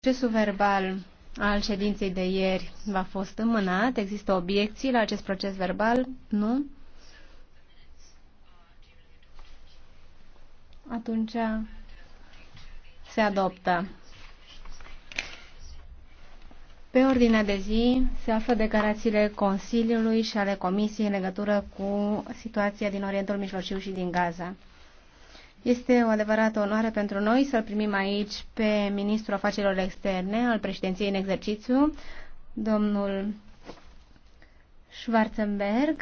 Procesul verbal al ședinței de ieri va a fost înmânat. Există obiecții la acest proces verbal? Nu? Atunci se adoptă. Pe ordinea de zi se află declarațiile Consiliului și ale Comisiei în legătură cu situația din Orientul Mijlociu și din Gaza. Este o adevărată onoare pentru noi să-l primim aici pe Ministrul Afacerilor Externe al președinției în exercițiu, domnul Schwarzenberg.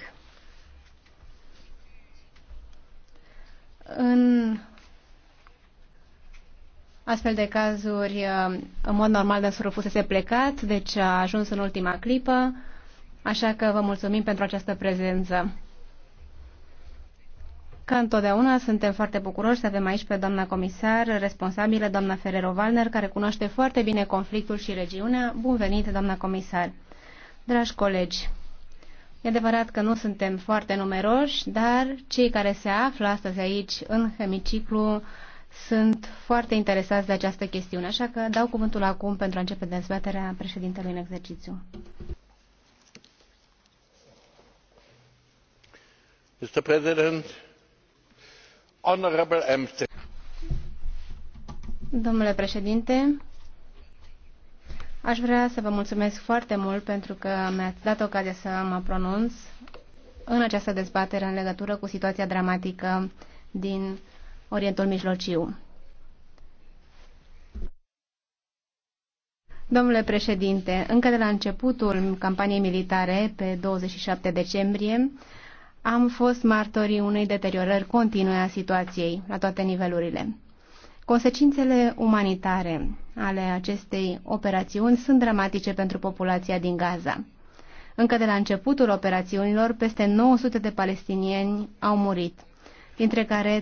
În astfel de cazuri, în mod normal, dânsul fusese plecat, deci a ajuns în ultima clipă, așa că vă mulțumim pentru această prezență. Ca întotdeauna, suntem foarte bucuroși să avem aici pe doamna comisar responsabilă, doamna Ferrero-Valner, care cunoaște foarte bine conflictul și regiunea. Bun venit, doamna comisar! Dragi colegi, e adevărat că nu suntem foarte numeroși, dar cei care se află astăzi aici, în hemiciclu, sunt foarte interesați de această chestiune, așa că dau cuvântul acum pentru a începe dezbaterea președintelui în exercițiu. Mr. President, Domnule președinte, aș vrea să vă mulțumesc foarte mult pentru că mi-ați dat ocazia să mă pronunț în această dezbatere în legătură cu situația dramatică din Orientul Mijlociu. Domnule președinte, încă de la începutul campaniei militare, pe 27 decembrie, am fost martorii unei deteriorări continue a situației la toate nivelurile. Consecințele umanitare ale acestei operațiuni sunt dramatice pentru populația din Gaza. Încă de la începutul operațiunilor, peste 900 de palestinieni au murit, dintre care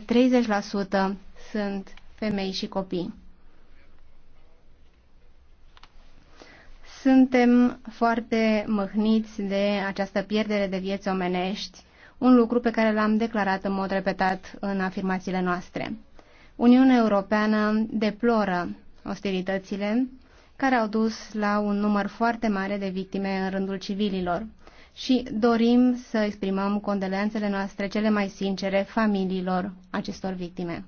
30% sunt femei și copii. Suntem foarte mâhniți de această pierdere de vieți omenești un lucru pe care l-am declarat în mod repetat în afirmațiile noastre. Uniunea Europeană deploră ostilitățile care au dus la un număr foarte mare de victime în rândul civililor și dorim să exprimăm condoleanțele noastre cele mai sincere familiilor acestor victime.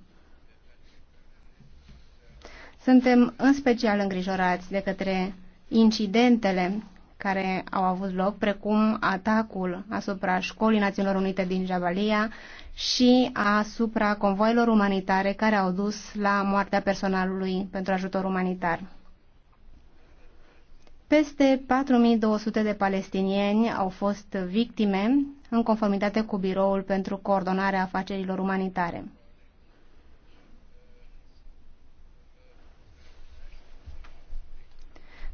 Suntem în special îngrijorați de către incidentele care au avut loc, precum atacul asupra Școlii Națiunilor Unite din Jabalia și asupra convoilor umanitare care au dus la moartea personalului pentru ajutor umanitar. Peste 4200 de palestinieni au fost victime în conformitate cu Biroul pentru Coordonarea Afacerilor Umanitare.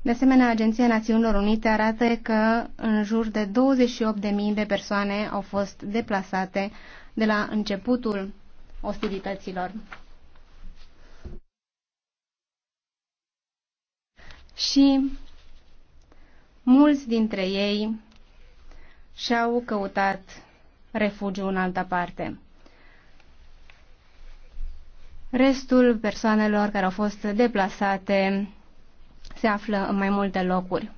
De asemenea, Agenția Națiunilor Unite arată că în jur de 28.000 de persoane au fost deplasate de la începutul ostilităților. Și mulți dintre ei și-au căutat refugiu în alta parte. Restul persoanelor care au fost deplasate se află în mai multe locuri.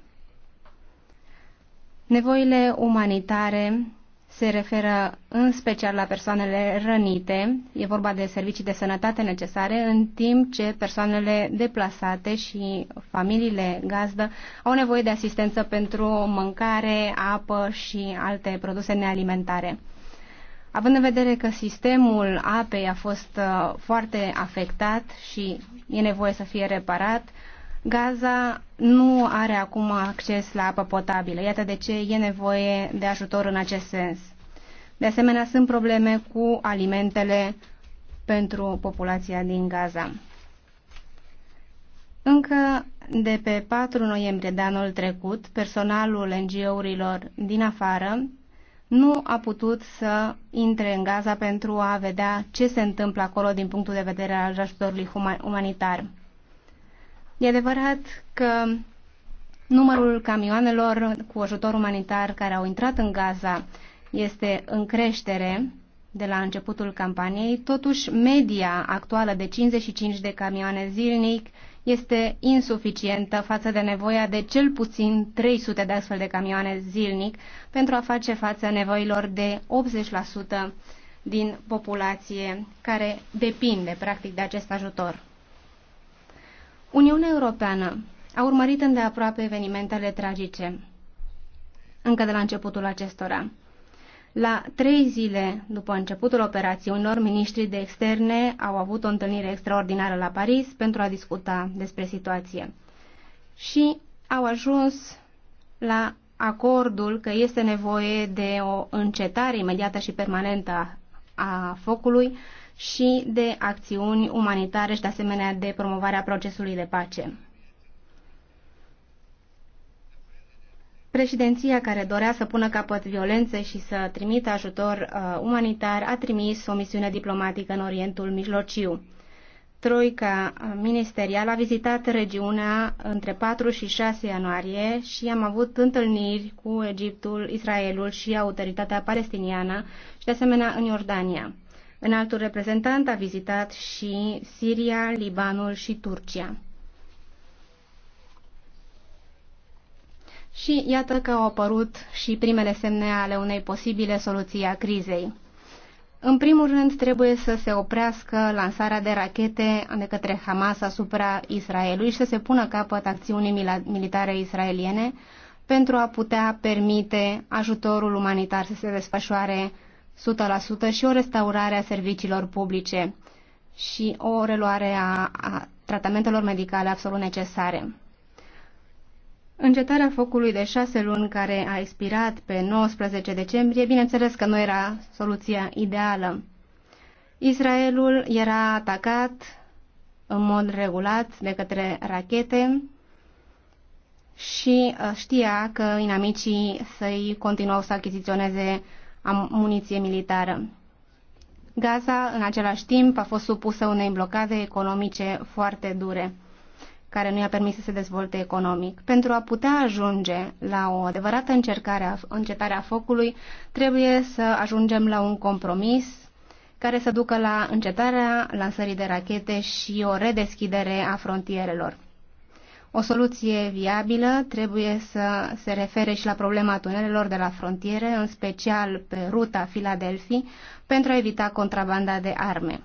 Nevoile umanitare se referă în special la persoanele rănite, e vorba de servicii de sănătate necesare, în timp ce persoanele deplasate și familiile gazdă au nevoie de asistență pentru mâncare, apă și alte produse nealimentare. Având în vedere că sistemul apei a fost uh, foarte afectat și e nevoie să fie reparat, Gaza nu are acum acces la apă potabilă. Iată de ce e nevoie de ajutor în acest sens. De asemenea, sunt probleme cu alimentele pentru populația din Gaza. Încă de pe 4 noiembrie de anul trecut, personalul NGO-urilor din afară nu a putut să intre în Gaza pentru a vedea ce se întâmplă acolo din punctul de vedere al ajutorului umanitar. E adevărat că numărul camioanelor cu ajutor umanitar care au intrat în Gaza este în creștere de la începutul campaniei, totuși media actuală de 55 de camioane zilnic este insuficientă față de nevoia de cel puțin 300 de astfel de camioane zilnic pentru a face față nevoilor de 80% din populație care depinde practic de acest ajutor. Uniunea Europeană a urmărit îndeaproape evenimentele tragice, încă de la începutul acestora. La trei zile după începutul operațiunilor, ministrii de externe au avut o întâlnire extraordinară la Paris pentru a discuta despre situație. Și au ajuns la acordul că este nevoie de o încetare imediată și permanentă a focului, și de acțiuni umanitare și de asemenea de promovarea procesului de pace. Președinția care dorea să pună capăt violenței și să trimită ajutor uh, umanitar a trimis o misiune diplomatică în Orientul Mijlociu. Troica ministerială a vizitat regiunea între 4 și 6 ianuarie și am avut întâlniri cu Egiptul, Israelul și autoritatea palestiniană și de asemenea în Iordania. Înaltul reprezentant a vizitat și Siria, Libanul și Turcia. Și iată că au apărut și primele semne ale unei posibile soluții a crizei. În primul rând, trebuie să se oprească lansarea de rachete de către Hamas asupra Israelului și să se pună capăt acțiunii militare israeliene pentru a putea permite ajutorul umanitar să se desfășoare 100% și o restaurare a serviciilor publice și o reluare a, a tratamentelor medicale absolut necesare. Încetarea focului de șase luni care a expirat pe 19 decembrie, bineînțeles că nu era soluția ideală. Israelul era atacat în mod regulat de către rachete și uh, știa că inamicii săi continuau să achiziționeze a muniție militară. Gaza, în același timp, a fost supusă unei blocade economice foarte dure, care nu i-a permis să se dezvolte economic. Pentru a putea ajunge la o adevărată încercare, încetare a focului, trebuie să ajungem la un compromis care să ducă la încetarea lansării de rachete și o redeschidere a frontierelor. O soluție viabilă trebuie să se refere și la problema tunelelor de la frontiere, în special pe ruta Philadelphia, pentru a evita contrabanda de arme.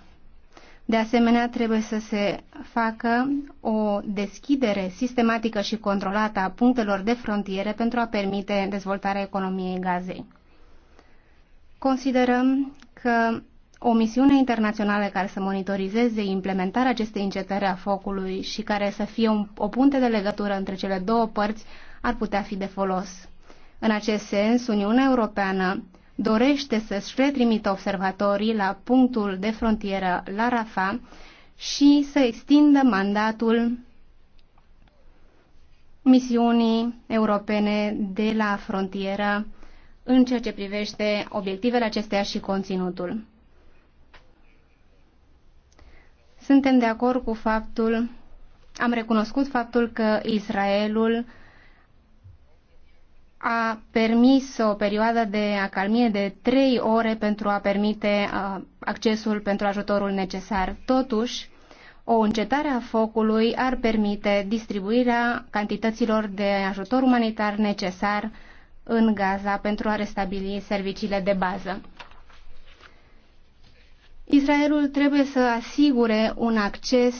De asemenea, trebuie să se facă o deschidere sistematică și controlată a punctelor de frontiere pentru a permite dezvoltarea economiei gazei. Considerăm că o misiune internațională care să monitorizeze implementarea acestei încetări a focului și care să fie un, o punte de legătură între cele două părți ar putea fi de folos. În acest sens, Uniunea Europeană dorește să-și retrimită observatorii la punctul de frontieră la Rafa și să extindă mandatul misiunii europene de la frontieră în ceea ce privește obiectivele acesteia și conținutul. Suntem de acord cu faptul, am recunoscut faptul că Israelul a permis o perioadă de acalmie de trei ore pentru a permite uh, accesul pentru ajutorul necesar. Totuși, o încetare a focului ar permite distribuirea cantităților de ajutor umanitar necesar în Gaza pentru a restabili serviciile de bază. Israelul trebuie să asigure un acces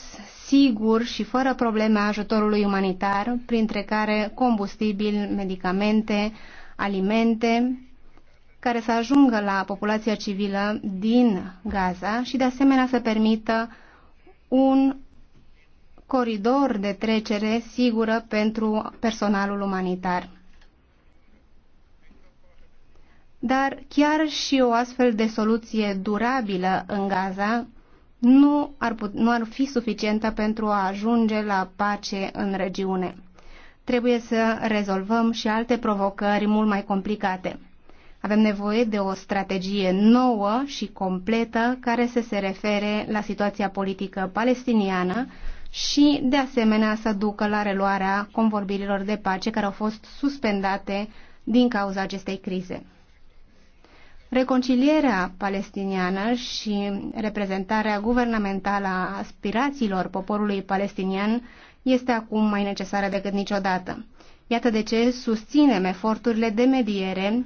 sigur și fără probleme a ajutorului umanitar, printre care combustibil, medicamente, alimente, care să ajungă la populația civilă din Gaza și de asemenea să permită un coridor de trecere sigură pentru personalul umanitar. Dar chiar și o astfel de soluție durabilă în Gaza nu ar, put, nu ar fi suficientă pentru a ajunge la pace în regiune. Trebuie să rezolvăm și alte provocări mult mai complicate. Avem nevoie de o strategie nouă și completă care să se refere la situația politică palestiniană și, de asemenea, să ducă la reluarea convorbirilor de pace care au fost suspendate din cauza acestei crize. Reconcilierea palestiniană și reprezentarea guvernamentală a aspirațiilor poporului palestinian este acum mai necesară decât niciodată. Iată de ce susținem eforturile de mediere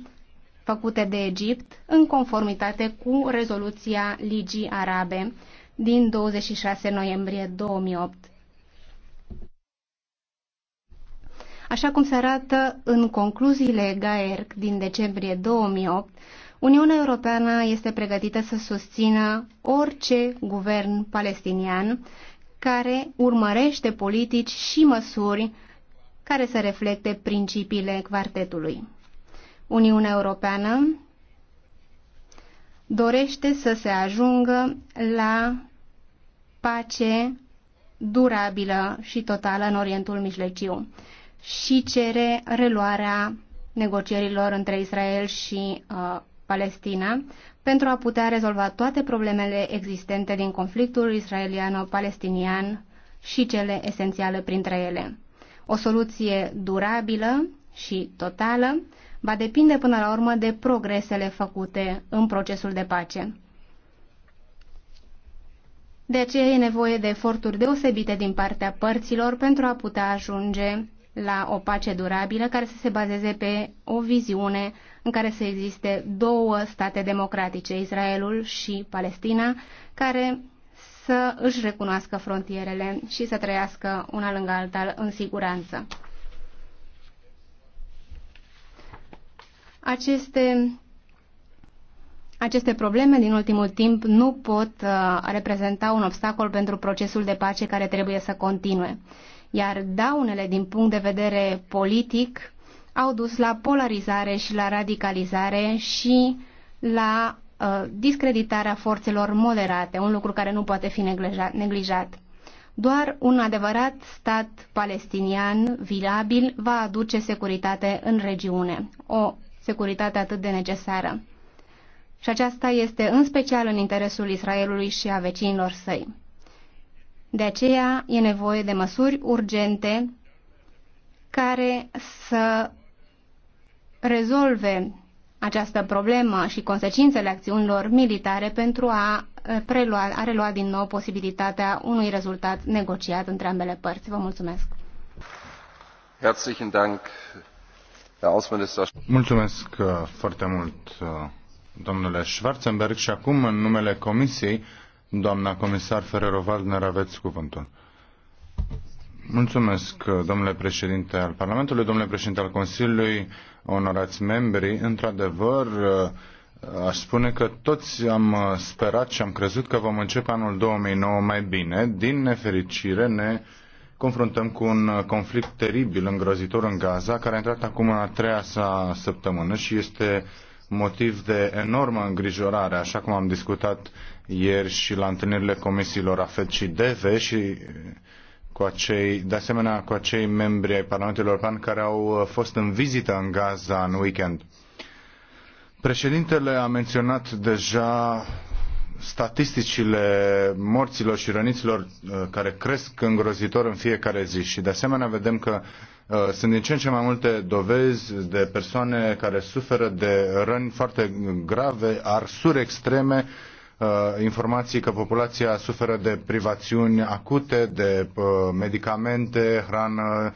făcute de Egipt în conformitate cu rezoluția Ligii Arabe din 26 noiembrie 2008. Așa cum se arată în concluziile GAERC din decembrie 2008, Uniunea Europeană este pregătită să susțină orice guvern palestinian care urmărește politici și măsuri care să reflecte principiile quartetului. Uniunea Europeană dorește să se ajungă la pace durabilă și totală în Orientul Mijlociu și cere reluarea negocierilor între Israel și uh, Palestina pentru a putea rezolva toate problemele existente din conflictul israeliano-palestinian și cele esențiale printre ele. O soluție durabilă și totală va depinde până la urmă de progresele făcute în procesul de pace. De aceea e nevoie de eforturi deosebite din partea părților pentru a putea ajunge la o pace durabilă care să se bazeze pe o viziune în care să existe două state democratice, Israelul și Palestina, care să își recunoască frontierele și să trăiască una lângă alta în siguranță. Aceste aceste probleme din ultimul timp nu pot uh, reprezenta un obstacol pentru procesul de pace care trebuie să continue. Iar daunele din punct de vedere politic au dus la polarizare și la radicalizare și la uh, discreditarea forțelor moderate, un lucru care nu poate fi neglijat. Doar un adevărat stat palestinian viabil va aduce securitate în regiune, o securitate atât de necesară. Și aceasta este în special în interesul Israelului și a vecinilor săi. De aceea e nevoie de măsuri urgente care să rezolve această problemă și consecințele acțiunilor militare pentru a, eh, prelua, a relua din nou posibilitatea unui rezultat negociat între ambele părți. Vă mulțumesc! Mulțumesc eh, foarte mult, eh, domnule Schwarzenberg. Și acum, în numele Comisiei, doamna comisar Ferrero-Waldner, aveți cuvântul. Mulțumesc, domnule președinte al Parlamentului, domnule președinte al Consiliului, onorați membri, într-adevăr, uh, aș spune că toți am uh, sperat și am crezut că vom începe anul 2009 mai bine. Din nefericire ne confruntăm cu un uh, conflict teribil, îngrozitor în Gaza, care a intrat acum în a treia sa săptămână și este motiv de enormă îngrijorare, așa cum am discutat ieri și la întâlnirile comisiilor AFET și DV și cu acei, de asemenea cu acei membri ai Parlamentului European care au uh, fost în vizită în Gaza în weekend. Președintele a menționat deja statisticile morților și răniților uh, care cresc îngrozitor în fiecare zi și de asemenea vedem că uh, sunt din ce în ce mai multe dovezi de persoane care suferă de răni foarte grave, arsuri extreme Uh, informații că populația suferă de privațiuni acute, de uh, medicamente, hrană,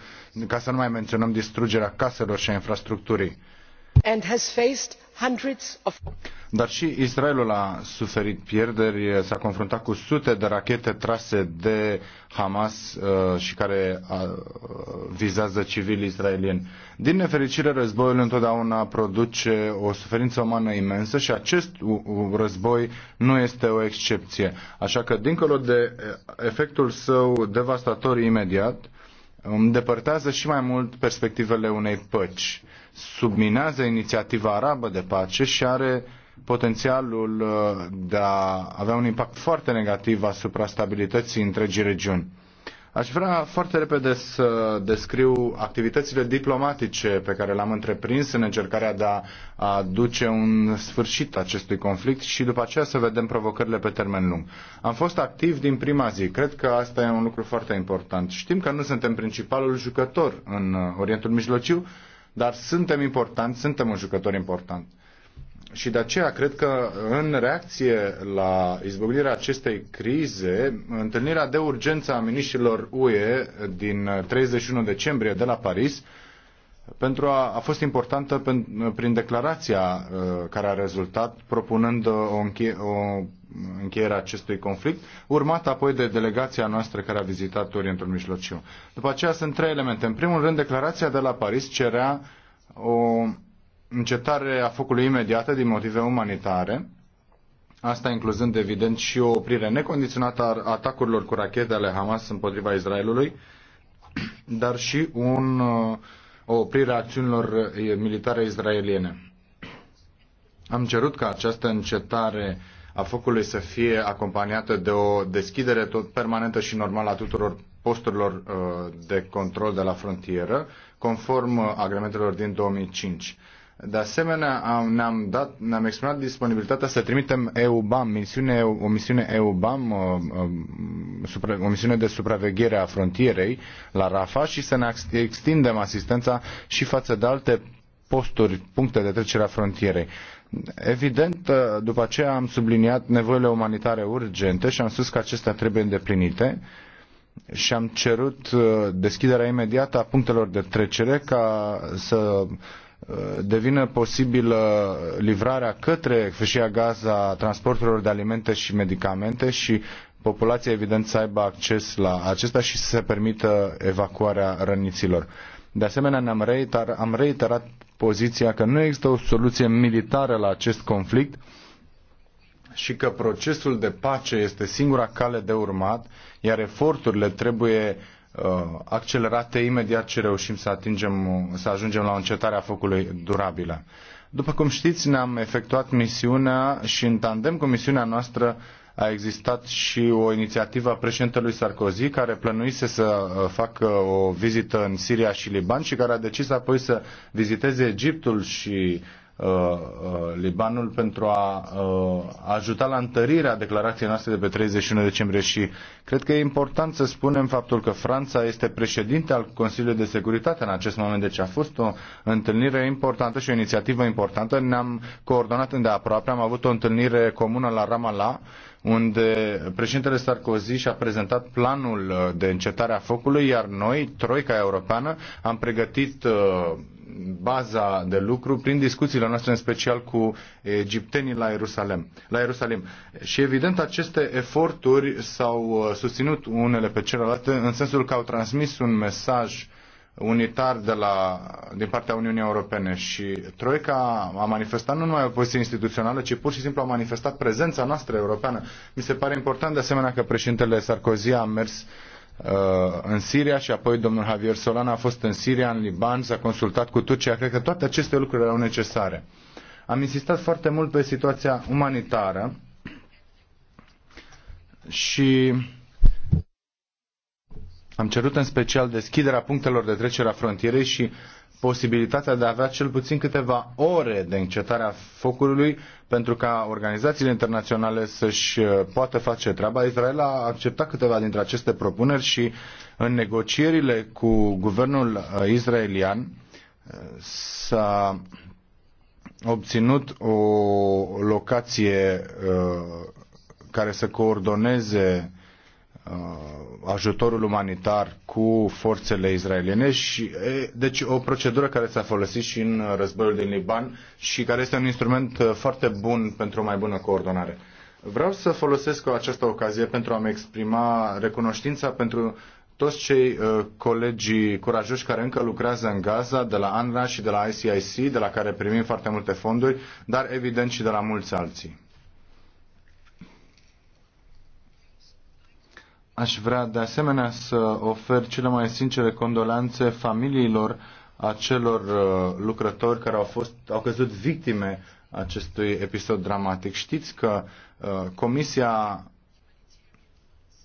ca să nu mai menționăm distrugerea caselor și a infrastructurii. And has faced dar și Israelul a suferit pierderi, s-a confruntat cu sute de rachete trase de Hamas uh, și care uh, vizează civili israelieni. Din nefericire, războiul întotdeauna produce o suferință umană imensă și acest război nu este o excepție. Așa că, dincolo de uh, efectul său devastator imediat, îndepărtează și mai mult perspectivele unei păci subminează inițiativa arabă de pace și are potențialul uh, de a avea un impact foarte negativ asupra stabilității întregii regiuni. Aș vrea foarte repede să descriu activitățile diplomatice pe care le-am întreprins în încercarea de a aduce un sfârșit acestui conflict și după aceea să vedem provocările pe termen lung. Am fost activ din prima zi. Cred că asta e un lucru foarte important. Știm că nu suntem principalul jucător în uh, Orientul Mijlociu, dar suntem importanti, suntem un jucător important. Și de aceea cred că în reacție la izbucnirea acestei crize, întâlnirea de urgență a miniștrilor UE din 31 decembrie de la Paris pentru a, a fost importantă pen, prin declarația uh, care a rezultat, propunând uh, o, înche, o încheiere a acestui conflict, urmat apoi de delegația noastră care a vizitat Orientul Mijlociu. După aceea sunt trei elemente. În primul rând, declarația de la Paris cerea o încetare a focului imediată din motive umanitare, asta incluzând evident și o oprire necondiționată a atacurilor cu rachete ale Hamas împotriva Israelului, dar și un uh, a acțiunilor eh, militare israeliene. Am cerut ca această încetare a focului să fie acompaniată de o deschidere tot permanentă și normală a tuturor posturilor eh, de control de la frontieră, conform eh, agrementelor din 2005. De asemenea, am, ne-am, dat, ne-am exprimat disponibilitatea să trimitem EUBAM, misiune, o misiune EUBAM, o, misiune de supraveghere a frontierei la Rafa și să ne extindem asistența și față de alte posturi, puncte de trecere a frontierei. Evident, după aceea am subliniat nevoile umanitare urgente și am spus că acestea trebuie îndeplinite și am cerut uh, deschiderea imediată a punctelor de trecere ca să devină posibilă livrarea către fâșia Gaza transporturilor de alimente și medicamente și populația evident să aibă acces la acesta și să se permită evacuarea răniților. De asemenea, ne-am am reiterat poziția că nu există o soluție militară la acest conflict și că procesul de pace este singura cale de urmat, iar eforturile trebuie Uh, accelerate imediat ce reușim să, atingem, uh, să ajungem la o încetare a focului durabilă. După cum știți, ne-am efectuat misiunea și în tandem cu misiunea noastră a existat și o inițiativă a președintelui Sarkozy care plănuise să uh, facă o vizită în Siria și Liban și care a decis apoi să viziteze Egiptul și Uh, uh, Libanul pentru uh, a ajuta la întărirea declarației noastre de pe 31 decembrie și cred că e important să spunem faptul că Franța este președinte al Consiliului de Securitate în acest moment, deci a fost o întâlnire importantă și o inițiativă importantă. Ne-am coordonat îndeaproape, am avut o întâlnire comună la Ramallah unde președintele Sarkozy și-a prezentat planul de încetare a focului, iar noi, Troica Europeană, am pregătit baza de lucru prin discuțiile noastre, în special cu egiptenii la Ierusalim. La Ierusalim. Și evident aceste eforturi s-au uh, susținut unele pe celelalte în sensul că au transmis un mesaj unitar de la, din partea Uniunii Europene și Troica a manifestat nu numai o poziție instituțională, ci pur și simplu a manifestat prezența noastră europeană. Mi se pare important de asemenea că președintele Sarkozy a mers uh, Uh, în Siria și apoi domnul Javier Solana a fost în Siria, în Liban, s-a consultat cu Turcia. Cred că toate aceste lucruri erau necesare. Am insistat foarte mult pe situația umanitară și am cerut în special deschiderea punctelor de trecere a frontierei și posibilitatea de a avea cel puțin câteva ore de încetare a focului pentru ca organizațiile internaționale să-și uh, poată face treaba. Israel a acceptat câteva dintre aceste propuneri și în negocierile cu guvernul uh, israelian uh, s-a obținut o locație care să coordoneze Uh, ajutorul umanitar cu forțele israeliene și deci o procedură care s-a folosit și în războiul din Liban și care este un instrument uh, foarte bun pentru o mai bună coordonare. Vreau să folosesc această ocazie pentru a-mi exprima recunoștința pentru toți cei uh, colegii curajoși care încă lucrează în Gaza, de la ANRA și de la ICIC, de la care primim foarte multe fonduri, dar evident și de la mulți alții. Aș vrea de asemenea să ofer cele mai sincere condolanțe familiilor acelor uh, lucrători care au, fost, au căzut victime acestui episod dramatic. Știți că uh, Comisia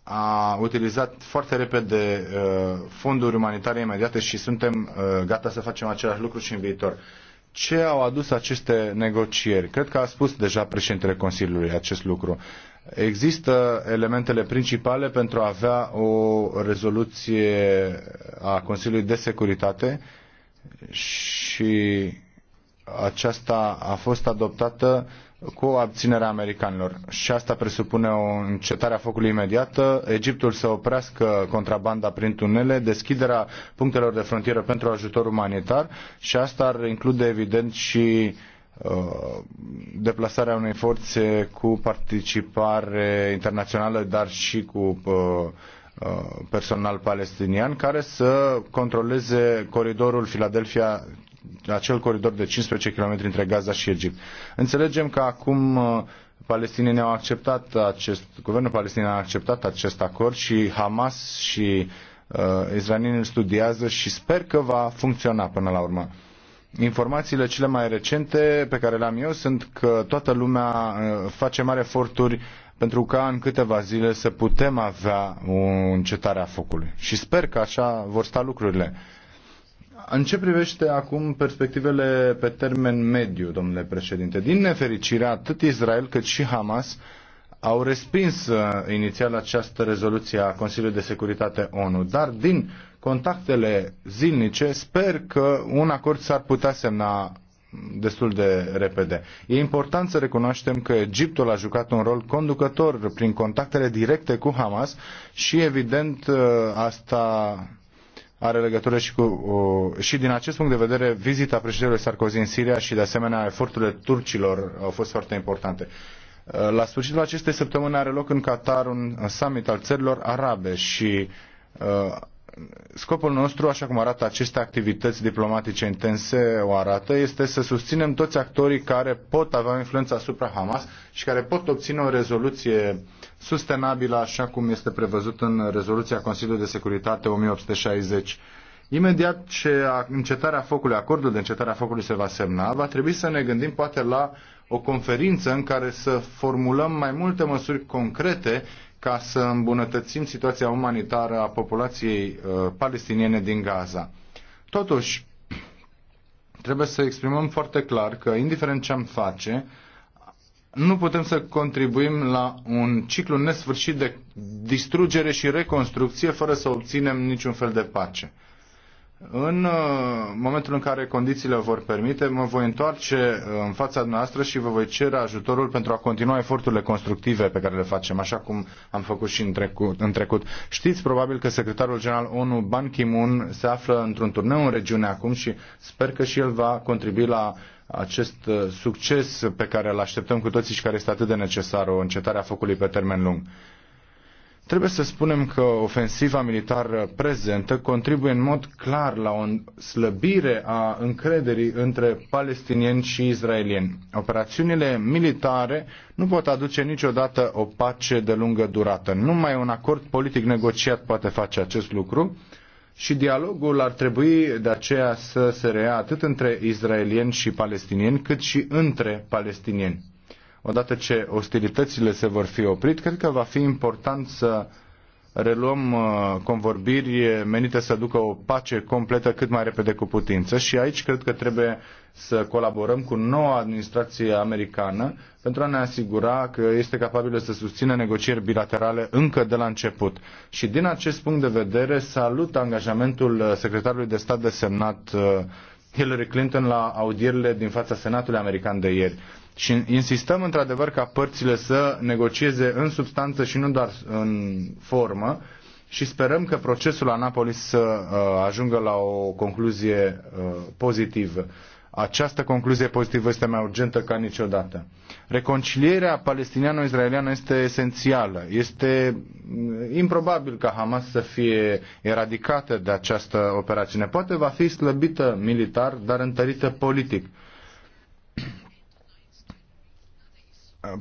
a utilizat foarte repede uh, fonduri umanitare imediate și suntem gata să facem același lucru și în viitor. Ce au adus aceste negocieri? Cred că a spus deja președintele Consiliului acest lucru. Uh, Există elementele principale pentru a avea o rezoluție a Consiliului de Securitate și aceasta a fost adoptată cu abținerea americanilor. Și asta presupune o încetare a focului imediată, Egiptul să oprească contrabanda prin tunele, deschiderea punctelor de frontieră pentru ajutor umanitar și asta ar include evident și Uh, deplasarea unei forțe cu participare internațională, dar și cu uh, uh, personal palestinian, care să controleze coridorul Philadelphia acel coridor de 15 km între Gaza și Egipt. Înțelegem că acum palestinienii au acceptat acest, guvernul palestinian a acceptat acest acord și Hamas și uh, israelienii studiază și sper că va funcționa până la urmă. Informațiile cele mai recente pe care le-am eu sunt că toată lumea uh, face mari eforturi pentru ca în câteva zile să putem avea o încetare a focului. Și sper că așa vor sta lucrurile. În ce privește acum perspectivele pe termen mediu, domnule președinte, din nefericire atât Israel cât și Hamas au respins uh, inițial această rezoluție a Consiliului de Securitate ONU, dar din contactele zilnice, sper că un acord s-ar putea semna destul de repede. E important să recunoaștem că Egiptul a jucat un rol conducător prin contactele directe cu Hamas și evident asta are legătură și cu și din acest punct de vedere vizita președintelui Sarkozy în Siria și de asemenea eforturile turcilor au fost foarte importante. La sfârșitul acestei săptămâni are loc în Qatar un summit al țărilor arabe și uh, Scopul nostru, așa cum arată aceste activități diplomatice intense, o arată, este să susținem toți actorii care pot avea influență asupra Hamas și care pot obține o rezoluție sustenabilă, așa cum este prevăzut în rezoluția Consiliului de Securitate 1860. Imediat ce încetarea focului, acordul de încetare a focului se va semna, va trebui să ne gândim poate la o conferință în care să formulăm mai multe măsuri concrete ca să îmbunătățim situația umanitară a populației uh, palestiniene din Gaza. Totuși, trebuie să exprimăm foarte clar că, indiferent ce am face, nu putem să contribuim la un ciclu nesfârșit de distrugere și reconstrucție fără să obținem niciun fel de pace. În uh, momentul în care condițiile vor permite, mă voi întoarce uh, în fața noastră și vă voi cere ajutorul pentru a continua eforturile constructive pe care le facem, așa cum am făcut și în trecut. În trecut. Știți probabil că secretarul general ONU Ban Ki-moon se află într-un turneu în regiune acum și sper că și el va contribui la acest uh, succes pe care îl așteptăm cu toții și care este atât de necesar, o încetare a focului pe termen lung. Trebuie să spunem că ofensiva militară prezentă contribuie în mod clar la o slăbire a încrederii între palestinieni și israelieni. Operațiunile militare nu pot aduce niciodată o pace de lungă durată. Numai un acord politic negociat poate face acest lucru și dialogul ar trebui de aceea să se rea atât între izraelieni și palestinieni, cât și între palestinieni odată ce ostilitățile se vor fi oprit, cred că va fi important să reluăm uh, convorbiri menite să ducă o pace completă cât mai repede cu putință și aici cred că trebuie să colaborăm cu noua administrație americană pentru a ne asigura că este capabilă să susțină negocieri bilaterale încă de la început. Și din acest punct de vedere salut angajamentul uh, secretarului de stat desemnat uh, Hillary Clinton la audierile din fața Senatului American de ieri și insistăm într-adevăr ca părțile să negocieze în substanță și nu doar în formă și sperăm că procesul la Napoli să uh, ajungă la o concluzie uh, pozitivă. Această concluzie pozitivă este mai urgentă ca niciodată. Reconcilierea palestiniano-izraeliană este esențială. Este mm, improbabil ca Hamas să fie eradicată de această operațiune. Poate va fi slăbită militar, dar întărită politic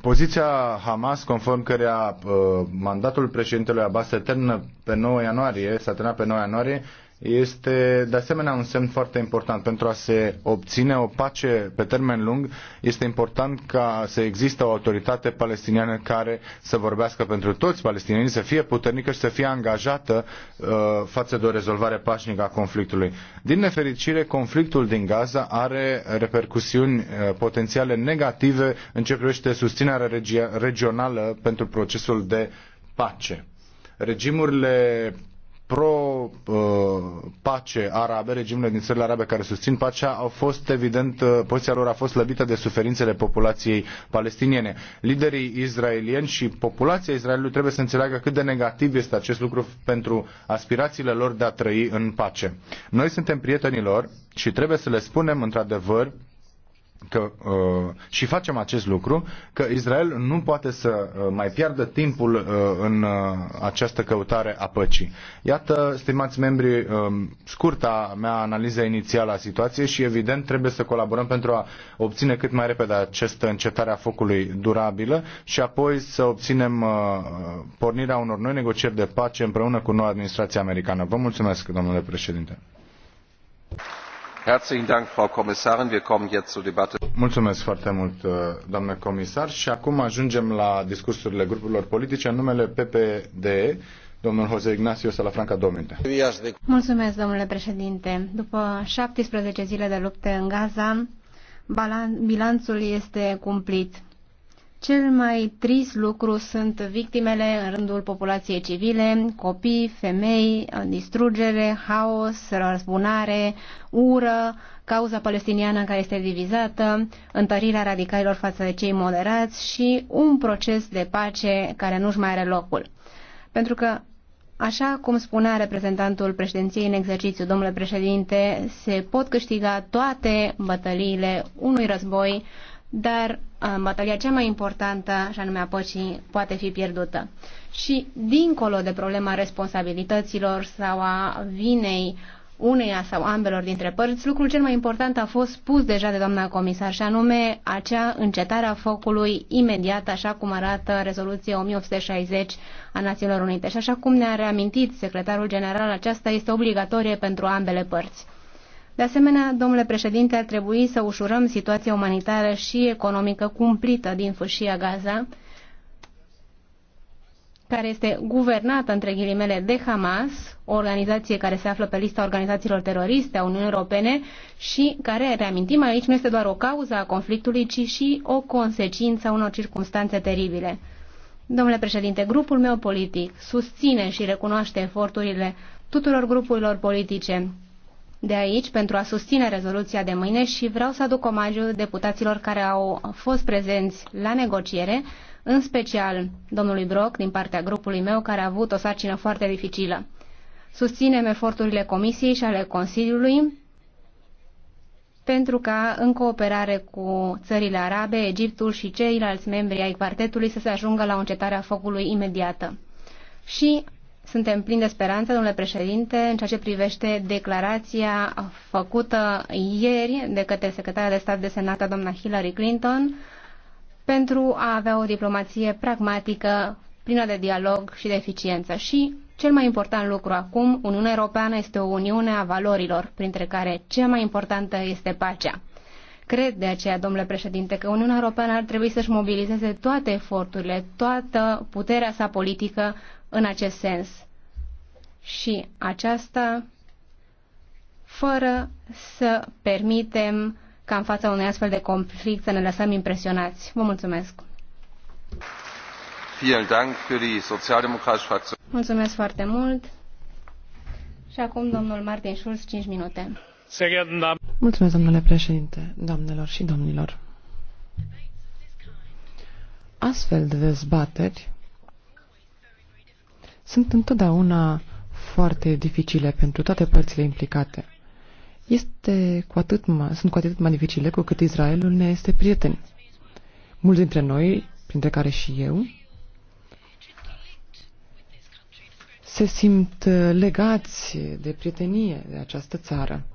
Poziția Hamas, conform căreia uh, mandatul președintelui Abbas se termină pe 9 ianuarie, s-a terminat pe 9 ianuarie, este de asemenea un semn foarte important. Pentru a se obține o pace pe termen lung, este important ca să existe o autoritate palestiniană care să vorbească pentru toți palestinienii, să fie puternică și să fie angajată uh, față de o rezolvare pașnică a conflictului. Din nefericire, conflictul din Gaza are repercusiuni uh, potențiale negative în ce privește susținerea regională pentru procesul de pace regimurile pro-pace uh, arabe, regimurile din țările arabe care susțin pacea, au fost evident, uh, poziția lor a fost slăbită de suferințele populației palestiniene. Liderii israelieni și populația Israelului trebuie să înțeleagă cât de negativ este acest lucru pentru aspirațiile lor de a trăi în pace. Noi suntem prietenii lor și trebuie să le spunem într-adevăr că, uh, și facem acest lucru, că Israel nu poate să uh, mai piardă timpul uh, în uh, această căutare a păcii. Iată, stimați membri, uh, scurta mea analiză inițială a situației și evident trebuie să colaborăm pentru a obține cât mai repede această încetare a focului durabilă și apoi să obținem uh, pornirea unor noi negocieri de pace împreună cu noua administrație americană. Vă mulțumesc, domnule președinte. Mulțumesc foarte mult, uh, doamnă comisar. Și acum ajungem la discursurile grupurilor politice în numele PPD, Domnul José Ignacio Salafranca, două Mulțumesc, domnule președinte. După 17 zile de lupte în Gaza, bilanțul este cumplit. Cel mai trist lucru sunt victimele în rândul populației civile, copii, femei, distrugere, haos, răzbunare, ură, cauza palestiniană care este divizată, întărirea radicalilor față de cei moderați și un proces de pace care nu-și mai are locul. Pentru că Așa cum spunea reprezentantul președinției în exercițiu, domnule președinte, se pot câștiga toate bătăliile unui război, dar Uh, bătălia cea mai importantă, și anume a păcii, poate fi pierdută. Și dincolo de problema responsabilităților sau a vinei uneia sau ambelor dintre părți, lucrul cel mai important a fost spus deja de doamna comisar, și anume acea încetare a focului imediat, așa cum arată rezoluția 1860 a Națiunilor Unite. Și așa cum ne-a reamintit secretarul general, aceasta este obligatorie pentru ambele părți. De asemenea, domnule președinte, ar trebui să ușurăm situația umanitară și economică cumplită din fâșia Gaza, care este guvernată, între ghilimele, de Hamas, o organizație care se află pe lista organizațiilor teroriste a Uniunii Europene și care, reamintim aici, nu este doar o cauză a conflictului, ci și o consecință a unor circunstanțe teribile. Domnule președinte, grupul meu politic susține și recunoaște eforturile tuturor grupurilor politice de aici pentru a susține rezoluția de mâine și vreau să aduc omagiu deputaților care au fost prezenți la negociere, în special domnului Broc din partea grupului meu care a avut o sarcină foarte dificilă. Susținem eforturile Comisiei și ale Consiliului pentru ca, în cooperare cu țările arabe, Egiptul și ceilalți membri ai quartetului, să se ajungă la o a focului imediată. Și suntem plini de speranță, domnule președinte, în ceea ce privește declarația făcută ieri de către secretara de stat de senată, doamna Hillary Clinton, pentru a avea o diplomație pragmatică, plină de dialog și de eficiență. Și cel mai important lucru acum, Uniunea Europeană este o uniune a valorilor, printre care cea mai importantă este pacea. Cred de aceea, domnule președinte, că Uniunea Europeană ar trebui să-și mobilizeze toate eforturile, toată puterea sa politică în acest sens. Și aceasta fără să permitem ca în fața unui astfel de conflict să ne lăsăm impresionați. Vă mulțumesc! Mulțumesc foarte mult! Și acum domnul Martin Schulz, 5 minute. Mulțumesc, domnule președinte, doamnelor și domnilor. Astfel de dezbateri sunt întotdeauna foarte dificile pentru toate părțile implicate. Este cu atât mai, sunt cu atât mai dificile cu cât Israelul ne este prieten. Mulți dintre noi, printre care și eu, se simt uh, legați de prietenie de această țară.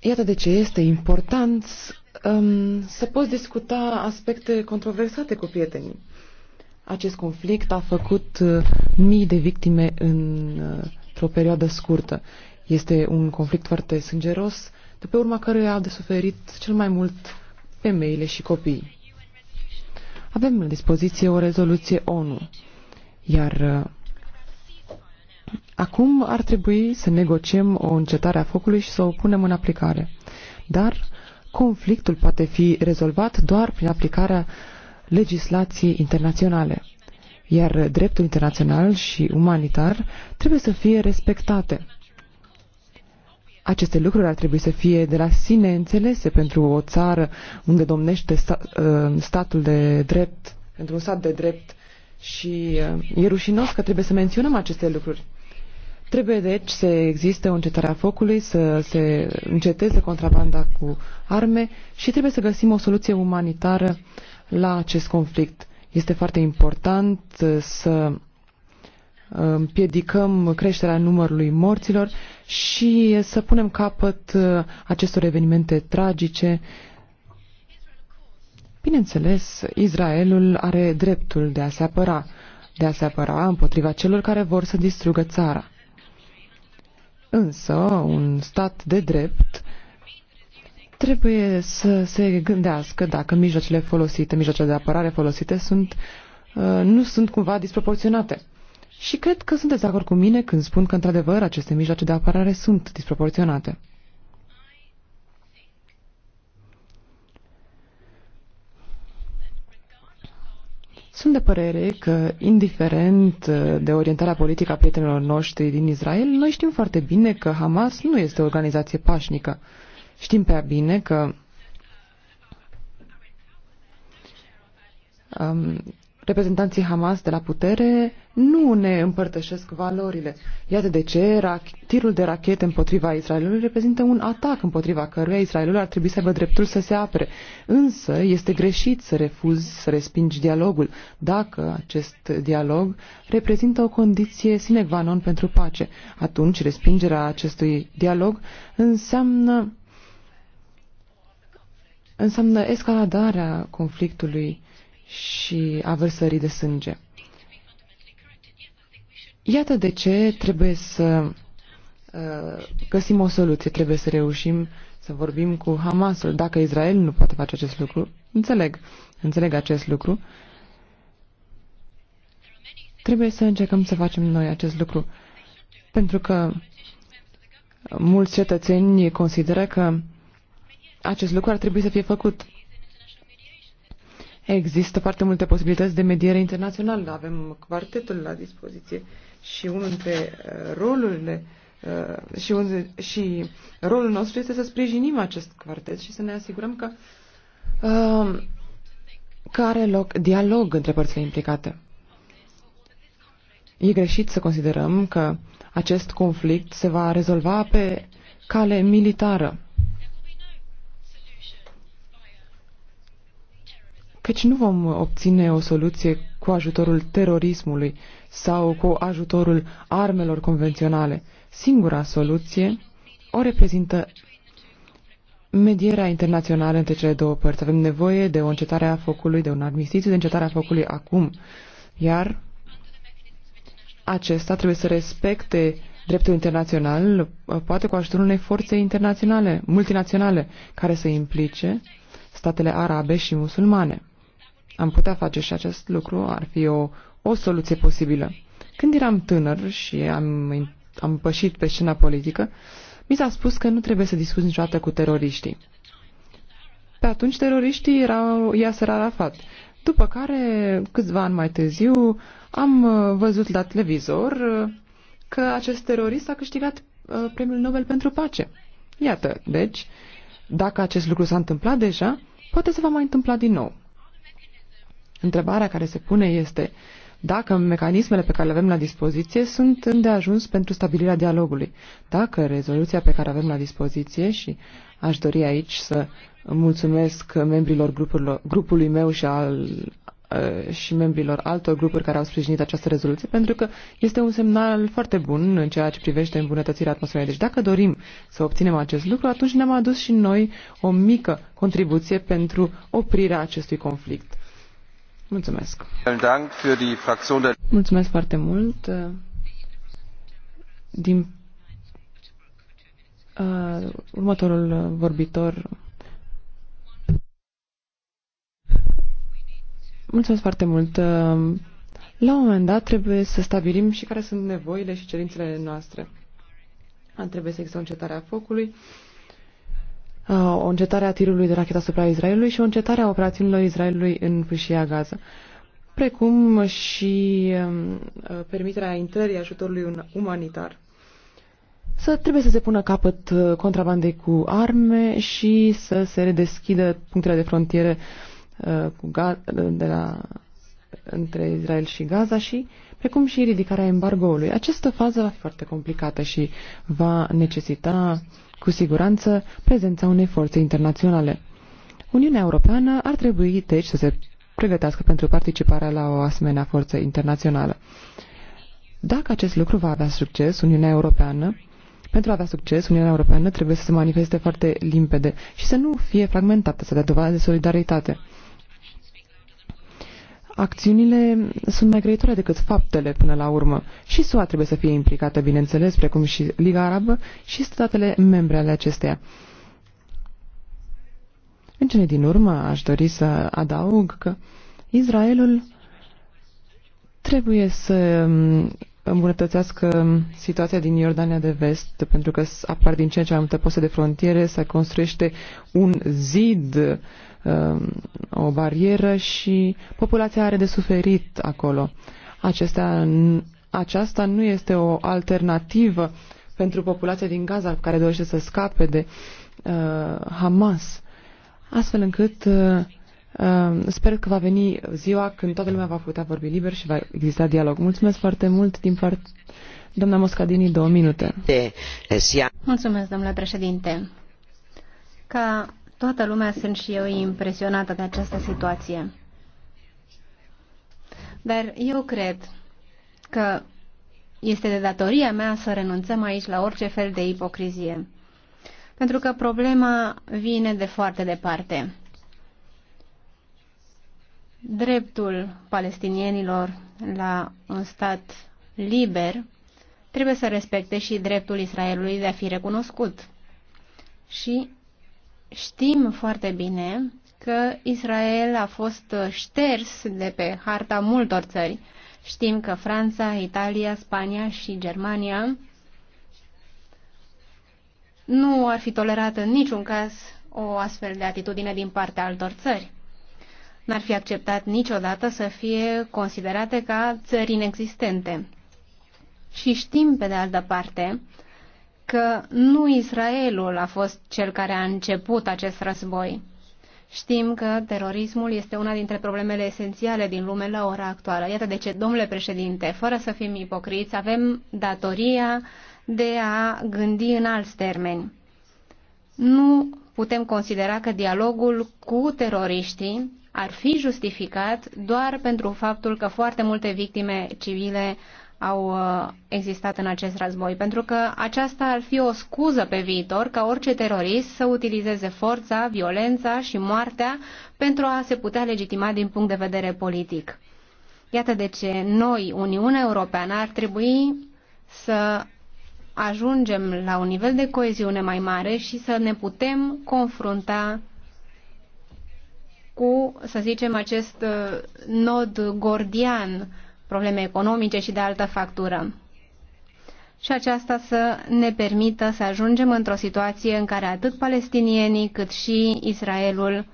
Iată de ce este important um, să poți discuta aspecte controversate cu prietenii. Acest conflict a făcut uh, mii de victime într-o uh, perioadă scurtă. Este un conflict foarte sângeros, de pe urma care au de suferit cel mai mult femeile și copiii. Avem la dispoziție o rezoluție ONU, iar uh, acum ar trebui să negociem o încetare a focului și să o punem în aplicare. Dar conflictul poate fi rezolvat doar prin aplicarea uh, legislației internaționale, iar dreptul internațional și umanitar trebuie să fie respectate. Aceste lucruri ar trebui să fie de la sine înțelese pentru o țară unde domnește sta, ă, statul de drept, pentru un stat de drept și ă, e rușinos că trebuie să menționăm aceste lucruri. Trebuie deci să existe o încetare a focului, să se înceteze contrabanda cu arme și trebuie să găsim o soluție umanitară la acest conflict. Este foarte important uh, să uh, împiedicăm creșterea numărului morților și să punem capăt uh, acestor evenimente tragice. Bineînțeles, Israelul are dreptul de a se apăra, de a se apăra împotriva celor care vor să distrugă țara. Însă, un stat de drept trebuie să se gândească dacă mijloacele folosite, mijloacele de apărare folosite sunt, uh, nu sunt cumva disproporționate. Și cred că sunteți de acord cu mine când spun că, într-adevăr, aceste mijloace de apărare sunt disproporționate. Sunt de părere că, indiferent uh, de orientarea politică a prietenilor noștri din Israel, noi știm foarte bine că Hamas nu este o organizație pașnică. Știm prea bine că um, reprezentanții Hamas de la putere nu ne împărtășesc valorile. Iată de ce tirul de rachete împotriva Israelului reprezintă un atac împotriva căruia Israelul ar trebui să aibă dreptul să se apere. Însă este greșit să refuzi să respingi dialogul, dacă acest dialog reprezintă o condiție sine qua non pentru pace. Atunci respingerea acestui dialog înseamnă înseamnă escaladarea conflictului și a vărsării de sânge. Iată de ce trebuie să uh, găsim o soluție, trebuie să reușim să vorbim cu Hamasul. Dacă Israel nu poate face acest lucru, înțeleg, înțeleg acest lucru. Trebuie să încercăm să facem noi acest lucru, pentru că mulți cetățeni consideră că acest lucru ar trebui să fie făcut. Există foarte multe posibilități de mediere internațională. Avem quartetul la dispoziție și unul dintre uh, rolurile uh, și, un, și rolul nostru este să sprijinim acest quartet și să ne asigurăm că, um, că are loc dialog între părțile implicate. E greșit să considerăm că acest conflict se va rezolva pe cale militară. căci nu vom obține o soluție cu ajutorul terorismului sau cu ajutorul armelor convenționale. Singura soluție o reprezintă medierea internațională între cele două părți. Avem nevoie de o încetare a focului, de un armistițiu, de a focului acum. Iar acesta trebuie să respecte dreptul internațional, poate cu ajutorul unei forțe internaționale, multinaționale, care să implice statele arabe și musulmane. Am putea face și acest lucru, ar fi o, o soluție posibilă. Când eram tânăr și am, am pășit pe scena politică, mi s-a spus că nu trebuie să discuți niciodată cu teroriștii. Pe atunci teroriștii erau Yasser Arafat. După care, câțiva ani mai târziu, am uh, văzut la televizor uh, că acest terorist a câștigat uh, premiul Nobel pentru pace. Iată, deci, dacă acest lucru s-a întâmplat deja, poate se va mai întâmpla din nou. Întrebarea care se pune este dacă mecanismele pe care le avem la dispoziție sunt îndeajuns pentru stabilirea dialogului. Dacă rezoluția pe care avem la dispoziție și aș dori aici să mulțumesc membrilor grupurilor, grupului meu și al uh, și membrilor altor grupuri care au sprijinit această rezoluție, pentru că este un semnal foarte bun în ceea ce privește îmbunătățirea atmosferei. Deci dacă dorim să obținem acest lucru, atunci ne-am adus și noi o mică contribuție pentru oprirea acestui conflict. Mulțumesc. Mulțumesc foarte mult. Din uh, următorul vorbitor. Mulțumesc foarte mult. Uh, la un moment dat trebuie să stabilim și care sunt nevoile și cerințele noastre. Trebuie să există o încetare a focului. Uh, Uh, o încetare a tirului de rachetă asupra Israelului și o încetare a operațiunilor Israelului în fâșia Gaza, precum și um, uh, permiterea intrării ajutorului umanitar. Să trebuie să se pună capăt uh, contrabandei cu arme și să se redeschidă punctele de frontiere cu de la, între Israel și Gaza și precum și ridicarea embargoului. Această fază va fi foarte complicată și va necesita uh, cu siguranță prezența unei forțe internaționale. Uniunea Europeană ar trebui, deci, să se pregătească pentru participarea la o asemenea forță internațională. Dacă acest lucru va avea succes, Uniunea Europeană, pentru a avea succes, Uniunea Europeană trebuie să se manifeste foarte limpede și să nu fie fragmentată, să dea dovadă de solidaritate acțiunile sunt mai creditoare decât faptele până la urmă. Și SUA trebuie să fie implicată, bineînțeles, precum și Liga Arabă și statele membre ale acesteia. În cele din urmă, aș dori să adaug că Israelul trebuie să mm, îmbunătățească situația din Iordania de vest, pentru că apar din ce în ce mai multe poste de frontiere, se construiește un zid Um, o barieră și populația are de suferit acolo. Acestea, aceasta nu este o alternativă pentru populația din Gaza care dorește să scape de uh, Hamas. Astfel încât uh, uh, sper că va veni ziua când toată lumea va putea vorbi liber și va exista dialog. Mulțumesc foarte mult din part... Doamna Moscadini, două minute. Eh, Mulțumesc, domnule președinte. Ca Toată lumea sunt și eu impresionată de această situație. Dar eu cred că este de datoria mea să renunțăm aici la orice fel de ipocrizie. Pentru că problema vine de foarte departe. Dreptul palestinienilor la un stat liber trebuie să respecte și dreptul Israelului de a fi recunoscut. Și Știm foarte bine că Israel a fost șters de pe harta multor țări. Știm că Franța, Italia, Spania și Germania nu ar fi tolerat în niciun caz o astfel de atitudine din partea altor țări. N-ar fi acceptat niciodată să fie considerate ca țări inexistente. Și știm, pe de altă parte, că nu Israelul a fost cel care a început acest război. Știm că terorismul este una dintre problemele esențiale din lume la ora actuală. Iată de ce, domnule președinte, fără să fim ipocriți, avem datoria de a gândi în alți termeni. Nu putem considera că dialogul cu teroriștii ar fi justificat doar pentru faptul că foarte multe victime civile au uh, existat în acest război, pentru că aceasta ar fi o scuză pe viitor ca orice terorist să utilizeze forța, violența și moartea pentru a se putea legitima din punct de vedere politic. Iată de ce noi, Uniunea Europeană, ar trebui să ajungem la un nivel de coeziune mai mare și să ne putem confrunta cu, să zicem, acest uh, nod gordian probleme economice și de altă factură. Și aceasta să ne permită să ajungem într-o situație în care atât palestinienii cât și Israelul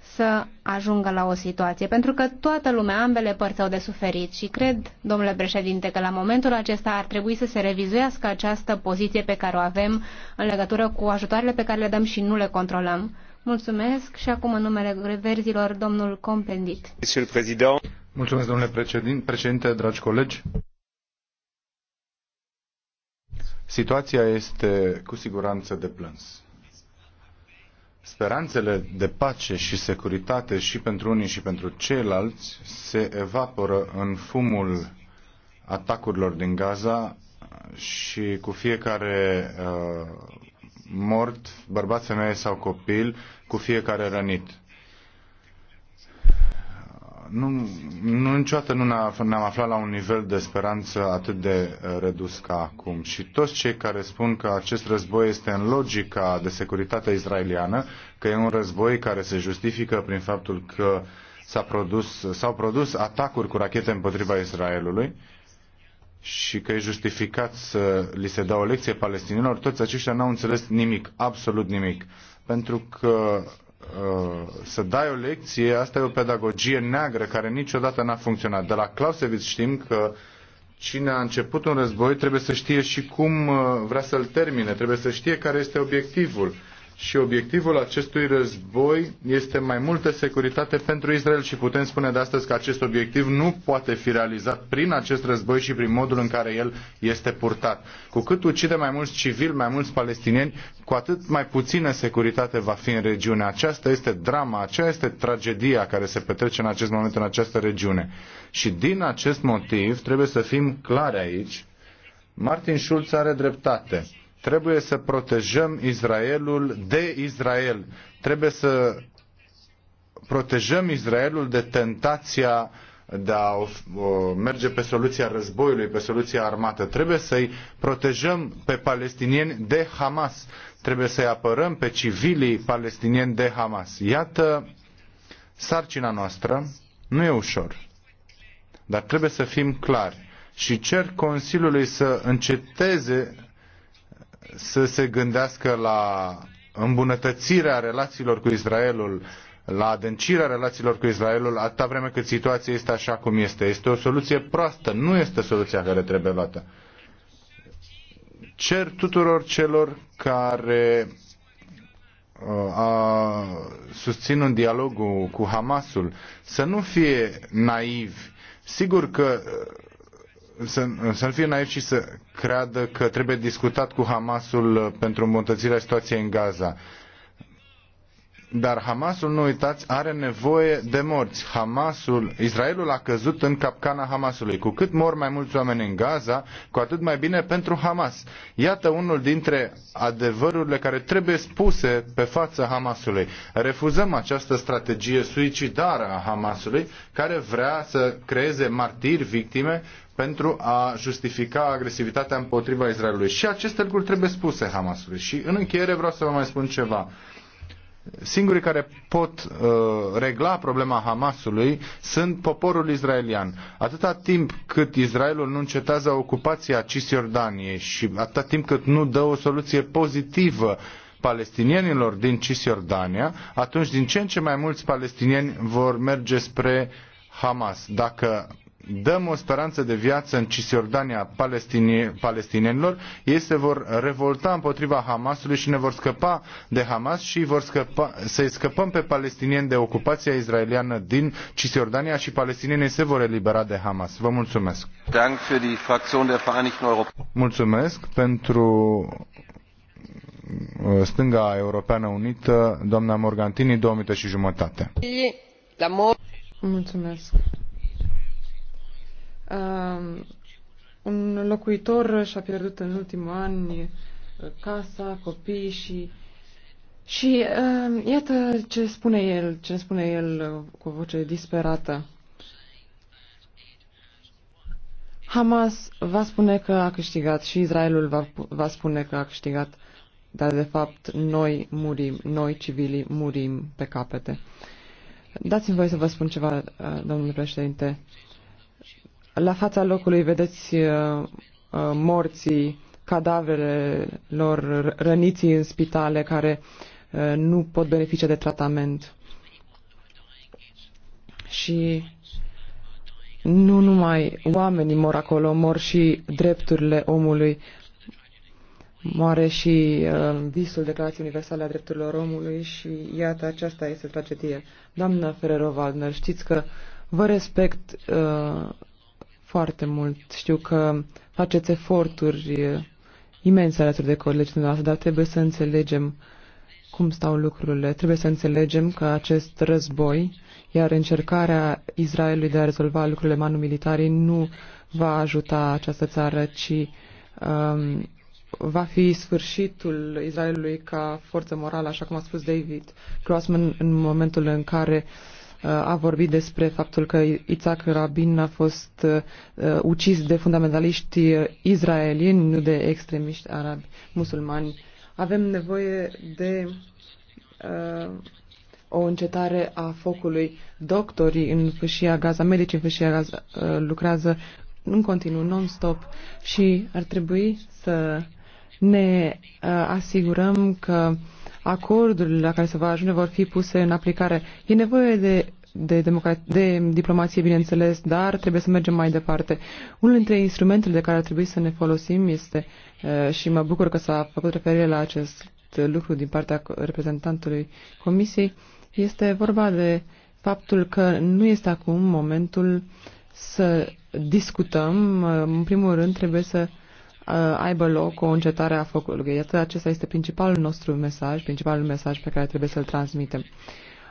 să ajungă la o situație, pentru că toată lumea, ambele părți au de suferit și cred, domnule președinte, că la momentul acesta ar trebui să se revizuiască această poziție pe care o avem în legătură cu ajutoarele pe care le dăm și nu le controlăm. Mulțumesc și acum în numele reverzilor domnul Compendit. Mulțumesc, domnule președinte, președinte, dragi colegi. Situația este cu siguranță de plâns. Speranțele de pace și securitate și pentru unii și pentru ceilalți se evaporă în fumul atacurilor din Gaza și cu fiecare uh, mort, bărbat, femeie sau copil, cu fiecare rănit. Nu, nu niciodată nu ne-am aflat la un nivel de speranță atât de uh, redus ca acum. Și toți cei care spun că acest război este în logica de securitate israeliană, că e un război care se justifică prin faptul că s-au produs, produs atacuri cu rachete împotriva Israelului, și că e justificat să li se dea o lecție palestinilor, toți aceștia n-au înțeles nimic, absolut nimic. Pentru că uh, să dai o lecție, asta e o pedagogie neagră care niciodată n-a funcționat. De la Clausewitz știm că cine a început un război trebuie să știe și cum uh, vrea să-l termine, trebuie să știe care este obiectivul și obiectivul acestui război este mai multă securitate pentru Israel și putem spune de astăzi că acest obiectiv nu poate fi realizat prin acest război și prin modul în care el este purtat. Cu cât ucide mai mulți civili, mai mulți palestinieni, cu atât mai puțină securitate va fi în regiune. Aceasta este drama, aceasta este tragedia care se petrece în acest moment în această regiune. Și din acest motiv trebuie să fim clari aici. Martin Schulz are dreptate Trebuie să protejăm Israelul de Israel. Trebuie să protejăm Israelul de tentația de a merge pe soluția războiului, pe soluția armată. Trebuie să-i protejăm pe palestinieni de Hamas. Trebuie să-i apărăm pe civilii palestinieni de Hamas. Iată sarcina noastră. Nu e ușor. Dar trebuie să fim clari. Și cer Consiliului să înceteze să se gândească la îmbunătățirea relațiilor cu Israelul, la adâncirea relațiilor cu Israelul, atâta vreme cât situația este așa cum este. Este o soluție proastă, nu este soluția care trebuie luată. Cer tuturor celor care uh, a, susțin un dialog cu Hamasul să nu fie naivi. Sigur că să, să fie naiv și să creadă că trebuie discutat cu Hamasul uh, pentru îmbunătățirea situației în Gaza. Dar Hamasul, nu uitați, are nevoie de morți. Hamasul, Israelul a căzut în capcana Hamasului. Cu cât mor mai mulți oameni în Gaza, cu atât mai bine pentru Hamas. Iată unul dintre adevărurile care trebuie spuse pe fața Hamasului. Refuzăm această strategie suicidară a Hamasului, care vrea să creeze martiri, victime pentru a justifica agresivitatea împotriva Israelului. Și aceste lucruri trebuie spuse Hamasului. Și în încheiere vreau să vă mai spun ceva. Singurii care pot uh, regla problema Hamasului sunt poporul israelian. Atâta timp cât Israelul nu încetează ocupația Cisjordaniei și atâta timp cât nu dă o soluție pozitivă palestinienilor din Cisjordania, atunci din ce în ce mai mulți palestinieni vor merge spre Hamas. Dacă dăm o speranță de viață în Cisjordania palestinienilor, ei se vor revolta împotriva Hamasului și ne vor scăpa de Hamas și vor scăpa, să-i scăpăm pe palestinieni de ocupația israeliană din Cisjordania și palestinienii se vor elibera de Hamas. Vă mulțumesc! Mulțumesc pentru uh, stânga europeană unită, doamna Morgantini, două minute și jumătate. Mulțumesc! Um, un locuitor și-a pierdut în ultimul an uh, casa, copii și... Și uh, iată ce spune el, ce spune el uh, cu o voce disperată. Hamas va spune că a câștigat și Israelul va, va spune că a câștigat, dar de fapt noi murim, noi civilii murim pe capete. Dați-mi voie să vă spun ceva, uh, domnule președinte. La fața locului vedeți uh, uh, morții, cadavrele lor, răniții în spitale care uh, nu pot beneficia de tratament. Și nu numai oamenii mor acolo, mor și drepturile omului, moare și uh, visul Declarației Universale a Drepturilor Omului și iată, aceasta este tragedie. Doamna Ferrero-Waldner, știți că vă respect uh, foarte mult. Știu că faceți eforturi imense alături de colegii noastre, dar trebuie să înțelegem cum stau lucrurile. Trebuie să înțelegem că acest război, iar încercarea Israelului de a rezolva lucrurile militarii, nu va ajuta această țară, ci um, va fi sfârșitul Israelului ca forță morală, așa cum a spus David Grossman, în momentul în care uh, a vorbit despre faptul că Isaac Rabin a fost uh, ucis de fundamentaliști izraelieni, nu de extremiști arabi musulmani. Avem nevoie de uh, o încetare a focului. Doctorii în fâșia Gaza, medicii, în fâșia Gaza uh, lucrează în continuu, non-stop și ar trebui să ne uh, asigurăm că uh, acordurile la care se va ajunge vor fi puse în aplicare. E nevoie de de, de diplomație, bineînțeles, dar trebuie să mergem mai departe. Unul dintre instrumentele de care ar trebui să ne folosim este, uh, și mă bucur că s-a făcut referire la acest lucru din partea reprezentantului Comisiei, este vorba de faptul că nu este acum momentul să discutăm. În primul rând trebuie să Uh, aibă loc o încetare a focului. Iată, acesta este principalul nostru mesaj, principalul mesaj pe care trebuie să-l transmitem.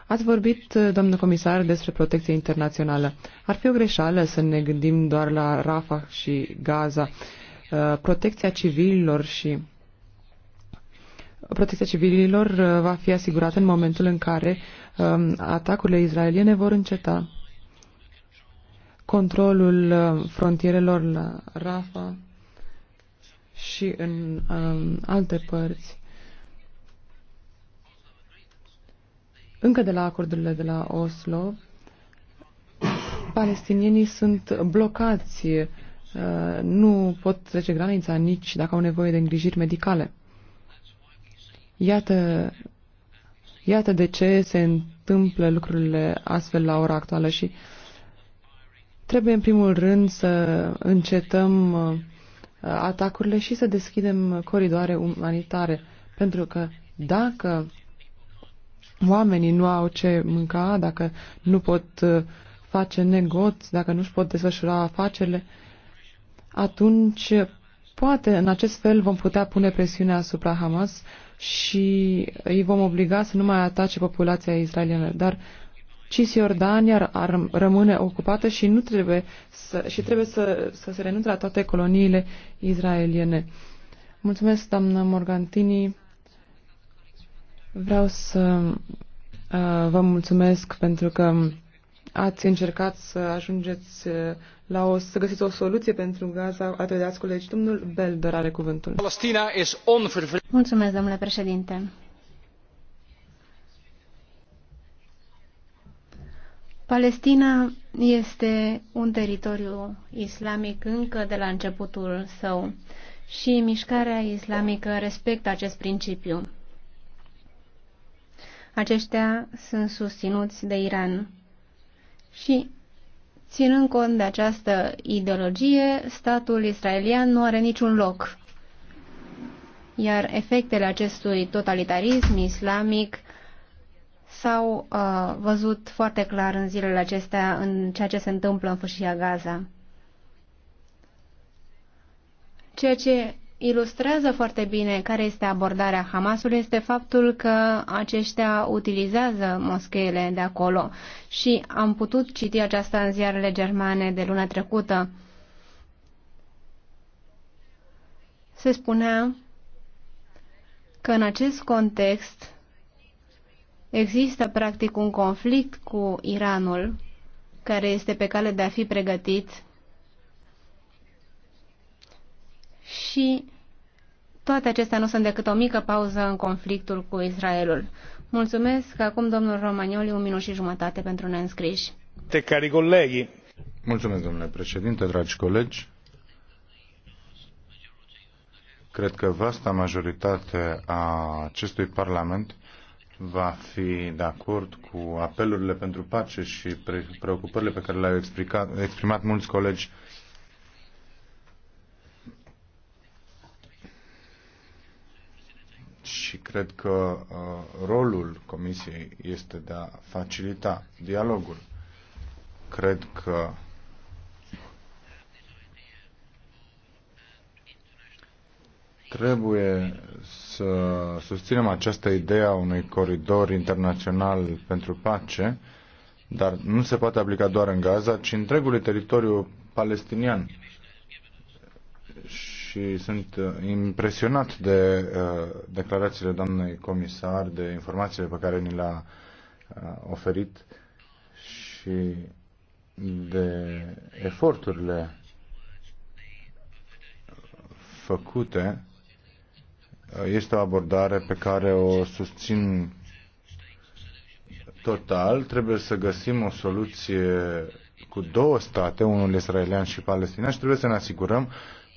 Ați vorbit, uh, domnul comisar, despre protecție internațională. Ar fi o greșeală să ne gândim doar la Rafah și Gaza. Uh, protecția civililor și protecția civililor va fi asigurată în momentul în care um, atacurile izraeliene vor înceta. Controlul frontierelor la Rafah și în um, alte părți. Încă de la acordurile de la Oslo, palestinienii sunt blocați, uh, nu pot trece granița nici dacă au nevoie de îngrijiri medicale. Iată, iată de ce se întâmplă lucrurile astfel la ora actuală și trebuie în primul rând să încetăm uh, atacurile și să deschidem coridoare umanitare. Pentru că dacă oamenii nu au ce mânca, dacă nu pot uh, face negoți, dacă nu își pot desfășura afacerile, atunci poate în acest fel vom putea pune presiune asupra Hamas și îi vom obliga să nu mai atace populația israeliană. Dar Cisjordania ar rămâne ocupată și nu trebuie să, și trebuie să, să se renunțe la toate coloniile izraeliene. Mulțumesc, doamnă Morgantini. Vreau să uh, vă mulțumesc pentru că ați încercat să ajungeți la o, să găsiți o soluție pentru Gaza alături de alți colegi. Domnul Beldor are cuvântul. Palestina Mulțumesc, domnule președinte. Palestina este un teritoriu islamic încă de la începutul său și mișcarea islamică respectă acest principiu. Aceștia sunt susținuți de Iran. Și, ținând cont de această ideologie, statul israelian nu are niciun loc. Iar efectele acestui totalitarism islamic s-au uh, văzut foarte clar în zilele acestea în ceea ce se întâmplă în fâșia Gaza. Ceea ce ilustrează foarte bine care este abordarea Hamasului este faptul că aceștia utilizează moscheele de acolo și am putut citi aceasta în ziarele germane de luna trecută. Se spunea că în acest context Există practic un conflict cu Iranul care este pe cale de a fi pregătit și toate acestea nu sunt decât o mică pauză în conflictul cu Israelul. Mulțumesc. Acum domnul Romagnoli, un minut și jumătate pentru neînscriși. Te cari colegi. Mulțumesc, domnule președinte, dragi colegi. Cred că vasta majoritate a acestui Parlament va fi de acord cu apelurile pentru pace și preocupările pe care le-au exprimat mulți colegi și cred că uh, rolul Comisiei este de a facilita dialogul. Cred că Trebuie să susținem această idee a unui coridor internațional pentru pace, dar nu se poate aplica doar în Gaza, ci întregului teritoriu palestinian. Și sunt uh, impresionat de uh, declarațiile doamnei comisar, de informațiile pe care ni le-a uh, oferit și de eforturile făcute este o abordare pe care o susțin total. Trebuie să găsim o soluție cu două state, unul israelian și palestinian, și trebuie să ne asigurăm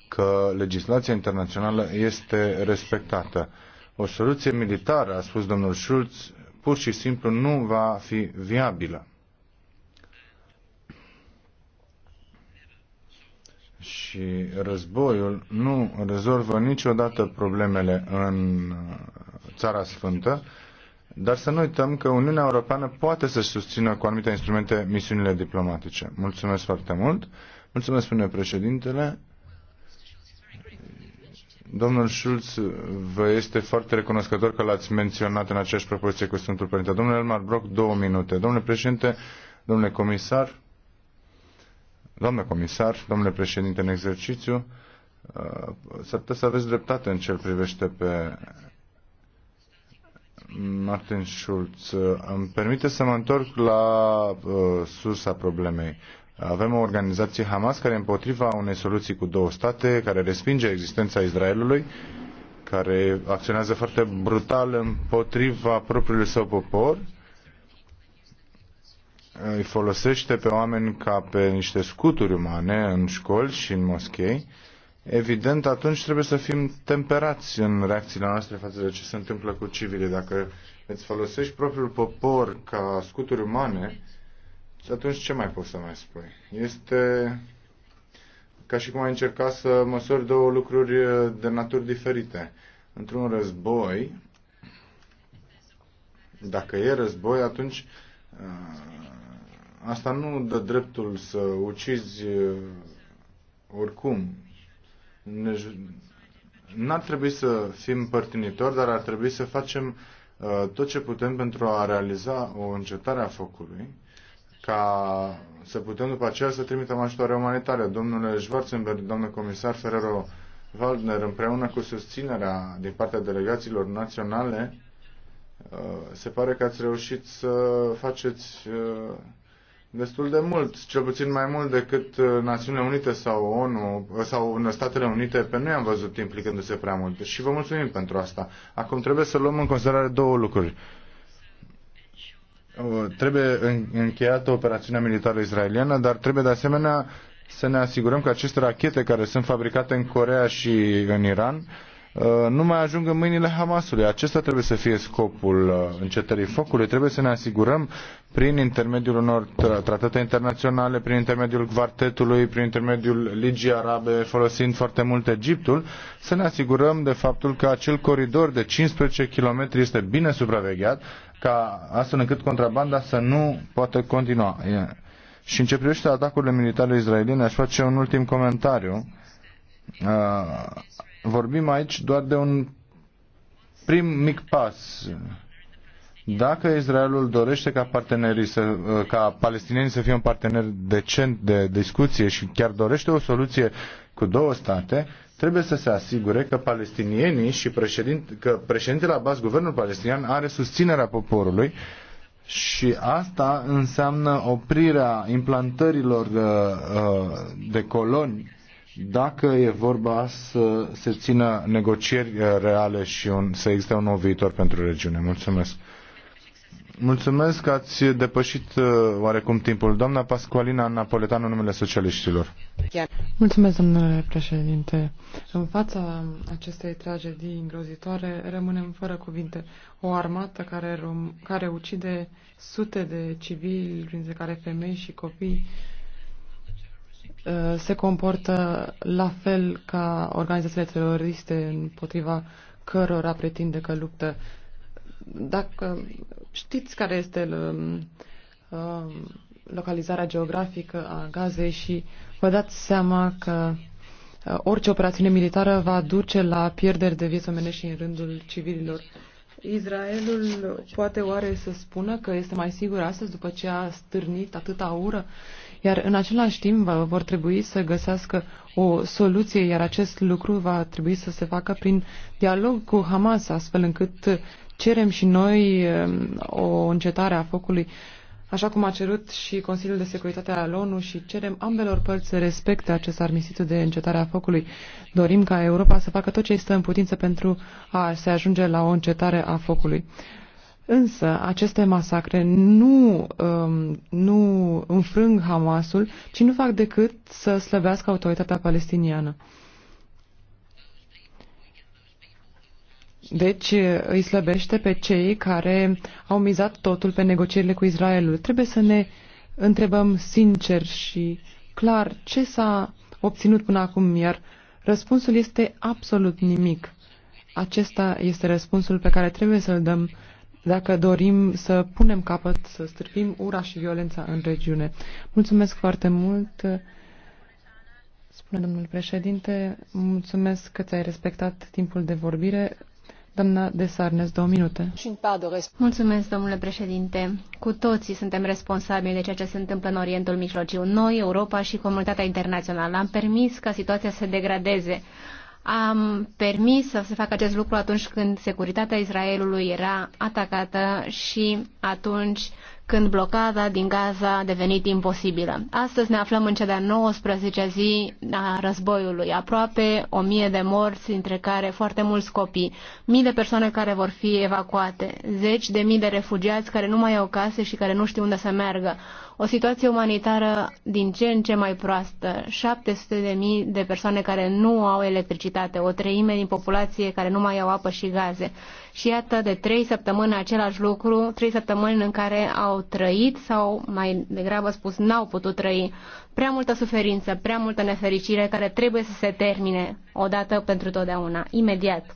că legislația internațională este respectată. O soluție militară, a spus domnul Schulz, pur și simplu nu va fi viabilă. și războiul nu rezolvă niciodată problemele în uh, Țara Sfântă, dar să nu uităm că Uniunea Europeană poate să-și susțină cu anumite instrumente misiunile diplomatice. Mulțumesc foarte mult. Mulțumesc, spune președintele. Domnul Schulz vă este foarte recunoscător că l-ați menționat în aceeași propoziție cu Sfântul Părinte. Domnule Elmar Brock, două minute. Domnule președinte, domnule comisar, Doamnă comisar, domnule președinte în exercițiu, uh, s-ar putea să aveți dreptate în ce privește pe Martin Schulz. Îmi permite să mă întorc la uh, sursa problemei. Avem o organizație Hamas care e împotriva unei soluții cu două state, care respinge existența Israelului, care acționează foarte brutal împotriva propriului său popor îi folosește pe oameni ca pe niște scuturi umane în școli și în moschei, evident atunci trebuie să fim temperați în reacțiile noastre față de ce se întâmplă cu civile Dacă îți folosești propriul popor ca scuturi umane, atunci ce mai poți să mai spui? Este ca și cum ai încerca să măsori două lucruri de naturi diferite. Într-un război, dacă e război, atunci uh, asta nu dă dreptul să ucizi oricum. n-ar trebui să fim părtinitori, dar ar trebui să facem uh, tot ce putem pentru a realiza o încetare a focului, ca să putem după aceea să trimitem ajutoare umanitare. Domnule Schwarzenberg, domnule comisar Ferrero Waldner, împreună cu susținerea din partea delegațiilor naționale, uh, se pare că ați reușit să faceți uh, destul de mult, cel puțin mai mult decât uh, Națiunile Unite sau ONU uh, sau în uh, Statele Unite, pe noi am văzut implicându-se prea mult și vă mulțumim pentru asta. Acum trebuie să luăm în considerare două lucruri. Trebuie încheiată operațiunea militară israeliană, dar trebuie de asemenea să ne asigurăm că aceste rachete care sunt fabricate în Corea și în Iran Uh, nu mai ajung în mâinile Hamasului. Acesta trebuie să fie scopul uh, încetării focului. Trebuie să ne asigurăm prin intermediul unor tratate internaționale, prin intermediul quartetului, prin intermediul Ligii Arabe, folosind foarte mult Egiptul, să ne asigurăm de faptul că acel coridor de 15 km este bine supravegheat, ca astfel încât contrabanda să nu poată continua. Și în ce privește atacurile militare israeliene, aș face un ultim comentariu. Uh, vorbim aici doar de un prim mic pas. Dacă Israelul dorește ca, partenerii să, ca palestinienii să fie un partener decent de discuție și chiar dorește o soluție cu două state, trebuie să se asigure că palestinienii și președint, că președintele Abbas, guvernul palestinian, are susținerea poporului și asta înseamnă oprirea implantărilor uh, uh, de coloni dacă e vorba să se țină negocieri uh, reale și un, să existe un nou viitor pentru regiune. Mulțumesc. Mulțumesc că ați depășit uh, oarecum timpul. Doamna Pascualina Napoletan, în numele socialiștilor. Mulțumesc, domnule președinte. În fața acestei tragedii îngrozitoare rămânem fără cuvinte. O armată care, care ucide sute de civili, printre care femei și copii, Uh, se comportă la fel ca organizațiile teroriste împotriva cărora pretinde că luptă. Dacă știți care este um, um, localizarea geografică a Gazei și vă dați seama că uh, orice operațiune militară va duce la pierderi de vieți omenești în rândul civililor. Israelul poate oare să spună că este mai sigur astăzi după ce a stârnit atâta ură? Uh, iar în același timp vor trebui să găsească o soluție, iar acest lucru va trebui să se facă prin dialog cu Hamas, astfel încât cerem și noi um, o încetare a focului, așa cum a cerut și Consiliul de Securitate al ONU și cerem ambelor părți să respecte acest armistițiu de încetare a focului. Dorim ca Europa să facă tot ce este în putință pentru a se ajunge la o încetare a focului. Însă aceste masacre nu, um, nu înfrâng Hamasul, ci nu fac decât să slăbească autoritatea palestiniană. Deci îi slăbește pe cei care au mizat totul pe negocierile cu Israelul. Trebuie să ne întrebăm sincer și clar ce s-a obținut până acum, iar răspunsul este absolut nimic. Acesta este răspunsul pe care trebuie să-l dăm dacă dorim să punem capăt, să stârpim ura și violența în regiune. Mulțumesc foarte mult, spune domnul președinte. Mulțumesc că ți-ai respectat timpul de vorbire. Doamna Desarnes, două minute. Mulțumesc, domnule președinte. Cu toții suntem responsabili de ceea ce se întâmplă în Orientul Mijlociu. Noi, Europa și comunitatea internațională am permis ca situația să se degradeze am permis să se facă acest lucru atunci când securitatea Israelului era atacată și atunci când blocada din Gaza a devenit imposibilă. Astăzi ne aflăm în cea de-a 19 zi a războiului, aproape o mie de morți, dintre care foarte mulți copii, mii de persoane care vor fi evacuate, zeci de mii de refugiați care nu mai au case și care nu știu unde să meargă, o situație umanitară din ce în ce mai proastă, 700 de mii de persoane care nu au electricitate, o treime din populație care nu mai au apă și gaze și iată, de trei săptămâni același lucru, trei săptămâni în care au trăit sau, mai degrabă spus, n-au putut trăi. Prea multă suferință, prea multă nefericire care trebuie să se termine odată pentru totdeauna, imediat.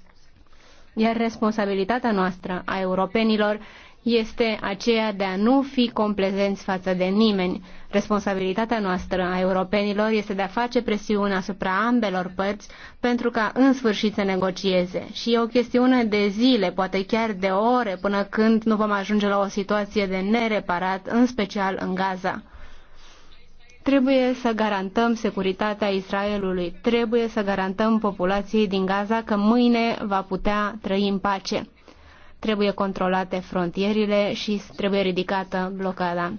Iar responsabilitatea noastră, a europenilor, este aceea de a nu fi complezenți față de nimeni. Responsabilitatea noastră a europenilor este de a face presiune asupra ambelor părți pentru ca în sfârșit să negocieze. Și e o chestiune de zile, poate chiar de ore, până când nu vom ajunge la o situație de nereparat, în special în Gaza. Trebuie să garantăm securitatea Israelului, trebuie să garantăm populației din Gaza că mâine va putea trăi în pace trebuie controlate frontierele și trebuie ridicată blocada.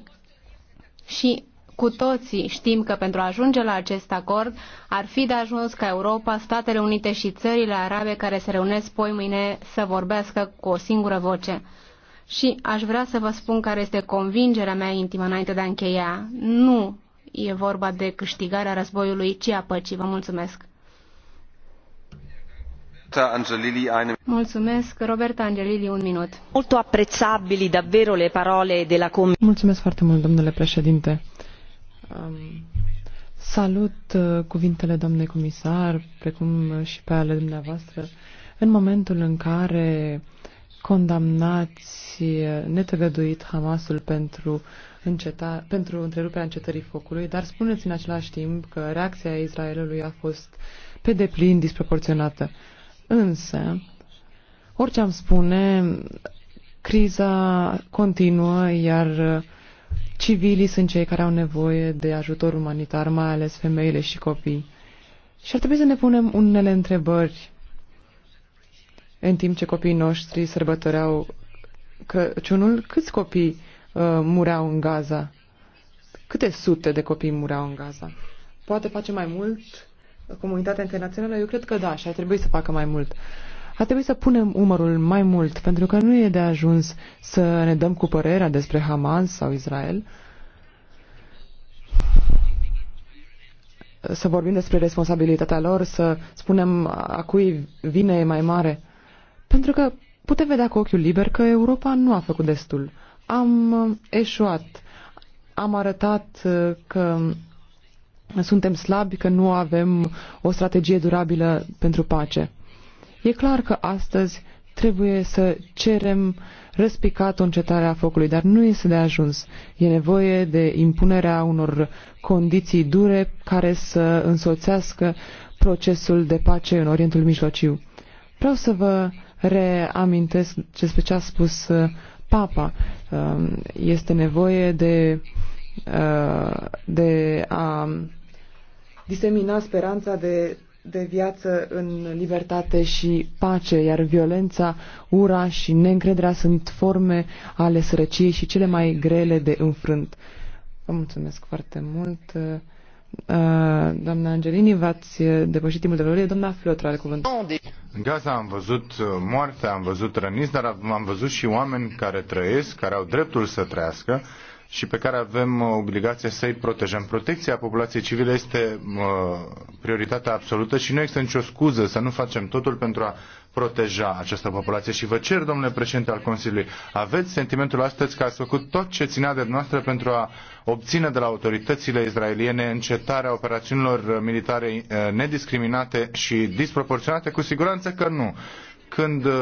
Și cu toții știm că pentru a ajunge la acest acord ar fi de ajuns ca Europa, Statele Unite și țările arabe care se reunesc poi mâine să vorbească cu o singură voce. Și aș vrea să vă spun care este convingerea mea intimă înainte de a încheia. Nu e vorba de câștigarea războiului, ci a păcii. Vă mulțumesc! Mulțumesc, Robert Angelilli, un minut. Molto apprezzabili davvero le parole della Commissione. Mulțumesc foarte mult, domnule președinte. Um... Salut uh, cuvintele domnului comisar, precum uh, și pe ale dumneavoastră, în momentul în care condamnați uh, netăgăduit Hamasul pentru, înceta, pentru întreruperea încetării focului, dar spuneți în același timp că reacția Israelului a fost pe deplin disproporționată. Însă, orice am spune, criza continuă, iar civilii sunt cei care au nevoie de ajutor umanitar, mai ales femeile și copii. Și ar trebui să ne punem unele întrebări în timp ce copiii noștri sărbătoreau Crăciunul, câți copii uh, mureau în Gaza? Câte sute de copii mureau în Gaza? Poate face mai mult comunitatea internațională, eu cred că da, și ar trebui să facă mai mult. Ar trebui să punem umărul mai mult, pentru că nu e de ajuns să ne dăm cu părerea despre Hamas sau Israel, să vorbim despre responsabilitatea lor, să spunem a cui vine e mai mare. Pentru că putem vedea cu ochiul liber că Europa nu a făcut destul. Am eșuat. Am arătat că suntem slabi, că nu avem o strategie durabilă pentru pace. E clar că astăzi trebuie să cerem răspicat o încetare a focului, dar nu este de ajuns. E nevoie de impunerea unor condiții dure care să însoțească procesul de pace în Orientul Mijlociu. Vreau să vă reamintesc despre ce a spus uh, Papa. Um, este nevoie de, uh, de a disemina speranța de, de viață în libertate și pace, iar violența, ura și neîncrederea sunt forme ale sărăciei și cele mai grele de înfrânt. Vă mulțumesc foarte mult. Uh, doamna Angelini, v-ați depășit timpul de valorie. Doamna Fliotra, are cuvânt. În Gaza am văzut uh, moarte, am văzut răniți, dar am văzut și oameni care trăiesc, care au dreptul să trăiască și pe care avem obligația să-i protejăm. Protecția populației civile este prioritatea absolută și nu există nicio scuză să nu facem totul pentru a proteja această populație. Și vă cer, domnule președinte al Consiliului, aveți sentimentul astăzi că ați făcut tot ce ținea de noastră pentru a obține de la autoritățile israeliene încetarea operațiunilor militare eh, nediscriminate și disproporționate? Cu siguranță că nu când uh,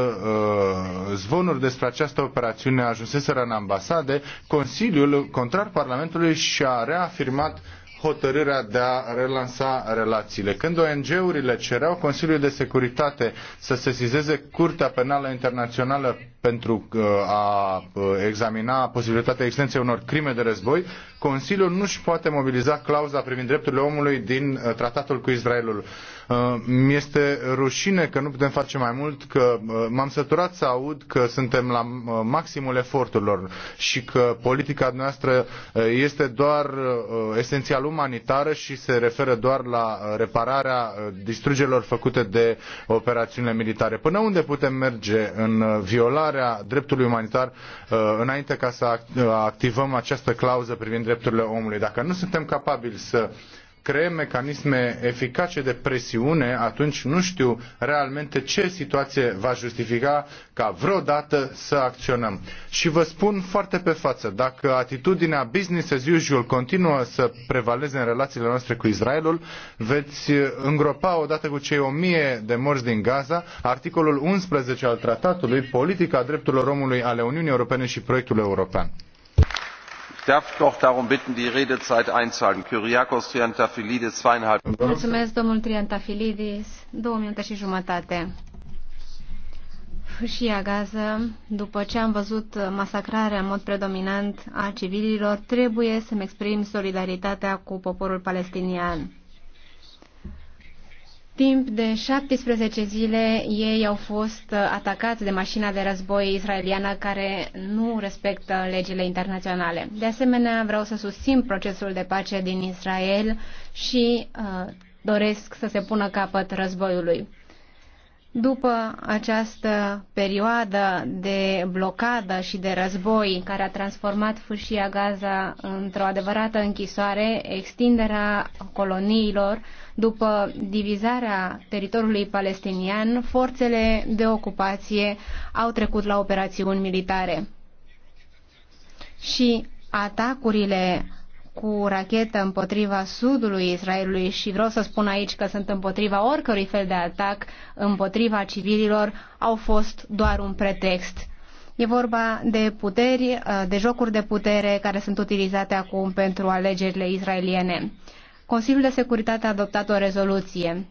zvonuri despre această operațiune ajunseseră în ambasade, Consiliul, contrar Parlamentului, și-a reafirmat hotărârea de a relansa relațiile. Când ONG-urile cereau Consiliului de Securitate să sesizeze Curtea Penală Internațională pentru uh, a uh, examina posibilitatea existenței unor crime de război, Consiliul nu își poate mobiliza clauza privind drepturile omului din uh, tratatul cu Israelul. Mi este rușine că nu putem face mai mult, că m-am săturat să aud că suntem la maximul eforturilor și că politica noastră este doar esențial umanitară și se referă doar la repararea distrugerilor făcute de operațiunile militare. Până unde putem merge în violare? violarea dreptului umanitar uh, înainte ca să uh, activăm această clauză privind drepturile omului. Dacă nu suntem capabili să creăm mecanisme eficace de presiune, atunci nu știu realmente ce situație va justifica ca vreodată să acționăm. Și vă spun foarte pe față, dacă atitudinea business as usual continuă să prevaleze în relațiile noastre cu Israelul, veți îngropa odată cu cei o mie de morți din Gaza articolul 11 al tratatului, politica drepturilor omului ale Uniunii Europene și proiectul european darf doch darum bitten, die Redezeit einzuhalten. Kyriakos Triantafilidis, zweieinhalb Minuten. Mulțumesc, domnul Triantafilidis. Două minute și jumătate. Fâșia Gaza, după ce am văzut masacrarea în mod predominant a civililor, trebuie să-mi exprim solidaritatea cu poporul palestinian. Timp de 17 zile ei au fost uh, atacați de mașina de război israeliană care nu respectă legile internaționale. De asemenea, vreau să susțin procesul de pace din Israel și uh, doresc să se pună capăt războiului. După această perioadă de blocadă și de război care a transformat fâșia Gaza într-o adevărată închisoare, extinderea coloniilor după divizarea teritoriului palestinian, forțele de ocupație au trecut la operațiuni militare. Și atacurile cu rachetă împotriva sudului Israelului și vreau să spun aici că sunt împotriva oricărui fel de atac împotriva civililor au fost doar un pretext. E vorba de puteri, de jocuri de putere care sunt utilizate acum pentru alegerile israeliene. Consiliul de Securitate a adoptat o rezoluție.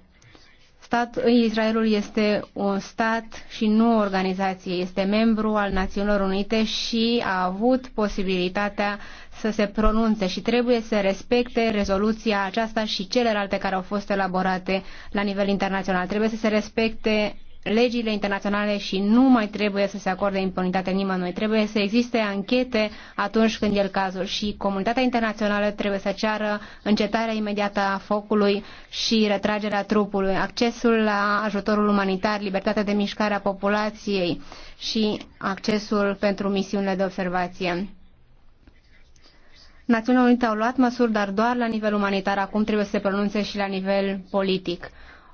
Stat, Israelul este un stat și nu o organizație. Este membru al Națiunilor Unite și a avut posibilitatea să se pronunțe și trebuie să respecte rezoluția aceasta și celelalte care au fost elaborate la nivel internațional. Trebuie să se respecte legile internaționale și nu mai trebuie să se acorde impunitate nimănui. Trebuie să existe anchete atunci când e cazul și comunitatea internațională trebuie să ceară încetarea imediată a focului și retragerea trupului, accesul la ajutorul umanitar, libertatea de mișcare a populației și accesul pentru misiunile de observație. Națiunile Unite au luat măsuri, dar doar la nivel umanitar. Acum trebuie să se pronunțe și la nivel politic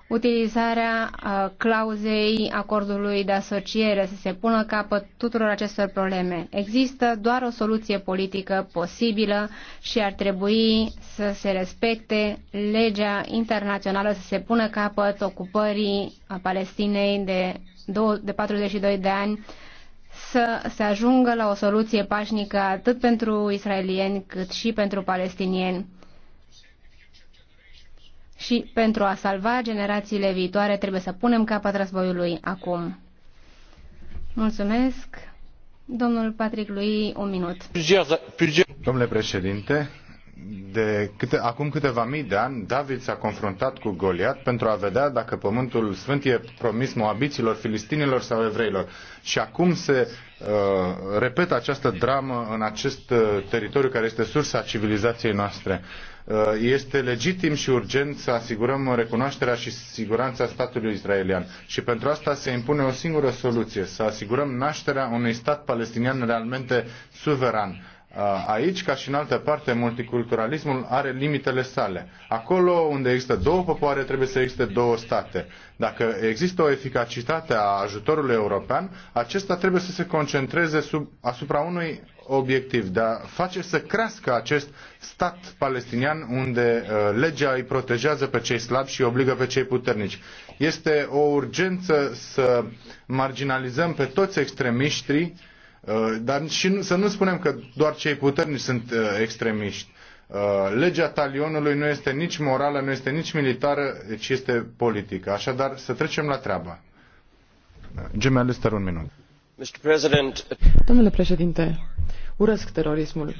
utilizarea uh, clauzei acordului de asociere, să se pună capăt tuturor acestor probleme. Există doar o soluție politică posibilă și ar trebui să se respecte legea internațională, să se pună capăt ocupării a Palestinei de, de 42 de ani, să se ajungă la o soluție pașnică atât pentru israelieni cât și pentru palestinieni și pentru a salva generațiile viitoare trebuie să punem capăt războiului acum. Mulțumesc. Domnul Patrick Lui, un minut. Domnule președinte, de câte, acum câteva mii de ani, David s-a confruntat cu Goliat pentru a vedea dacă pământul sfânt e promis moabiților, filistinilor sau evreilor. Și acum se uh, repetă această dramă în acest uh, teritoriu care este sursa civilizației noastre. Uh, Uh, este legitim și urgent să asigurăm recunoașterea și siguranța statului israelian. Și pentru asta se impune o singură soluție, să asigurăm nașterea unui stat palestinian realmente suveran. Uh, aici, ca și în altă parte, multiculturalismul are limitele sale. Acolo unde există două popoare, trebuie să existe două state. Dacă există o eficacitate a ajutorului european, acesta trebuie să se concentreze sub, asupra unui obiectiv de a face să crească acest stat palestinian unde uh, legea îi protejează pe cei slabi și îi obligă pe cei puternici. Este o urgență să marginalizăm pe toți extremiștii, uh, dar și să nu spunem că doar cei puternici sunt uh, extremiști. Legea talionului nu este nici morală, nu este nici militară, ci deci este politică. Așadar, să trecem la treabă. Jimmy Alistair, un minut. Domnule președinte, urăsc terorismul.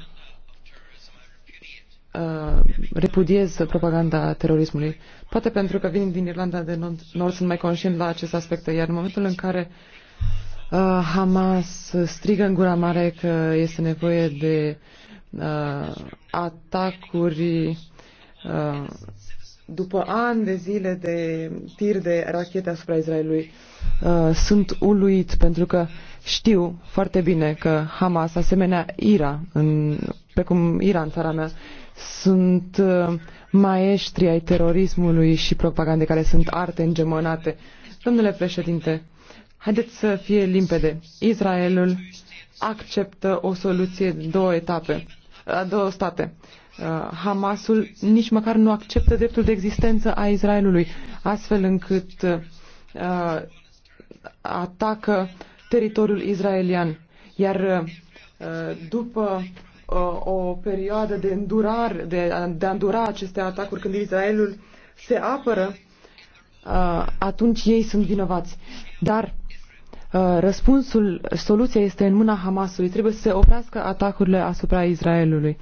Uh, repudiez propaganda terorismului. Poate pentru că vin din Irlanda de Nord sunt mai conștient la acest aspect, iar în momentul în care uh, Hamas strigă în gura mare că este nevoie de uh, atacuri uh, după ani de zile de tir de rachete asupra Israelului, Uh, sunt uluit pentru că știu foarte bine că Hamas, asemenea Ira, în, cum Ira în țara mea, sunt uh, maestri ai terorismului și propagandei care sunt arte îngemănate. Domnule președinte, haideți să fie limpede. Israelul acceptă o soluție două etape, uh, două state. Hamasul nici măcar nu acceptă dreptul de existență a Israelului, astfel încât atacă teritoriul israelian. Iar uh, după uh, o perioadă de îndurar, de, de a îndura aceste atacuri când Israelul se apără, uh, atunci ei sunt vinovați. Dar răspunsul, soluția este în mâna Hamasului. Trebuie să se oprească atacurile asupra Israelului.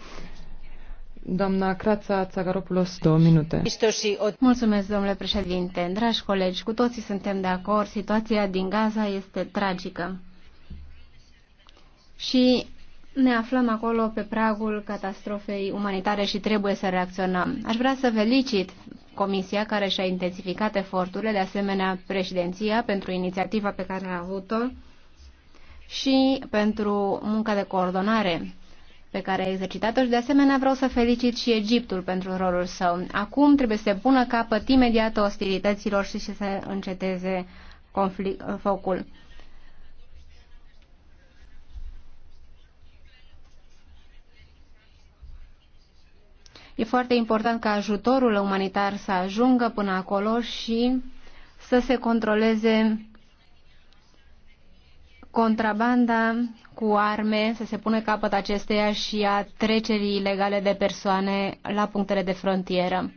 Doamna Crața Țagaropoulos, două minute. Mulțumesc, domnule președinte. Dragi colegi, cu toții suntem de acord, situația din Gaza este tragică. Și ne aflăm acolo pe pragul catastrofei umanitare și trebuie să reacționăm. Aș vrea să felicit Comisia care și-a intensificat eforturile, de asemenea președinția pentru inițiativa pe care a avut-o și pentru munca de coordonare pe care a exercitat-o și de asemenea vreau să felicit și Egiptul pentru rolul său. Acum trebuie să se pună capăt imediat ostilităților și să înceteze conflict, focul. E foarte important ca ajutorul umanitar să ajungă până acolo și să se controleze contrabanda cu arme, să se pune capăt acesteia și a trecerii ilegale de persoane la punctele de frontieră.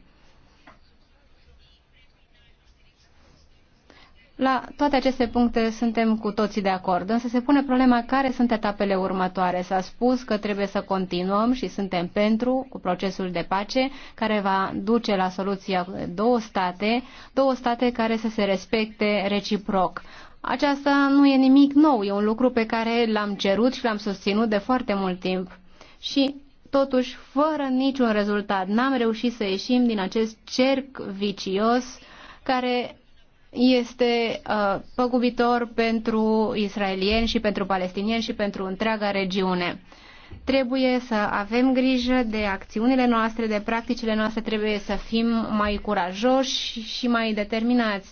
La toate aceste puncte suntem cu toții de acord, însă se pune problema care sunt etapele următoare. S-a spus că trebuie să continuăm și suntem pentru cu procesul de pace care va duce la soluția două state, două state care să se respecte reciproc. Aceasta nu e nimic nou, e un lucru pe care l-am cerut și l-am susținut de foarte mult timp. Și totuși, fără niciun rezultat, n-am reușit să ieșim din acest cerc vicios care este uh, păgubitor pentru israelieni și pentru palestinieni și pentru întreaga regiune. Trebuie să avem grijă de acțiunile noastre, de practicile noastre, trebuie să fim mai curajoși și mai determinați.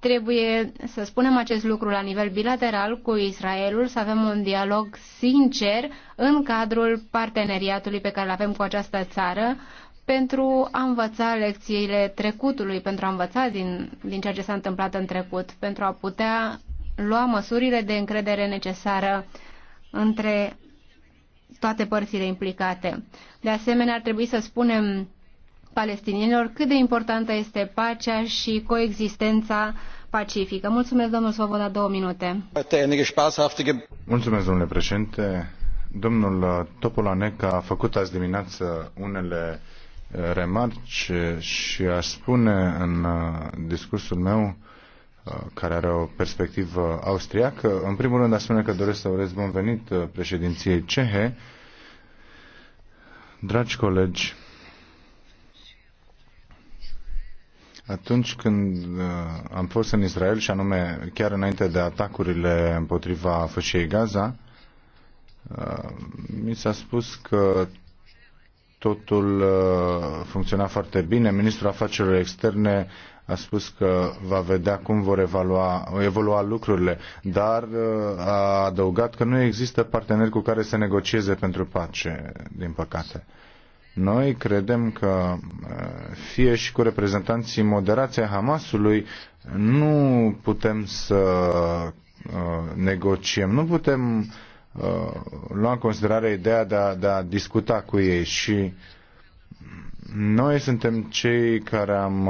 Trebuie să spunem acest lucru la nivel bilateral cu Israelul, să avem un dialog sincer în cadrul parteneriatului pe care îl avem cu această țară pentru a învăța lecțiile trecutului, pentru a învăța din, din ceea ce s-a întâmplat în trecut, pentru a putea lua măsurile de încredere necesară între toate părțile implicate. De asemenea, ar trebui să spunem palestinienilor cât de importantă este pacea și coexistența pacifică. Mulțumesc, domnul Svoboda, două minute. Mulțumesc, domnule președinte. Domnul Topolanec a făcut azi dimineață unele eh, remarci și aș spune în eh, discursul meu eh, care are o perspectivă austriacă. În primul rând, aș spune că doresc să urez bun venit președinției cehe. Dragi colegi, Atunci când uh, am fost în Israel, și anume chiar înainte de atacurile împotriva fășiei Gaza, uh, mi s-a spus că totul uh, funcționa foarte bine. Ministrul Afacerilor Externe a spus că va vedea cum vor evalua, evolua lucrurile, dar a adăugat că nu există parteneri cu care să negocieze pentru pace, din păcate. Noi credem că uh, fie și cu reprezentanții moderației Hamasului nu putem să uh, negociem, nu putem uh, lua în considerare ideea de a, de a discuta cu ei și noi suntem cei care am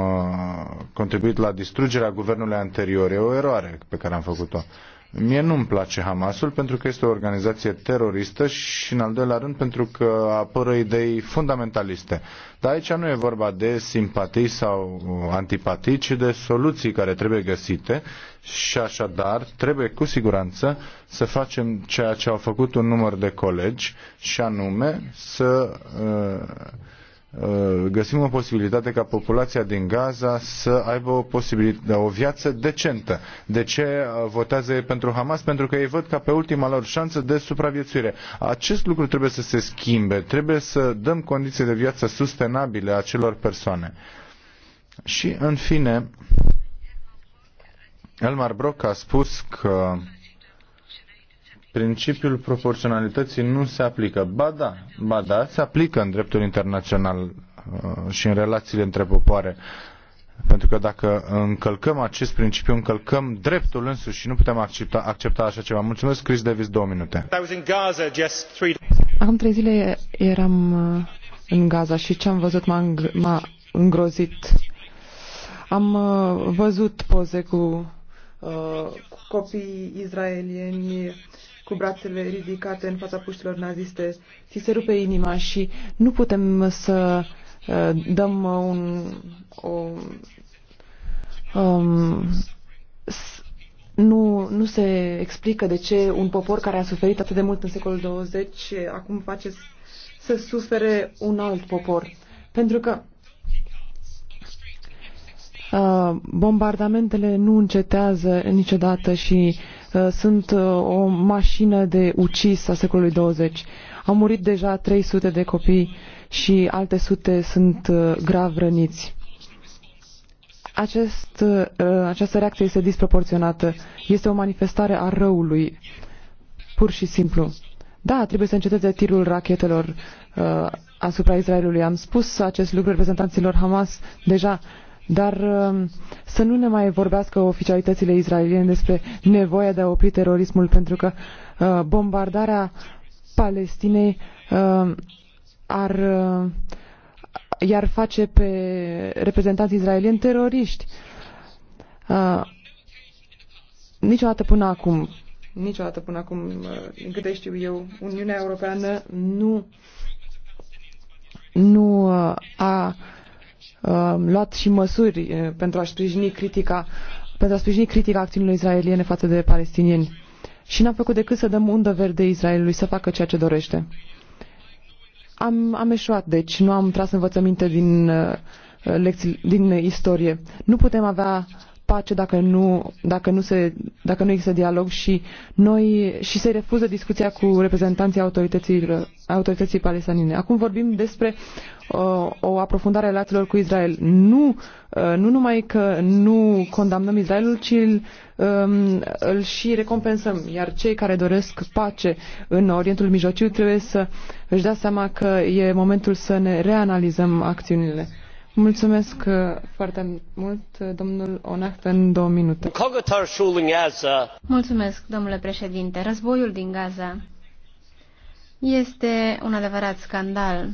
contribuit la distrugerea guvernului anterior. E o eroare pe care am făcut-o. Mie nu-mi place Hamasul pentru că este o organizație teroristă și, în al doilea rând, pentru că apără idei fundamentaliste. Dar aici nu e vorba de simpatii sau antipatii, ci de soluții care trebuie găsite și, așadar, trebuie cu siguranță să facem ceea ce au făcut un număr de colegi și anume să uh, Uh, găsim o posibilitate ca populația din Gaza să aibă o, posibilitate, o viață decentă. De ce uh, votează pentru Hamas? Pentru că ei văd ca pe ultima lor șansă de supraviețuire. Acest lucru trebuie să se schimbe. Trebuie să dăm condiții de viață sustenabile acelor persoane. Și, în fine, Elmar Brock a spus că principiul proporționalității nu se aplică. Ba da, ba da, se aplică în dreptul internațional uh, și în relațiile între popoare. Pentru că dacă încălcăm acest principiu, încălcăm dreptul însuși și nu putem accepta, accepta așa ceva. Mulțumesc, Chris Davis, două minute. Acum trei zile eram uh, în Gaza și ce am văzut m-a, îngrozit. Am uh, văzut poze cu, cu copii izraelieni cu brațele ridicate în fața puștilor naziste, ți se rupe inima și nu putem să uh, dăm uh, un, o, um, nu, nu se explică de ce un popor care a suferit atât de mult în secolul 20 acum face să sufere un alt popor. Pentru că uh, bombardamentele nu încetează niciodată și uh, Uh, sunt uh, o mașină de ucis a secolului 20. Au murit deja 300 de copii și alte sute sunt uh, grav răniți. Acest, această reacție este disproporționată. Este o manifestare a răului, pur și simplu. Da, trebuie să înceteze tirul rachetelor uh, asupra Israelului. Am spus acest lucru reprezentanților Hamas deja. Dar um, să nu ne mai vorbească oficialitățile israeliene despre nevoia de a opri terorismul, pentru că uh, bombardarea Palestinei um, ar uh, iar face pe reprezentanții israelieni teroriști. Uh, niciodată până acum, niciodată până acum, din câte știu eu, Uniunea Europeană nu, nu a, a Um, luat și măsuri uh, pentru a sprijini critica pentru a sprijini critica acțiunilor israeliene față de palestinieni. Și n-am făcut decât să dăm undă verde Israelului să facă ceea ce dorește. Am, am eșuat, deci nu am tras învățăminte din, uh, lecții, din istorie. Nu putem avea pace dacă nu, dacă nu, se, dacă nu există dialog și, noi, și se refuză discuția cu reprezentanții autorității autorității palestiniene. Acum vorbim despre uh, o aprofundare a relațiilor cu Israel. Nu, uh, nu numai că nu condamnăm Israelul, ci îl, um, îl și recompensăm. Iar cei care doresc pace în Orientul Mijlociu trebuie să își dea seama că e momentul să ne reanalizăm acțiunile. Mulțumesc uh, foarte mult, uh, domnul Onah, în două minute. Mulțumesc, domnule președinte. Războiul din Gaza este un adevărat scandal.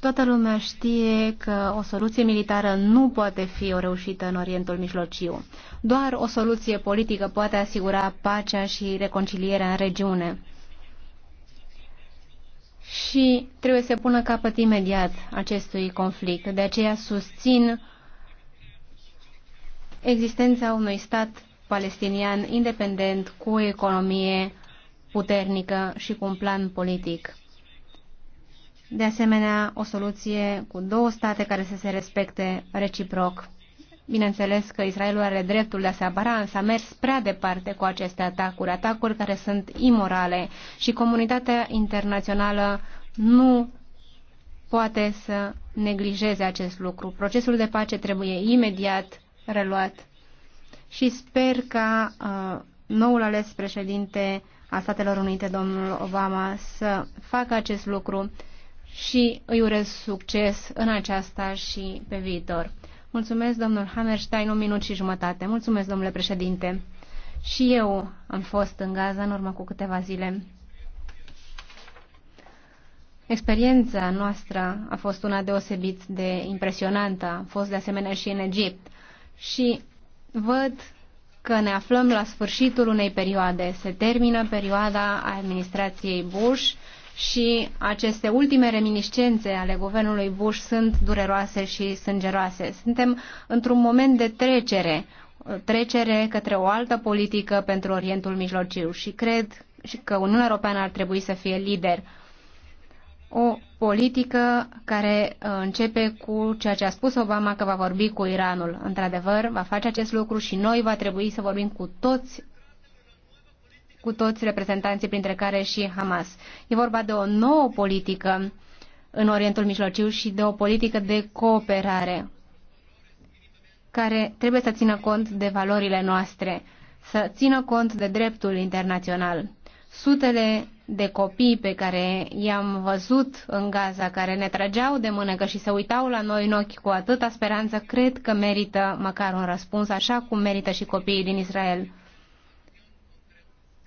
Toată lumea știe că o soluție militară nu poate fi o reușită în Orientul Mijlociu. Doar o soluție politică poate asigura pacea și reconcilierea în regiune și trebuie să pună capăt imediat acestui conflict. De aceea susțin existența unui stat palestinian independent cu o economie puternică și cu un plan politic. De asemenea, o soluție cu două state care să se respecte reciproc. Bineînțeles că Israelul are dreptul de a se apăra, însă a mers prea departe cu aceste atacuri, atacuri care sunt imorale și comunitatea internațională nu poate să neglijeze acest lucru. Procesul de pace trebuie imediat reluat și sper ca uh, noul ales președinte a Statelor Unite, domnul Obama, să facă acest lucru și îi urez succes în aceasta și pe viitor. Mulțumesc, domnul Hammerstein, un minut și jumătate. Mulțumesc, domnule președinte. Și eu am fost în Gaza în urmă cu câteva zile. Experiența noastră a fost una deosebit de impresionantă. Am fost de asemenea și în Egipt. Și văd că ne aflăm la sfârșitul unei perioade. Se termină perioada administrației Bush și aceste ultime reminiscențe ale guvernului Bush sunt dureroase și sângeroase. Suntem într-un moment de trecere, trecere către o altă politică pentru Orientul Mijlociu și cred și că Uniunea Europeană ar trebui să fie lider. O politică care uh, începe cu ceea ce a spus Obama că va vorbi cu Iranul. Într-adevăr, va face acest lucru și noi va trebui să vorbim cu toți cu toți reprezentanții, printre care și Hamas. E vorba de o nouă politică în Orientul Mijlociu și de o politică de cooperare care trebuie să țină cont de valorile noastre, să țină cont de dreptul internațional. Sutele de copii pe care i-am văzut în Gaza, care ne trageau de mânecă și se uitau la noi în ochi cu atâta speranță, cred că merită măcar un răspuns, așa cum merită și copiii din Israel.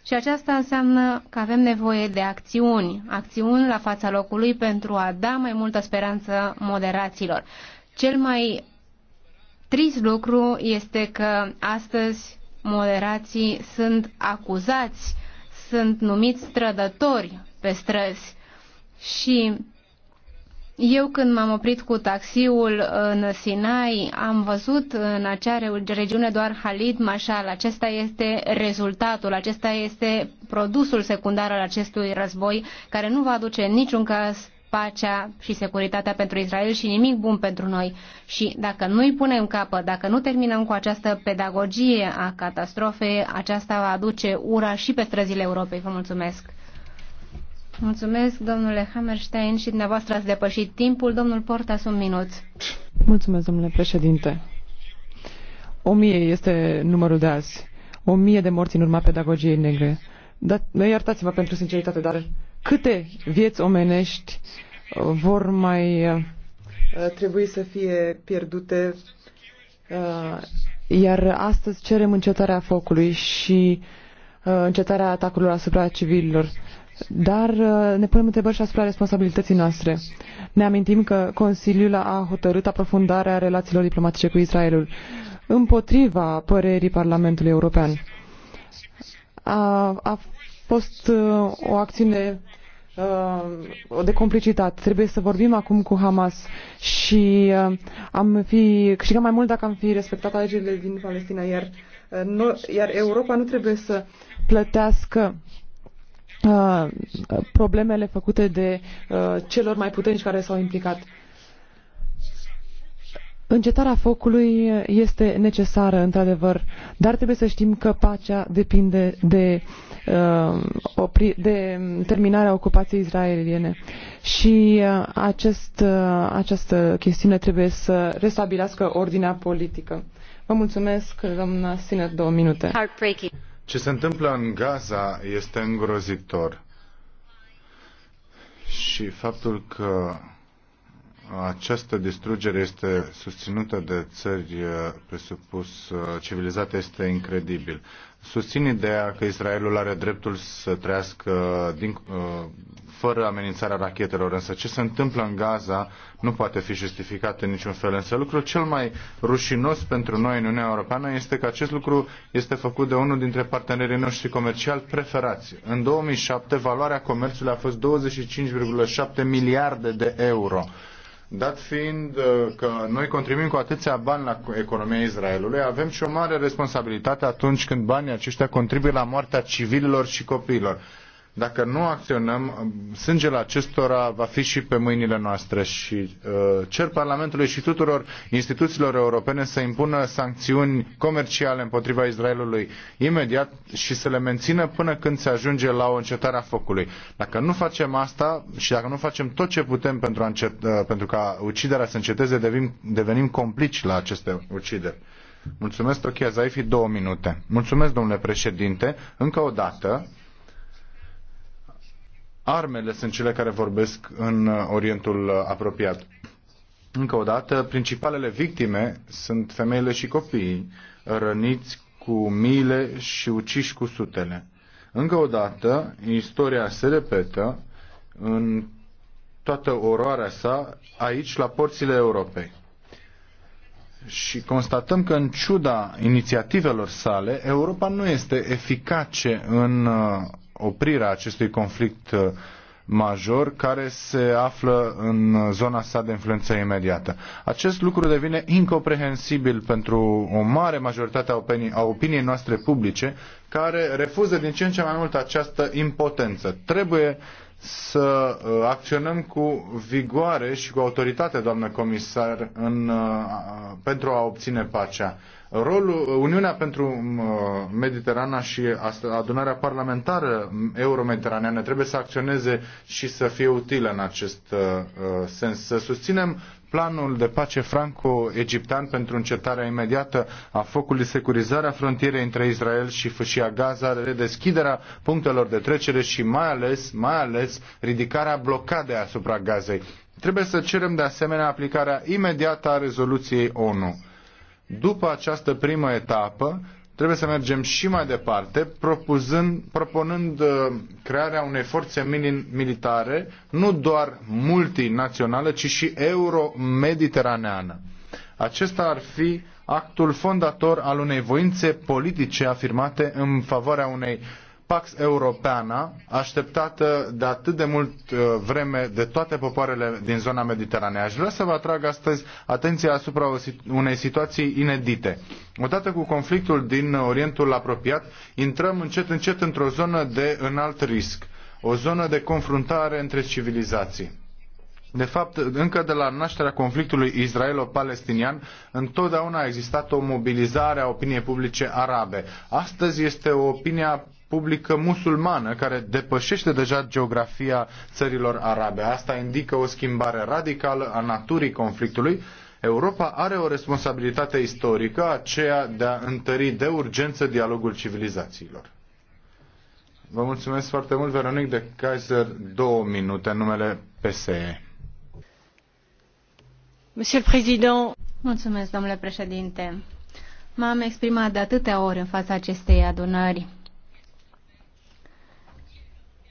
Și aceasta înseamnă că avem nevoie de acțiuni, acțiuni la fața locului pentru a da mai multă speranță moderaților. Cel mai trist lucru este că astăzi moderații sunt acuzați, sunt numiți strădători pe străzi și eu când m-am oprit cu taxiul în Sinai, am văzut în acea regiune doar Halid Mashal. Acesta este rezultatul, acesta este produsul secundar al acestui război, care nu va aduce în niciun caz pacea și securitatea pentru Israel și nimic bun pentru noi. Și dacă nu îi punem capăt, dacă nu terminăm cu această pedagogie a catastrofei, aceasta va aduce ura și pe străzile Europei. Vă mulțumesc! Mulțumesc, domnule Hammerstein, și dumneavoastră ați depășit timpul. Domnul Portas, un minut. Mulțumesc, domnule președinte. O mie este numărul de azi. O mie de morți în urma pedagogiei negre. Dar, iertați-mă pentru sinceritate, dar câte vieți omenești uh, vor mai uh, trebui să fie pierdute uh, iar astăzi cerem încetarea focului și încetarea atacurilor asupra civililor. Dar uh, ne punem întrebări și asupra responsabilității noastre. Ne amintim că Consiliul a hotărât aprofundarea relațiilor diplomatice cu Israelul împotriva părerii Parlamentului European. A, a fost uh, o acțiune uh, de complicitate. Trebuie să vorbim acum cu Hamas și am fi câștigat mai mult dacă am fi respectat alegerile din Palestina, iar, nu, iar Europa nu trebuie să plătească uh, Uh, problemele făcute de uh, celor mai puternici care s-au implicat. Încetarea focului este necesară, într-adevăr, dar trebuie să știm că pacea depinde de, uh, opri, de terminarea ocupației israeliene. Și acest, această chestiune trebuie să restabilească ordinea politică. Vă mulțumesc, doamna Sinet, două minute. Ce se întâmplă în Gaza este îngrozitor. Și faptul că această distrugere este susținută de țări eh, presupus eh, civilizate este incredibil susțin ideea că Israelul are dreptul să trăiască din, uh, fără amenințarea rachetelor, însă ce se întâmplă în Gaza nu poate fi justificat în niciun fel. Însă lucrul cel mai rușinos pentru noi în Uniunea Europeană este că acest lucru este făcut de unul dintre partenerii noștri comerciali preferați. În 2007, valoarea comerțului a fost 25,7 miliarde de euro Dat fiind uh, că noi contribuim cu atâția bani la economia Israelului, avem și o mare responsabilitate atunci când banii aceștia contribuie la moartea civililor și copiilor. Dacă nu acționăm, sângele acestora va fi și pe mâinile noastre și uh, cer Parlamentului și tuturor instituțiilor europene să impună sancțiuni comerciale împotriva Israelului imediat și să le mențină până când se ajunge la o încetare a focului. Dacă nu facem asta și dacă nu facem tot ce putem pentru, a încet, uh, pentru ca uciderea să înceteze, devim, devenim complici la aceste ucideri. Mulțumesc, Tokia Zaifi, două minute. Mulțumesc, domnule președinte. Încă o dată, armele sunt cele care vorbesc în uh, Orientul uh, apropiat. Încă o dată, principalele victime sunt femeile și copiii, răniți cu miile și uciși cu sutele. Încă o dată, istoria se repetă în toată oroarea sa aici, la porțile Europei. Și constatăm că, în ciuda inițiativelor sale, Europa nu este eficace în uh, oprirea acestui conflict uh, major care se află în zona sa de influență imediată. Acest lucru devine incomprehensibil pentru o mare majoritate a, opinii, a opiniei noastre publice care refuză din ce în ce mai mult această impotență. Trebuie să uh, acționăm cu vigoare și cu autoritate, doamnă comisar, în, uh, pentru a obține pacea. Rolul uh, Uniunea pentru Mediterana și adunarea parlamentară mm, euromediteraneană trebuie să acționeze și să fie utilă în acest sens. Să susținem planul de pace franco-egiptean pentru încetarea imediată a focului, securizarea frontierei între Israel și fâșia Gaza, redeschiderea punctelor de trecere și mai ales, mai ales ridicarea blocadei asupra Gazei. Trebuie să cerem de asemenea aplicarea imediată a rezoluției ONU. După această primă etapă, trebuie să mergem și mai departe, propuzând, propunând uh, crearea unei forțe militare, nu doar multinațională, ci și euro-mediteraneană. Acesta ar fi actul fondator al unei voințe politice afirmate în favoarea unei Pax Europeana, așteptată de atât de mult uh, vreme de toate popoarele din zona Mediteranei. Aș vrea să vă atrag astăzi atenția asupra unei situații inedite. Odată cu conflictul din Orientul apropiat, intrăm încet încet într-o zonă de înalt risc, o zonă de confruntare între civilizații. De fapt, încă de la nașterea conflictului israelo-palestinian, întotdeauna a existat o mobilizare a opiniei publice arabe. Astăzi este o opinie publică musulmană care depășește deja geografia țărilor arabe. Asta indică o schimbare radicală a naturii conflictului. Europa are o responsabilitate istorică, aceea de a întări de urgență dialogul civilizațiilor. Vă mulțumesc foarte mult, Veronic de Kaiser, două minute în numele PSE. Monsieur le Mulțumesc, domnule președinte. M-am exprimat de atâtea ori în fața acestei adunări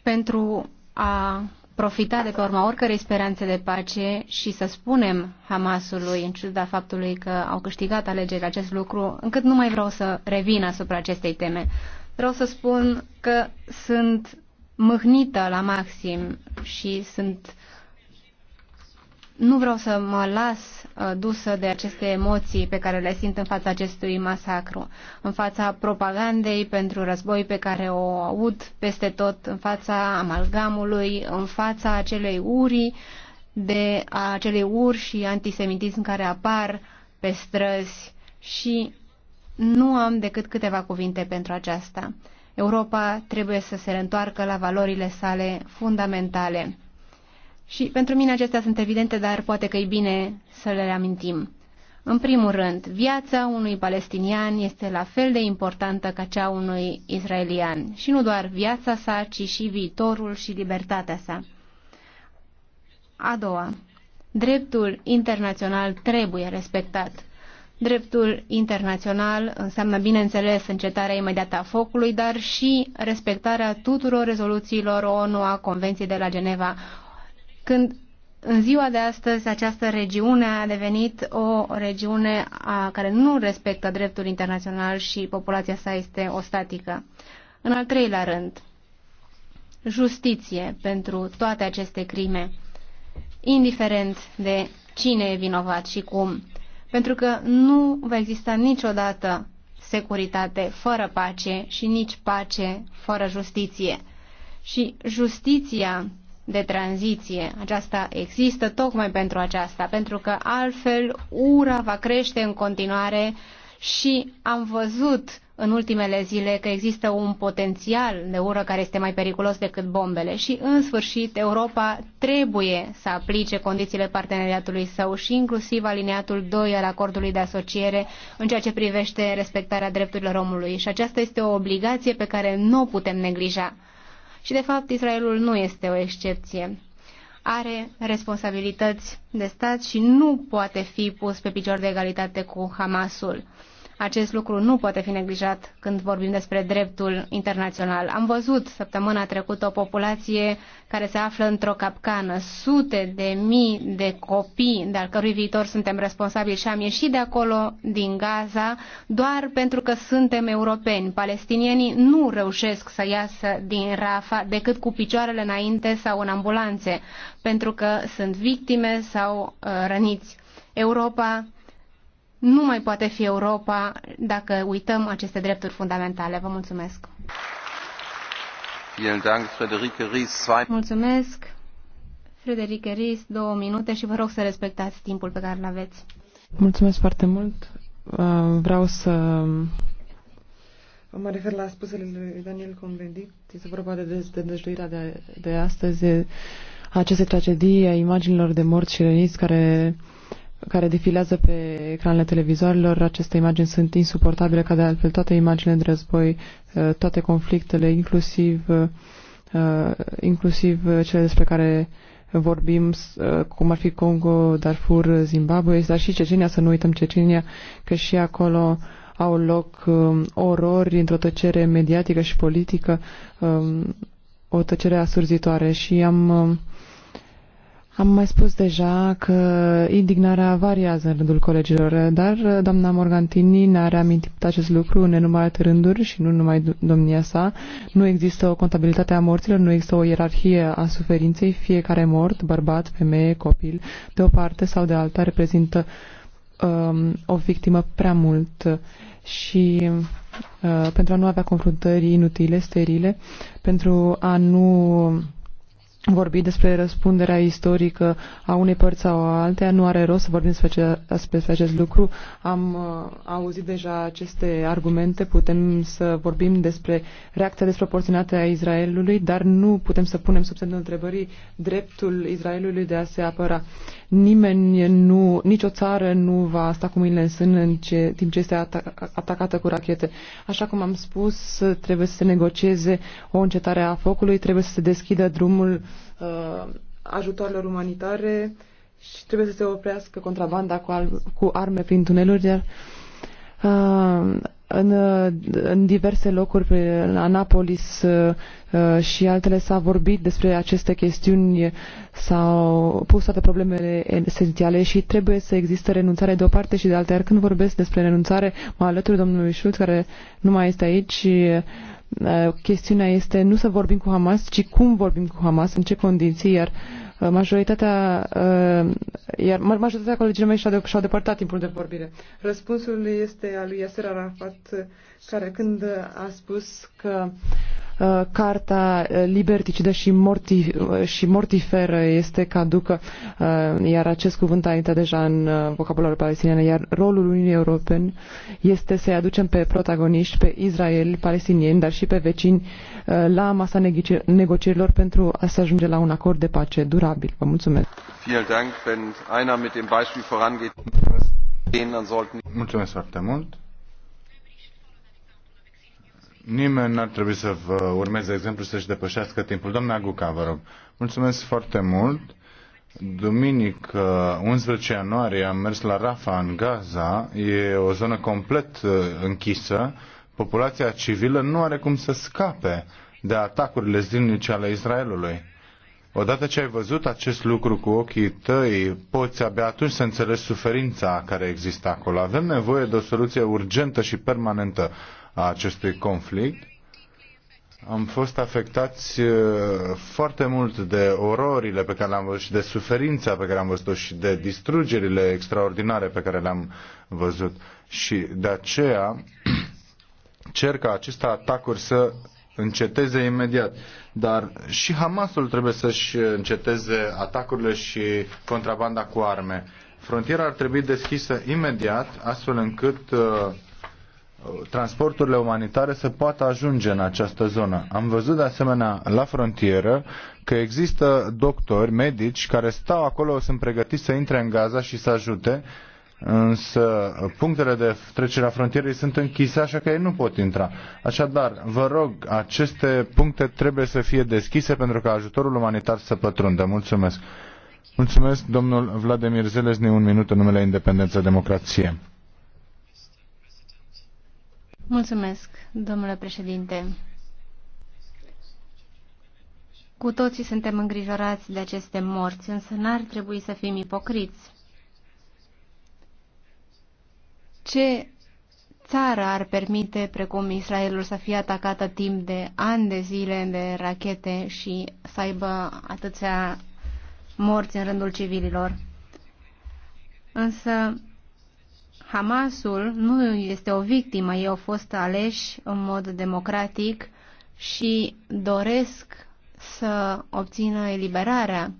pentru a profita de pe urma oricărei speranțe de pace și să spunem Hamasului, în ciuda faptului că au câștigat alegerile acest lucru, încât nu mai vreau să revin asupra acestei teme. Vreau să spun că sunt mâhnită la maxim și sunt nu vreau să mă las uh, dusă de aceste emoții pe care le simt în fața acestui masacru, în fața propagandei pentru război pe care o aud peste tot, în fața amalgamului, în fața acelei uri de acelei uri și antisemitism care apar pe străzi și nu am decât câteva cuvinte pentru aceasta. Europa trebuie să se întoarcă la valorile sale fundamentale și pentru mine acestea sunt evidente, dar poate că e bine să le reamintim. În primul rând, viața unui palestinian este la fel de importantă ca cea unui israelian. Și nu doar viața sa, ci și viitorul și libertatea sa. A doua, dreptul internațional trebuie respectat. Dreptul internațional înseamnă, bineînțeles, încetarea imediată a focului, dar și respectarea tuturor rezoluțiilor ONU a Convenției de la Geneva, când în ziua de astăzi această regiune a devenit o regiune a, care nu respectă dreptul internațional și populația sa este ostatică. În al treilea rând, justiție pentru toate aceste crime, indiferent de cine e vinovat și cum. Pentru că nu va exista niciodată securitate fără pace și nici pace fără justiție. Și justiția de tranziție. Aceasta există tocmai pentru aceasta, pentru că altfel ura va crește în continuare și am văzut în ultimele zile că există un potențial de ură care este mai periculos decât bombele și, în sfârșit, Europa trebuie să aplice condițiile parteneriatului său și inclusiv aliniatul 2 al acordului de asociere în ceea ce privește respectarea drepturilor omului și aceasta este o obligație pe care nu o putem neglija. Și, de fapt, Israelul nu este o excepție. Are responsabilități de stat și nu poate fi pus pe picior de egalitate cu Hamasul. Acest lucru nu poate fi neglijat când vorbim despre dreptul internațional. Am văzut săptămâna trecută o populație care se află într-o capcană, sute de mii de copii, de al cărui viitor suntem responsabili și am ieșit de acolo, din Gaza, doar pentru că suntem europeni. Palestinienii nu reușesc să iasă din Rafa decât cu picioarele înainte sau în ambulanțe, pentru că sunt victime sau uh, răniți. Europa nu mai poate fi Europa dacă uităm aceste drepturi fundamentale. Vă mulțumesc! Mulțumesc, Frederic Ries, două minute și vă rog să respectați timpul pe care îl aveți. Mulțumesc foarte mult. Uh, vreau să um, mă refer la spusele lui Daniel Convendit. Este vorba de dezvăluirea de, de astăzi, aceste tragedii a imaginilor de morți și răniți care care defilează pe ecranele televizoarelor. Aceste imagini sunt insuportabile, ca de altfel toate imaginele de război, uh, toate conflictele, inclusiv, uh, uh, inclusiv cele despre care vorbim, cum ar fi Congo, Darfur, Zimbabwe, dar și Cecenia, să nu uităm Cecenia, că și acolo au loc um, orori într-o tăcere mediatică și politică, um, o tăcere asurzitoare. Și am um, am mai spus deja că indignarea variază în rândul colegilor, dar doamna Morgantini ne-a reamintit acest lucru în nenumărate rânduri și nu numai domnia sa. Nu există o contabilitate a morților, nu există o ierarhie a suferinței. Fiecare mort, bărbat, femeie, copil, de o parte sau de alta, reprezintă um, o victimă prea mult și uh, pentru a nu avea confruntări inutile, sterile, pentru a nu vorbi despre răspunderea istorică a unei părți sau a altea, nu are rost să vorbim despre acest, acest lucru. Am uh, auzit deja aceste argumente, putem să vorbim despre reacția desproporționată a Israelului, dar nu putem să punem sub semnul întrebării dreptul Israelului de a se apăra. Nimeni nu, nicio țară nu va sta cu mâinile în sân în ce, timp ce este atac, atacată cu rachete. Așa cum am spus, trebuie să se negocieze o încetare a focului, trebuie să se deschidă drumul uh, ajutoarelor umanitare și trebuie să se oprească contrabanda cu, al- cu arme prin tuneluri, iar uh, în, în diverse locuri, în Anapolis uh, uh, și altele, s-a vorbit despre aceste chestiuni, s-au pus toate problemele esențiale și trebuie să existe renunțare de o parte și de alta. Iar când vorbesc despre renunțare, mă alături domnului Schulz, care nu mai este aici, uh, chestiunea este nu să vorbim cu Hamas, ci cum vorbim cu Hamas, în ce condiții, iar uh, Uh, majoritatea, uh, iar majoritatea colegilor mei și-au, de, și-au depărtat timpul de vorbire. Răspunsul este al lui Yasser Arafat, care când a spus că Uh, Carta uh, liberticidă și, morti, uh, și mortiferă este caducă, iar acest cuvânt a intrat deja în vocabularul palestinian, iar rolul Uniunii Europene este să-i aducem pe protagoniști, pe Israel, palestinieni, dar și pe vecini la masa negocierilor pentru a se ajunge la un acord de pace durabil. Vă mulțumesc! Mulțumesc foarte mult! Nimeni n-ar trebui să vă urmeze exemplu să-și depășească timpul. Doamna Guca, vă rog. Mulțumesc foarte mult. Duminică, 11 ianuarie, am mers la Rafa, în Gaza. E o zonă complet uh, închisă. Populația civilă nu are cum să scape de atacurile zilnice ale Israelului. Odată ce ai văzut acest lucru cu ochii tăi, poți abia atunci să înțelegi suferința care există acolo. Avem nevoie de o soluție urgentă și permanentă a acestui conflict. Am fost afectați uh, foarte mult de ororile pe care le-am văzut și de suferința pe care am văzut-o și de distrugerile extraordinare pe care le-am văzut. Și de aceea cer ca aceste atacuri să înceteze imediat. Dar și Hamasul trebuie să-și înceteze atacurile și contrabanda cu arme. Frontiera ar trebui deschisă imediat, astfel încât uh, transporturile umanitare să poată ajunge în această zonă. Am văzut de asemenea la frontieră că există doctori, medici care stau acolo, sunt pregătiți să intre în Gaza și să ajute, însă punctele de trecere a frontierei sunt închise, așa că ei nu pot intra. Așadar, vă rog, aceste puncte trebuie să fie deschise pentru ca ajutorul umanitar să pătrundă. Mulțumesc. Mulțumesc, domnul Vladimir Zelezni, un minut în numele Independență Democrație. Mulțumesc, domnule președinte. Cu toții suntem îngrijorați de aceste morți, însă n-ar trebui să fim ipocriți. Ce țară ar permite, precum Israelul, să fie atacată timp de ani de zile de rachete și să aibă atâția morți în rândul civililor? Însă Hamasul nu este o victimă, ei au fost aleși în mod democratic și doresc să obțină eliberarea,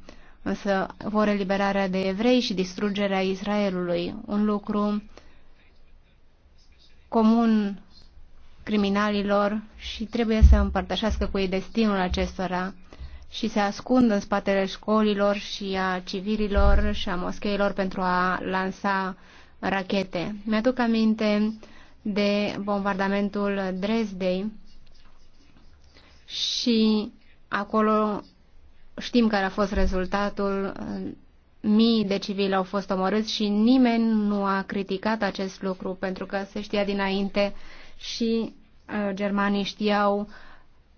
însă vor eliberarea de evrei și distrugerea Israelului, un lucru comun criminalilor și trebuie să împărtășească cu ei destinul acestora și se ascund în spatele școlilor și a civililor și a moscheilor pentru a lansa rachete. Mi-aduc aminte de bombardamentul Dresdei și acolo știm care a fost rezultatul. Mii de civili au fost omorâți și nimeni nu a criticat acest lucru pentru că se știa dinainte și uh, germanii știau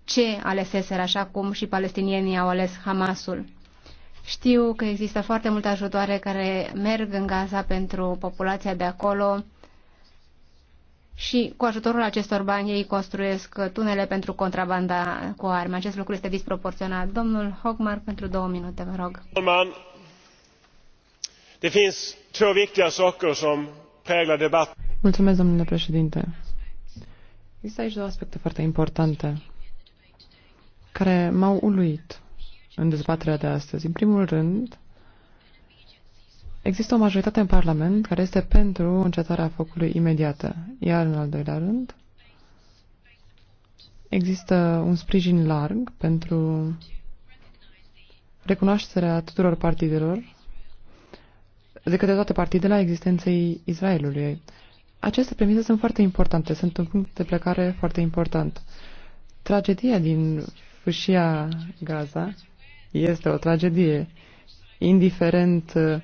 ce aleseseră, așa cum și palestinienii au ales Hamasul. Știu că există foarte multe ajutoare care merg în Gaza pentru populația de acolo și cu ajutorul acestor bani ei construiesc tunele pentru contrabanda cu arme. Acest lucru este disproporționat. Domnul Hogmar, pentru două minute, vă rog. Mulțumesc, domnule președinte. Există aici două aspecte foarte importante care m-au uluit în dezbaterea de astăzi. În primul rând, există o majoritate în Parlament care este pentru încetarea focului imediată, iar în al doilea rând, există un sprijin larg pentru recunoașterea tuturor partidelor de către toate partidele a existenței Israelului. Aceste premise sunt foarte importante, sunt un punct de plecare foarte important. Tragedia din fâșia Gaza este o tragedie, indiferent uh,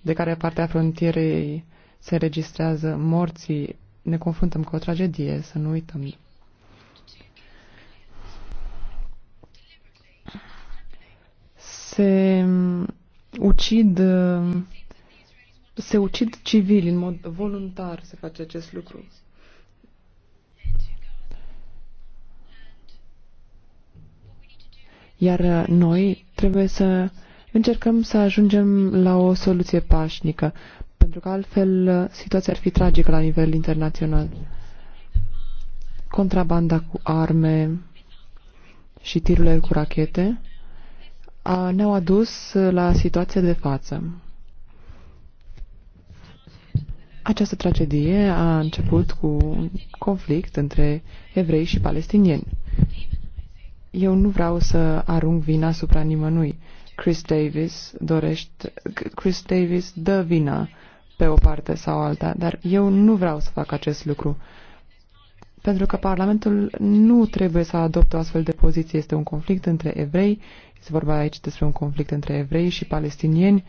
de care parte a frontierei se registrează morții, ne confruntăm cu o tragedie, să nu uităm. Se mm, ucid uh, se ucid civili în mod voluntar, se face acest lucru. Iar uh, noi trebuie să încercăm să ajungem la o soluție pașnică, pentru că altfel uh, situația ar fi tragică la nivel internațional. Contrabanda cu arme și tirurile cu rachete ne-au adus uh, la situația de față. Această tragedie a început cu un conflict între evrei și palestinieni. Eu nu vreau să arunc vina asupra nimănui. Chris Davis dorește, Chris Davis dă vina pe o parte sau alta, dar eu nu vreau să fac acest lucru. Pentru că Parlamentul nu trebuie să adopte o astfel de poziție. Este un conflict între evrei, este vorba aici despre un conflict între evrei și palestinieni,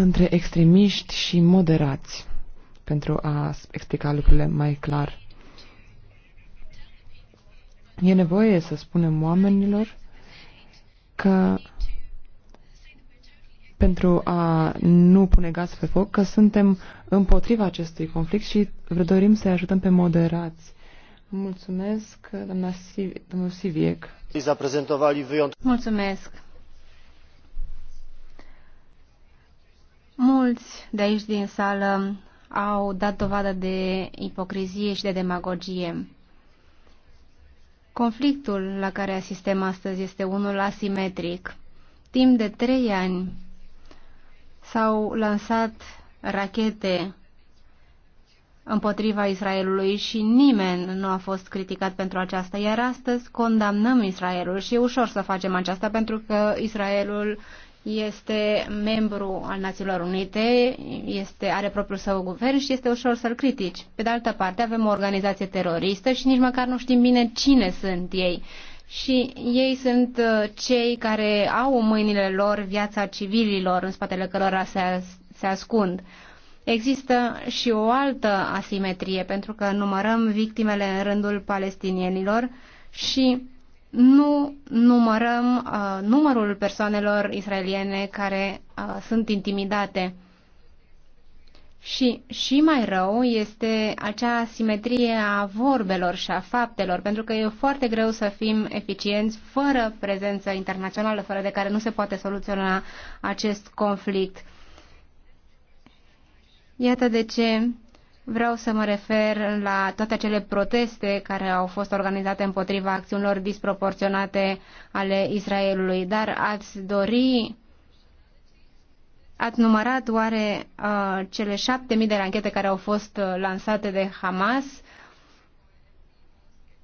între extremiști și moderați, pentru a explica lucrurile mai clar. E nevoie să spunem oamenilor că pentru a nu pune gaz pe foc, că suntem împotriva acestui conflict și dorim să-i ajutăm pe moderați. Mulțumesc, doamna Siv domnul Siviec. Mulțumesc. Mulți de aici din sală au dat dovadă de ipocrizie și de demagogie. Conflictul la care asistem astăzi este unul asimetric. Timp de trei ani s-au lansat rachete împotriva Israelului și nimeni nu a fost criticat pentru aceasta, iar astăzi condamnăm Israelul și e ușor să facem aceasta pentru că Israelul este membru al Națiunilor Unite, este, are propriul său guvern și este ușor să-l critici. Pe de altă parte, avem o organizație teroristă și nici măcar nu știm bine cine sunt ei. Și ei sunt uh, cei care au în mâinile lor viața civililor, în spatele cărora se, se ascund. Există și o altă asimetrie, pentru că numărăm victimele în rândul palestinienilor și nu numărăm uh, numărul persoanelor israeliene care uh, sunt intimidate. Și, și mai rău este acea simetrie a vorbelor și a faptelor, pentru că e foarte greu să fim eficienți fără prezență internațională, fără de care nu se poate soluționa acest conflict. Iată de ce Vreau să mă refer la toate acele proteste care au fost organizate împotriva acțiunilor disproporționate ale Israelului, dar ați dori, ați numărat oare uh, cele șapte mii de ranchete care au fost uh, lansate de Hamas?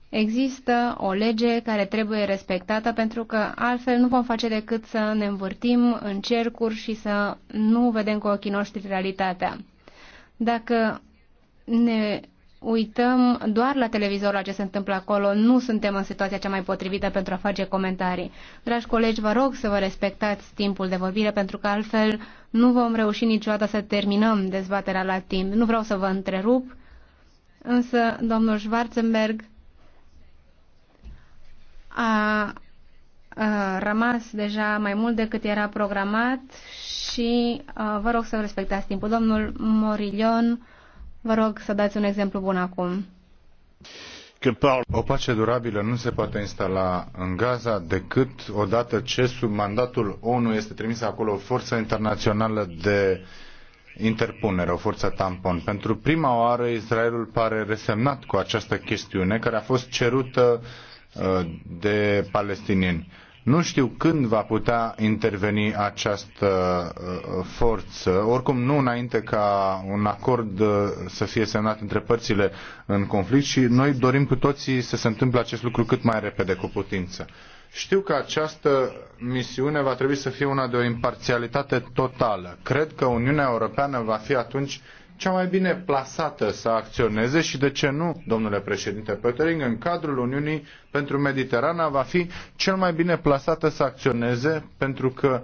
Există o lege care trebuie respectată pentru că altfel nu vom face decât să ne învârtim în cercuri și să nu vedem cu ochii noștri realitatea. Dacă ne uităm doar la televizor la ce se întâmplă acolo, nu suntem în situația cea mai potrivită pentru a face comentarii. Dragi colegi, vă rog să vă respectați timpul de vorbire, pentru că altfel nu vom reuși niciodată să terminăm dezbaterea la timp. Nu vreau să vă întrerup, însă domnul Schwarzenberg a, a rămas deja mai mult decât era programat și a, vă rog să respectați timpul. Domnul Morilion, Vă rog să dați un exemplu bun acum. O pace durabilă nu se poate instala în Gaza decât odată ce sub mandatul ONU este trimisă acolo o forță internațională de interpunere, o forță tampon. Pentru prima oară Israelul pare resemnat cu această chestiune care a fost cerută uh, de palestinieni nu știu când va putea interveni această uh, forță, oricum nu înainte ca un acord uh, să fie semnat între părțile în conflict și noi dorim cu toții să se întâmple acest lucru cât mai repede cu putință. Știu că această misiune va trebui să fie una de o imparțialitate totală. Cred că Uniunea Europeană va fi atunci cea mai bine plasată să acționeze și de ce nu, domnule președinte Pöttering, în cadrul Uniunii pentru Mediterana va fi cel mai bine plasată să acționeze pentru că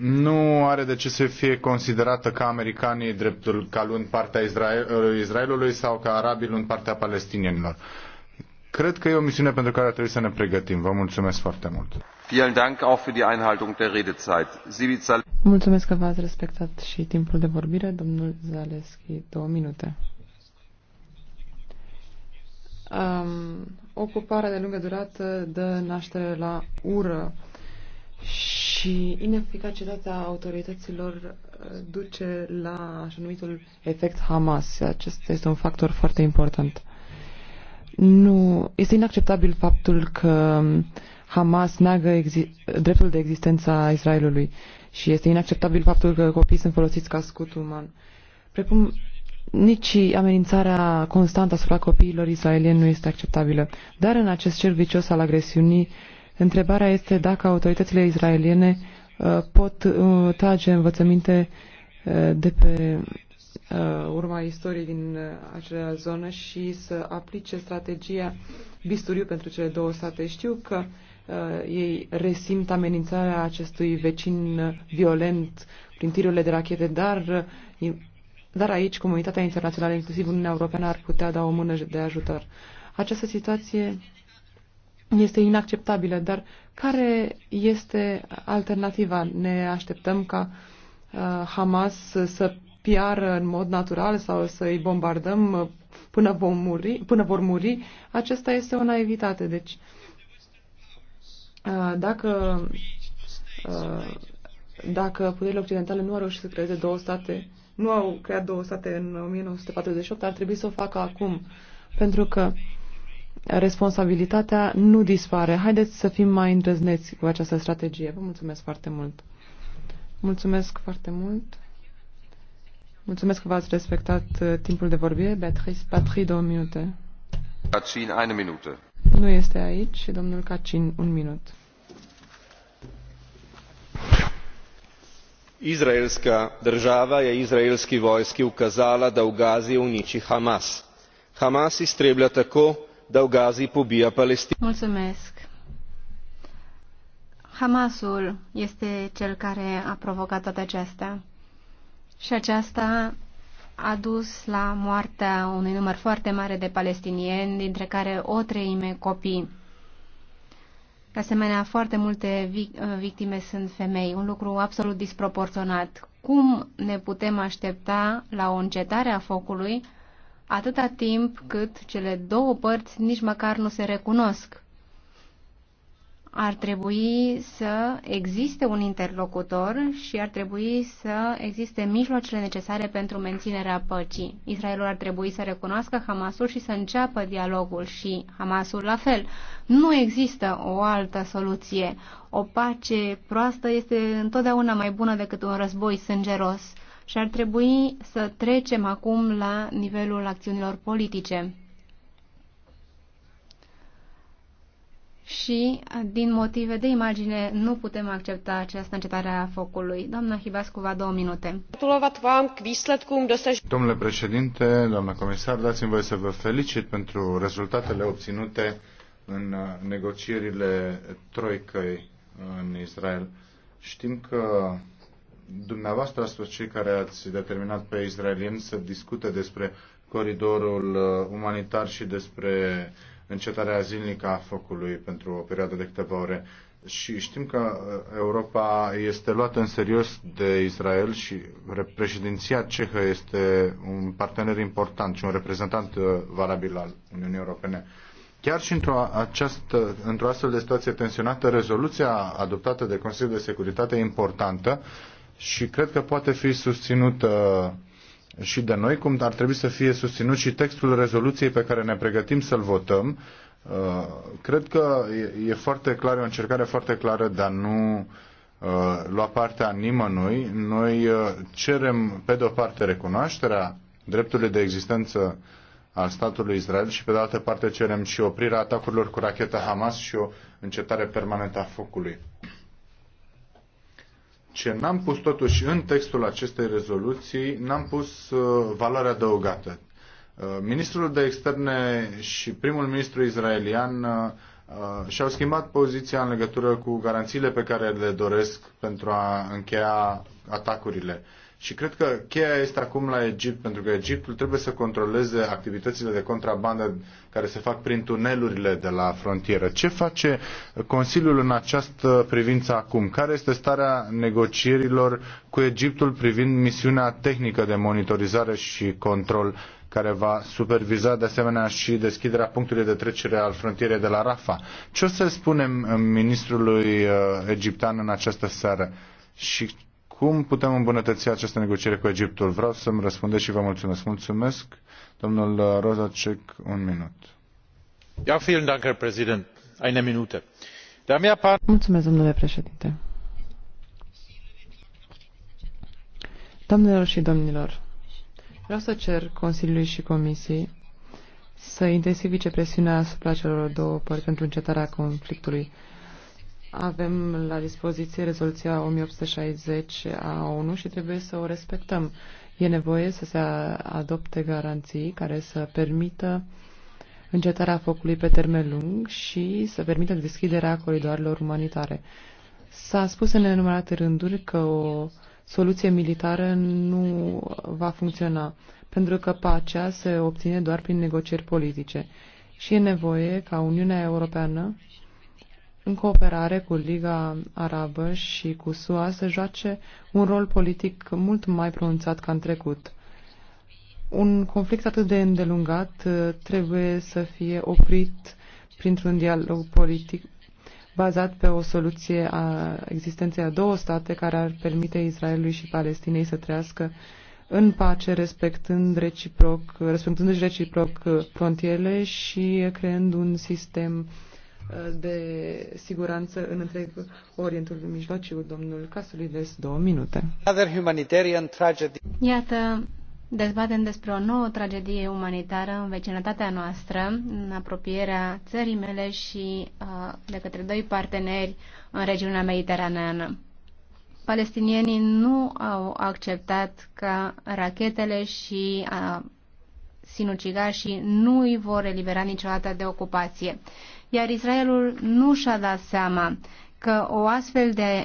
nu are de ce să fie considerată ca americanii dreptul ca luând partea Israelului sau ca arabii luând partea palestinienilor. Cred că e o misiune pentru care trebuie să ne pregătim. Vă mulțumesc foarte mult. Mulțumesc că v-ați respectat și timpul de vorbire. Domnul Zaleski, două minute. Um, ocuparea de lungă durată dă naștere la ură și ineficacitatea autorităților uh, duce la așa numitul efect Hamas. Acesta este un factor foarte important. Nu, este inacceptabil faptul că Hamas neagă dreptul de existență a Israelului și este inacceptabil faptul că copiii sunt folosiți ca scut uman. Precum nici amenințarea constantă asupra copiilor israelieni nu este acceptabilă. Dar în acest cer vicios al agresiunii, întrebarea este dacă autoritățile israeliene uh, pot uh, trage învățăminte uh, de pe Uh, urma istoriei din uh, acea zonă și să aplice strategia bisturiu pentru cele două state. Știu că uh, ei resimt amenințarea acestui vecin uh, violent prin tirurile de rachete, dar, uh, dar aici comunitatea internațională, inclusiv Uniunea Europeană, ar putea da o mână de ajutor. Această situație este inacceptabilă, dar care este alternativa? Ne așteptăm ca uh, Hamas să PR în mod natural sau să-i bombardăm uh, până, vom muri, până vor muri, acesta este o naivitate. Deci, uh, dacă, uh, dacă puterile occidentale nu au reușit să creeze două state, nu au creat două state în 1948, ar trebui să o facă acum, pentru că responsabilitatea nu dispare. Haideți să fim mai îndrăzneți cu această strategie. Vă mulțumesc foarte mult. Mulțumesc foarte mult. Mulțumesc că v-ați respectat uh, timpul de vorbire. Beatrice Patri, două minute. Cacin, eine minute. Nu este aici și domnul Cacin, un minut. Izraelska država je izraelski vojski ukazala, da v Gazi uniči Hamas. Hamas iztreblja tako, da v Gazi pobija Palestino. Mulțumesc. Hamasul este cel care a provocat toate acestea. Și aceasta a dus la moartea unui număr foarte mare de palestinieni, dintre care o treime copii. De asemenea, foarte multe victime sunt femei, un lucru absolut disproporționat. Cum ne putem aștepta la o încetare a focului atâta timp cât cele două părți nici măcar nu se recunosc? ar trebui să existe un interlocutor și ar trebui să existe mijloacele necesare pentru menținerea păcii. Israelul ar trebui să recunoască Hamasul și să înceapă dialogul și Hamasul la fel. Nu există o altă soluție. O pace proastă este întotdeauna mai bună decât un război sângeros și ar trebui să trecem acum la nivelul acțiunilor politice. și din motive de imagine nu putem accepta această încetare a focului. Doamna Hibascova, două minute. Domnule președinte, doamna comisar, dați-mi voie să vă felicit pentru rezultatele obținute în negocierile Troicăi în Israel. Știm că dumneavoastră ați fost cei care ați determinat pe israelieni să discute despre coridorul umanitar și despre uh, încetarea zilnică a focului pentru o perioadă de câteva ore. Și știm că uh, Europa este luată în serios de Israel și președinția cehă este un partener important și un reprezentant uh, valabil al Uniunii Europene. Chiar și într-o, această, într-o astfel de situație tensionată, rezoluția adoptată de Consiliul de Securitate e importantă și cred că poate fi susținută și de noi, cum ar trebui să fie susținut și textul rezoluției pe care ne pregătim să-l votăm. Uh, cred că e foarte clar, e o încercare foarte clară de a nu uh, lua partea nimănui. Noi uh, cerem, pe de-o parte, recunoașterea dreptului de existență al statului Israel și, pe de altă parte, cerem și oprirea atacurilor cu racheta Hamas și o încetare permanentă a focului ce n-am pus totuși în textul acestei rezoluții, n-am pus uh, valoarea adăugată. Uh, ministrul de Externe și primul ministru israelian uh, și-au schimbat poziția în legătură cu garanțiile pe care le doresc pentru a încheia atacurile. Și cred că cheia este acum la Egipt, pentru că Egiptul trebuie să controleze activitățile de contrabandă care se fac prin tunelurile de la frontieră. Ce face Consiliul în această privință acum? Care este starea negocierilor cu Egiptul privind misiunea tehnică de monitorizare și control care va superviza de asemenea și deschiderea punctului de trecere al frontierei de la Rafa. Ce o să spunem uh, ministrului uh, egiptean în această seară? Și cum putem îmbunătăți aceste negocieri cu Egiptul? Vreau să-mi răspundeți și vă mulțumesc. Mulțumesc, domnul Rozacek, un minut. Ja, vielen Dank, Herr Präsident. Eine Minute. Da, mulțumesc, domnule președinte. Doamnelor și domnilor, vreau să cer Consiliului și Comisiei să intensifice presiunea asupra celor două părți pentru încetarea conflictului. Avem la dispoziție rezoluția 1860 a ONU și trebuie să o respectăm. E nevoie să se adopte garanții care să permită încetarea focului pe termen lung și să permită deschiderea coridoarelor umanitare. S-a spus în nenumărate rânduri că o soluție militară nu va funcționa, pentru că pacea se obține doar prin negocieri politice și e nevoie ca Uniunea Europeană în cooperare cu Liga Arabă și cu SUA, să joace un rol politic mult mai pronunțat ca în trecut. Un conflict atât de îndelungat uh, trebuie să fie oprit printr-un dialog politic bazat pe o soluție a existenței a două state care ar permite Israelului și Palestinei să trăiască în pace, respectând reciproc, respectându-și reciproc uh, frontierele și creând un sistem uh, Eh, de siguranță în întreg Orientul Mijlociu, domnul Casulides, două minute. Iată, dezbatem despre o nouă tragedie umanitară în vecinătatea noastră, în apropierea țării mele și uh, de către doi parteneri în regiunea mediteraneană. Palestinienii nu au acceptat că rachetele și uh, sinucigașii nu îi vor elibera niciodată de ocupație iar Israelul nu și-a dat seama că o astfel de,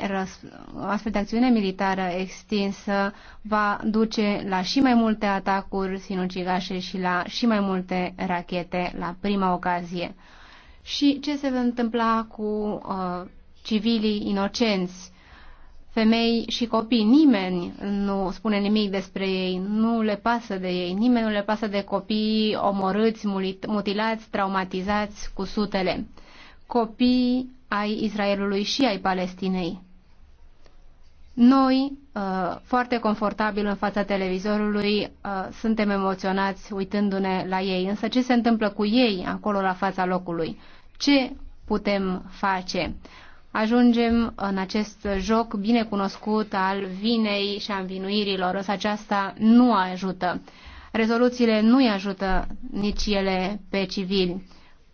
o astfel de acțiune militară extinsă va duce la și mai multe atacuri sinucigașe și la și mai multe rachete la prima ocazie. Și ce se va întâmpla cu uh, civilii inocenți femei și copii. Nimeni nu spune nimic despre ei, nu le pasă de ei, nimeni nu le pasă de copii omorâți, mutilați, traumatizați cu sutele. Copii ai Israelului și ai Palestinei. Noi, uh, foarte confortabil în fața televizorului, uh, suntem emoționați uitându-ne la ei. Însă ce se întâmplă cu ei acolo la fața locului? Ce putem face? ajungem în acest joc bine cunoscut al vinei și a învinuirilor, însă aceasta nu ajută. Rezoluțiile nu îi ajută nici ele pe civili.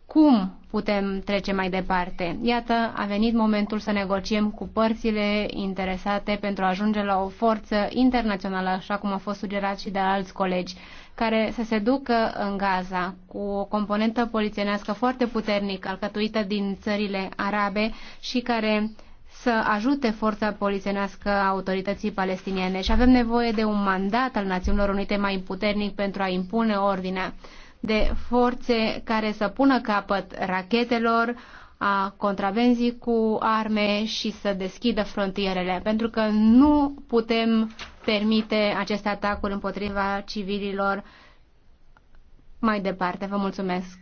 Cum putem trece mai departe? Iată, a venit momentul să negociem cu părțile interesate pentru a ajunge la o forță internațională, așa cum a fost sugerat și de alți colegi care să se ducă în Gaza cu o componentă polițienească foarte puternică, alcătuită din țările arabe și care să ajute forța polițienească a autorității palestiniene și avem nevoie de un mandat al Națiunilor Unite mai puternic pentru a impune ordinea, de forțe care să pună capăt rachetelor, a contravenzii cu arme și să deschidă frontierele, pentru că nu putem permite aceste atacuri împotriva civililor mai departe. Vă mulțumesc.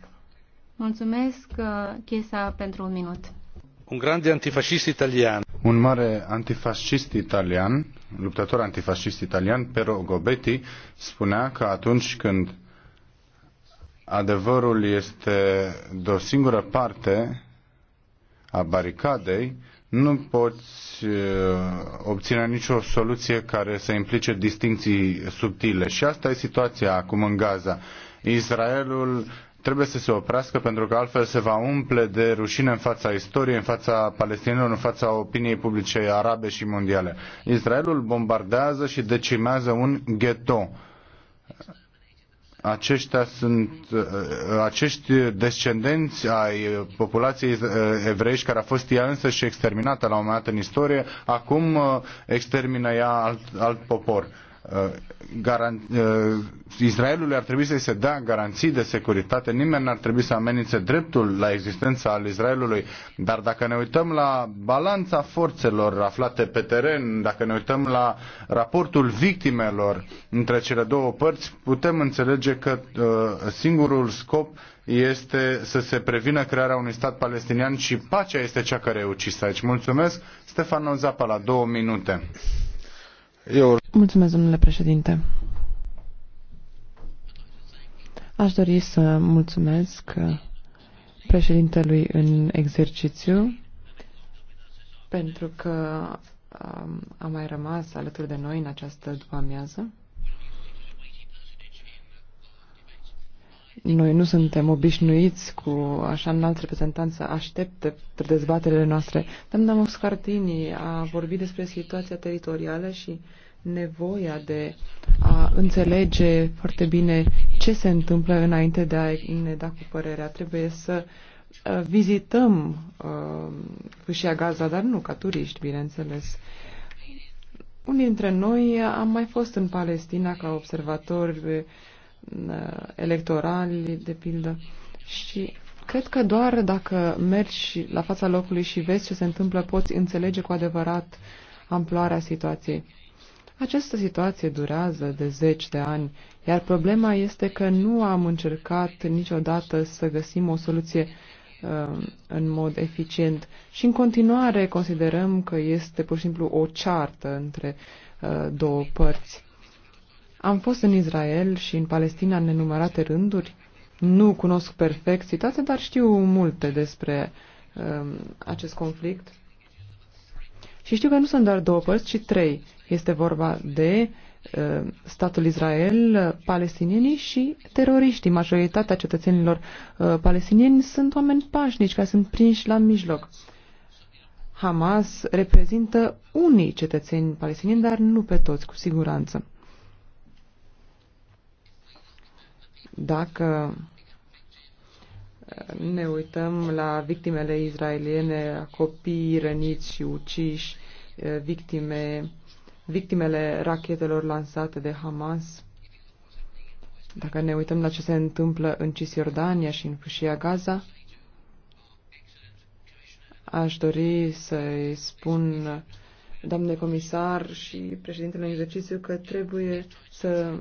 Mulțumesc, uh, Chiesa, pentru un minut. Un grand antifascist italian. Un mare antifascist italian, luptător antifascist italian, Pero Gobetti, spunea că atunci când adevărul este de o singură parte a baricadei, nu poți uh, obține nicio soluție care să implice distinții subtile. Și asta e situația acum în Gaza. Israelul trebuie să se oprească pentru că altfel se va umple de rușine în fața istoriei, în fața palestinilor, în fața opiniei publice arabe și mondiale. Israelul bombardează și decimează un ghetto aceștia sunt uh, acești descendenți ai populației uh, evreiești care a fost ea însă și exterminată la un moment dat în istorie, acum uh, extermină ea alt, alt popor. Uh, uh, Israelului ar trebui să-i se dea garanții de securitate, nimeni n-ar trebui să amenințe dreptul la existența al Israelului, dar dacă ne uităm la balanța forțelor aflate pe teren, dacă ne uităm la raportul victimelor între cele două părți, putem înțelege că uh, singurul scop este să se prevină crearea unui stat palestinian și pacea este cea care e ucisă aici. Mulțumesc, Stefan Zapa, la două minute. Mulțumesc, domnule președinte. Aș dori să mulțumesc președintelui în exercițiu pentru că um, a mai rămas alături de noi în această după amiază. Noi nu suntem obișnuiți cu așa înalt reprezentant să aștepte dezbaterele noastre. Doamna Moscartini a vorbit despre situația teritorială și nevoia de a înțelege foarte bine ce se întâmplă înainte de a ne da cu părerea. Trebuie să uh, vizităm uh, fâșia Gaza, dar nu ca turiști, bineînțeles. Unii dintre noi am mai fost în Palestina ca observatori Uh, electorali, de pildă. Și cred că doar dacă mergi la fața locului și vezi ce se întâmplă, poți înțelege cu adevărat amploarea situației. Această situație durează de zeci de ani, iar problema este că nu am încercat niciodată să găsim o soluție uh, în mod eficient și în continuare considerăm că este pur și simplu o ceartă între uh, două părți. Am fost în Israel și în Palestina în nenumărate rânduri. Nu cunosc perfect situația, dar știu multe despre um, acest conflict. Și știu că nu sunt doar două părți, ci trei. Este vorba de uh, statul Israel, palestinienii și teroriștii. Majoritatea cetățenilor uh, palestinieni sunt oameni pașnici, care sunt prinși la mijloc. Hamas reprezintă unii cetățeni palestinieni, dar nu pe toți, cu siguranță. Dacă ne uităm la victimele izraeliene, copii răniți și uciși, victime, victimele rachetelor lansate de Hamas, dacă ne uităm la ce se întâmplă în Cisjordania și în Fâșia Gaza, aș dori să-i spun, doamne comisar și președintele în exercițiu, că trebuie să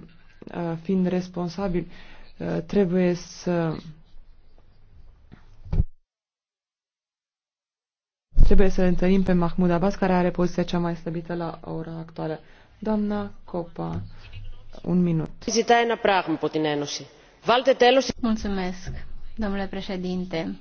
Uh, fiind responsabil, uh, trebuie să trebuie să întâlnim pe Mahmoud Abbas, care are poziția cea mai stabilită la ora actuală. Doamna Copa, un minut. Mulțumesc, domnule președinte.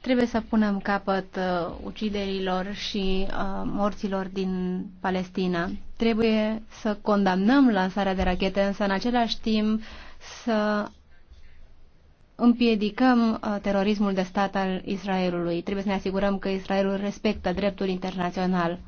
Trebuie să punem capăt uh, uciderilor și uh, morților din Palestina. Trebuie să condamnăm lansarea de rachete, însă în același timp să împiedicăm uh, terorismul de stat al Israelului. Trebuie să ne asigurăm că Israelul respectă dreptul internațional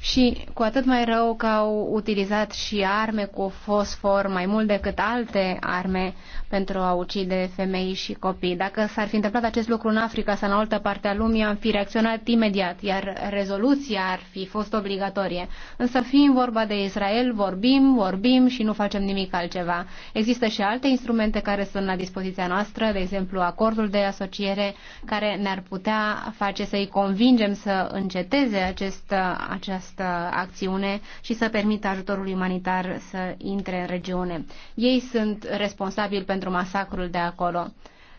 și cu atât mai rău că au utilizat și arme cu fosfor mai mult decât alte arme pentru a ucide femei și copii. Dacă s-ar fi întâmplat acest lucru în Africa sau în altă parte a lumii, am fi reacționat imediat, iar rezoluția ar fi fost obligatorie. Însă fiind vorba de Israel, vorbim, vorbim și nu facem nimic altceva. Există și alte instrumente care sunt la dispoziția noastră, de exemplu acordul de asociere, care ne-ar putea face să-i convingem să înceteze acest, acest această acțiune și să permită ajutorul umanitar să intre în regiune. Ei sunt responsabili pentru masacrul de acolo.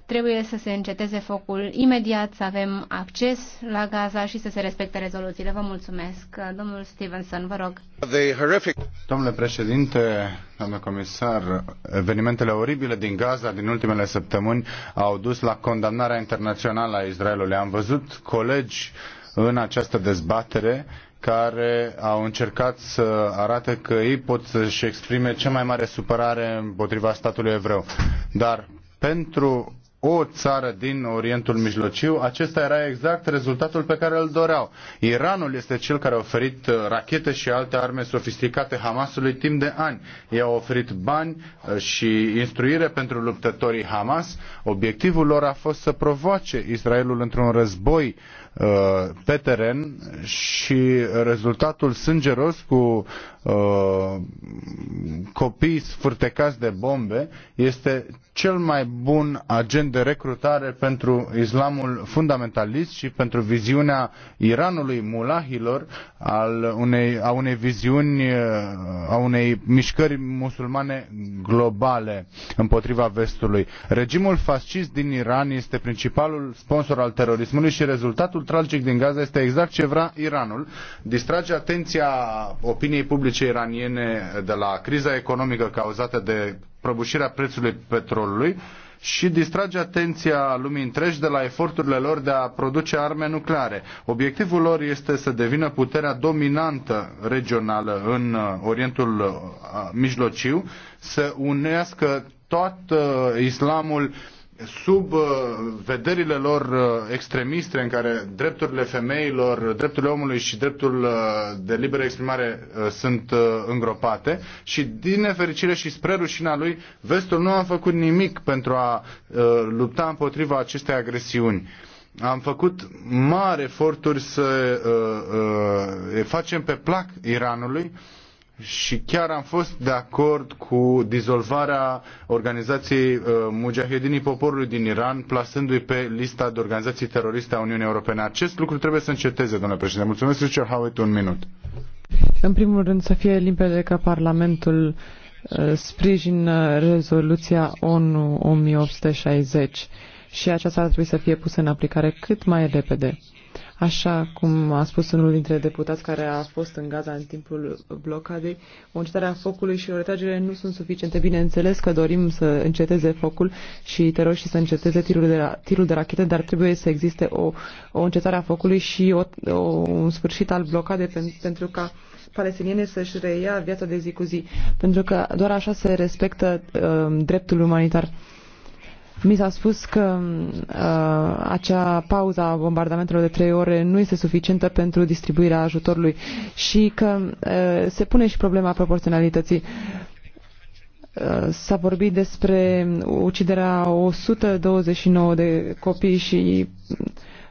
Trebuie să se înceteze focul imediat, să avem acces la Gaza și să se respecte rezoluțiile. Vă mulțumesc. Domnul Stevenson, vă rog. Domnule președinte, doamnă comisar, evenimentele oribile din Gaza din ultimele săptămâni au dus la condamnarea internațională a Israelului. Am văzut colegi în această dezbatere care au încercat să arate că ei pot să-și exprime cea mai mare supărare împotriva statului evreu. Dar pentru o țară din Orientul Mijlociu, acesta era exact rezultatul pe care îl doreau. Iranul este cel care a oferit rachete și alte arme sofisticate Hamasului timp de ani. Ei au oferit bani uh, și instruire pentru luptătorii Hamas. Obiectivul lor a fost să provoace Israelul într-un război Uh, pe teren și rezultatul sângeros cu Uh, copii sfârtecați de bombe este cel mai bun agent de recrutare pentru islamul fundamentalist și pentru viziunea Iranului mulahilor al unei, a unei viziuni, uh, a unei mișcări musulmane globale împotriva vestului. Regimul fascist din Iran este principalul sponsor al terorismului și rezultatul tragic din Gaza este exact ce vrea Iranul. Distrage atenția opiniei publice politice iraniene, de la criza economică cauzată de prăbușirea prețului petrolului și distrage atenția lumii întregi de la eforturile lor de a produce arme nucleare. Obiectivul lor este să devină puterea dominantă regională în uh, Orientul uh, Mijlociu, să unească tot uh, islamul uh, sub uh, vederile lor uh, extremiste în care drepturile femeilor, drepturile omului și dreptul uh, de liberă exprimare sunt îngropate și din nefericire și spre rușina lui, vestul nu a făcut nimic pentru a lupta împotriva acestei agresiuni am făcut mari eforturi să uh, uh, facem pe plac Iranului și chiar am fost de acord cu dizolvarea organizației uh, Mujahedinii Poporului din Iran, plasându-i pe lista de organizații teroriste a Uniunii Europene. Acest lucru trebuie să înceteze, domnule președinte. Mulțumesc, Richard Howitt, un minut. În primul rând, să fie limpede că Parlamentul uh, sprijină rezoluția ONU 1860 și aceasta ar trebui să fie pusă în aplicare cât mai repede. Așa cum a spus unul dintre deputați care a fost în Gaza în timpul blocadei, o încetare a focului și o retragere nu sunt suficiente. Bineînțeles că dorim să înceteze focul și teroriștii să înceteze tirul de, ra- tirul de rachete, dar trebuie să existe o, o încetare a focului și o, o, un sfârșit al blocadei pen, pentru ca palestiniene să-și reia viața de zi cu zi, pentru că doar așa se respectă uh, dreptul umanitar. Mi s-a spus că uh, acea pauză a bombardamentelor de trei ore nu este suficientă pentru distribuirea ajutorului și că uh, se pune și problema proporționalității. Uh, s-a vorbit despre uciderea 129 de copii și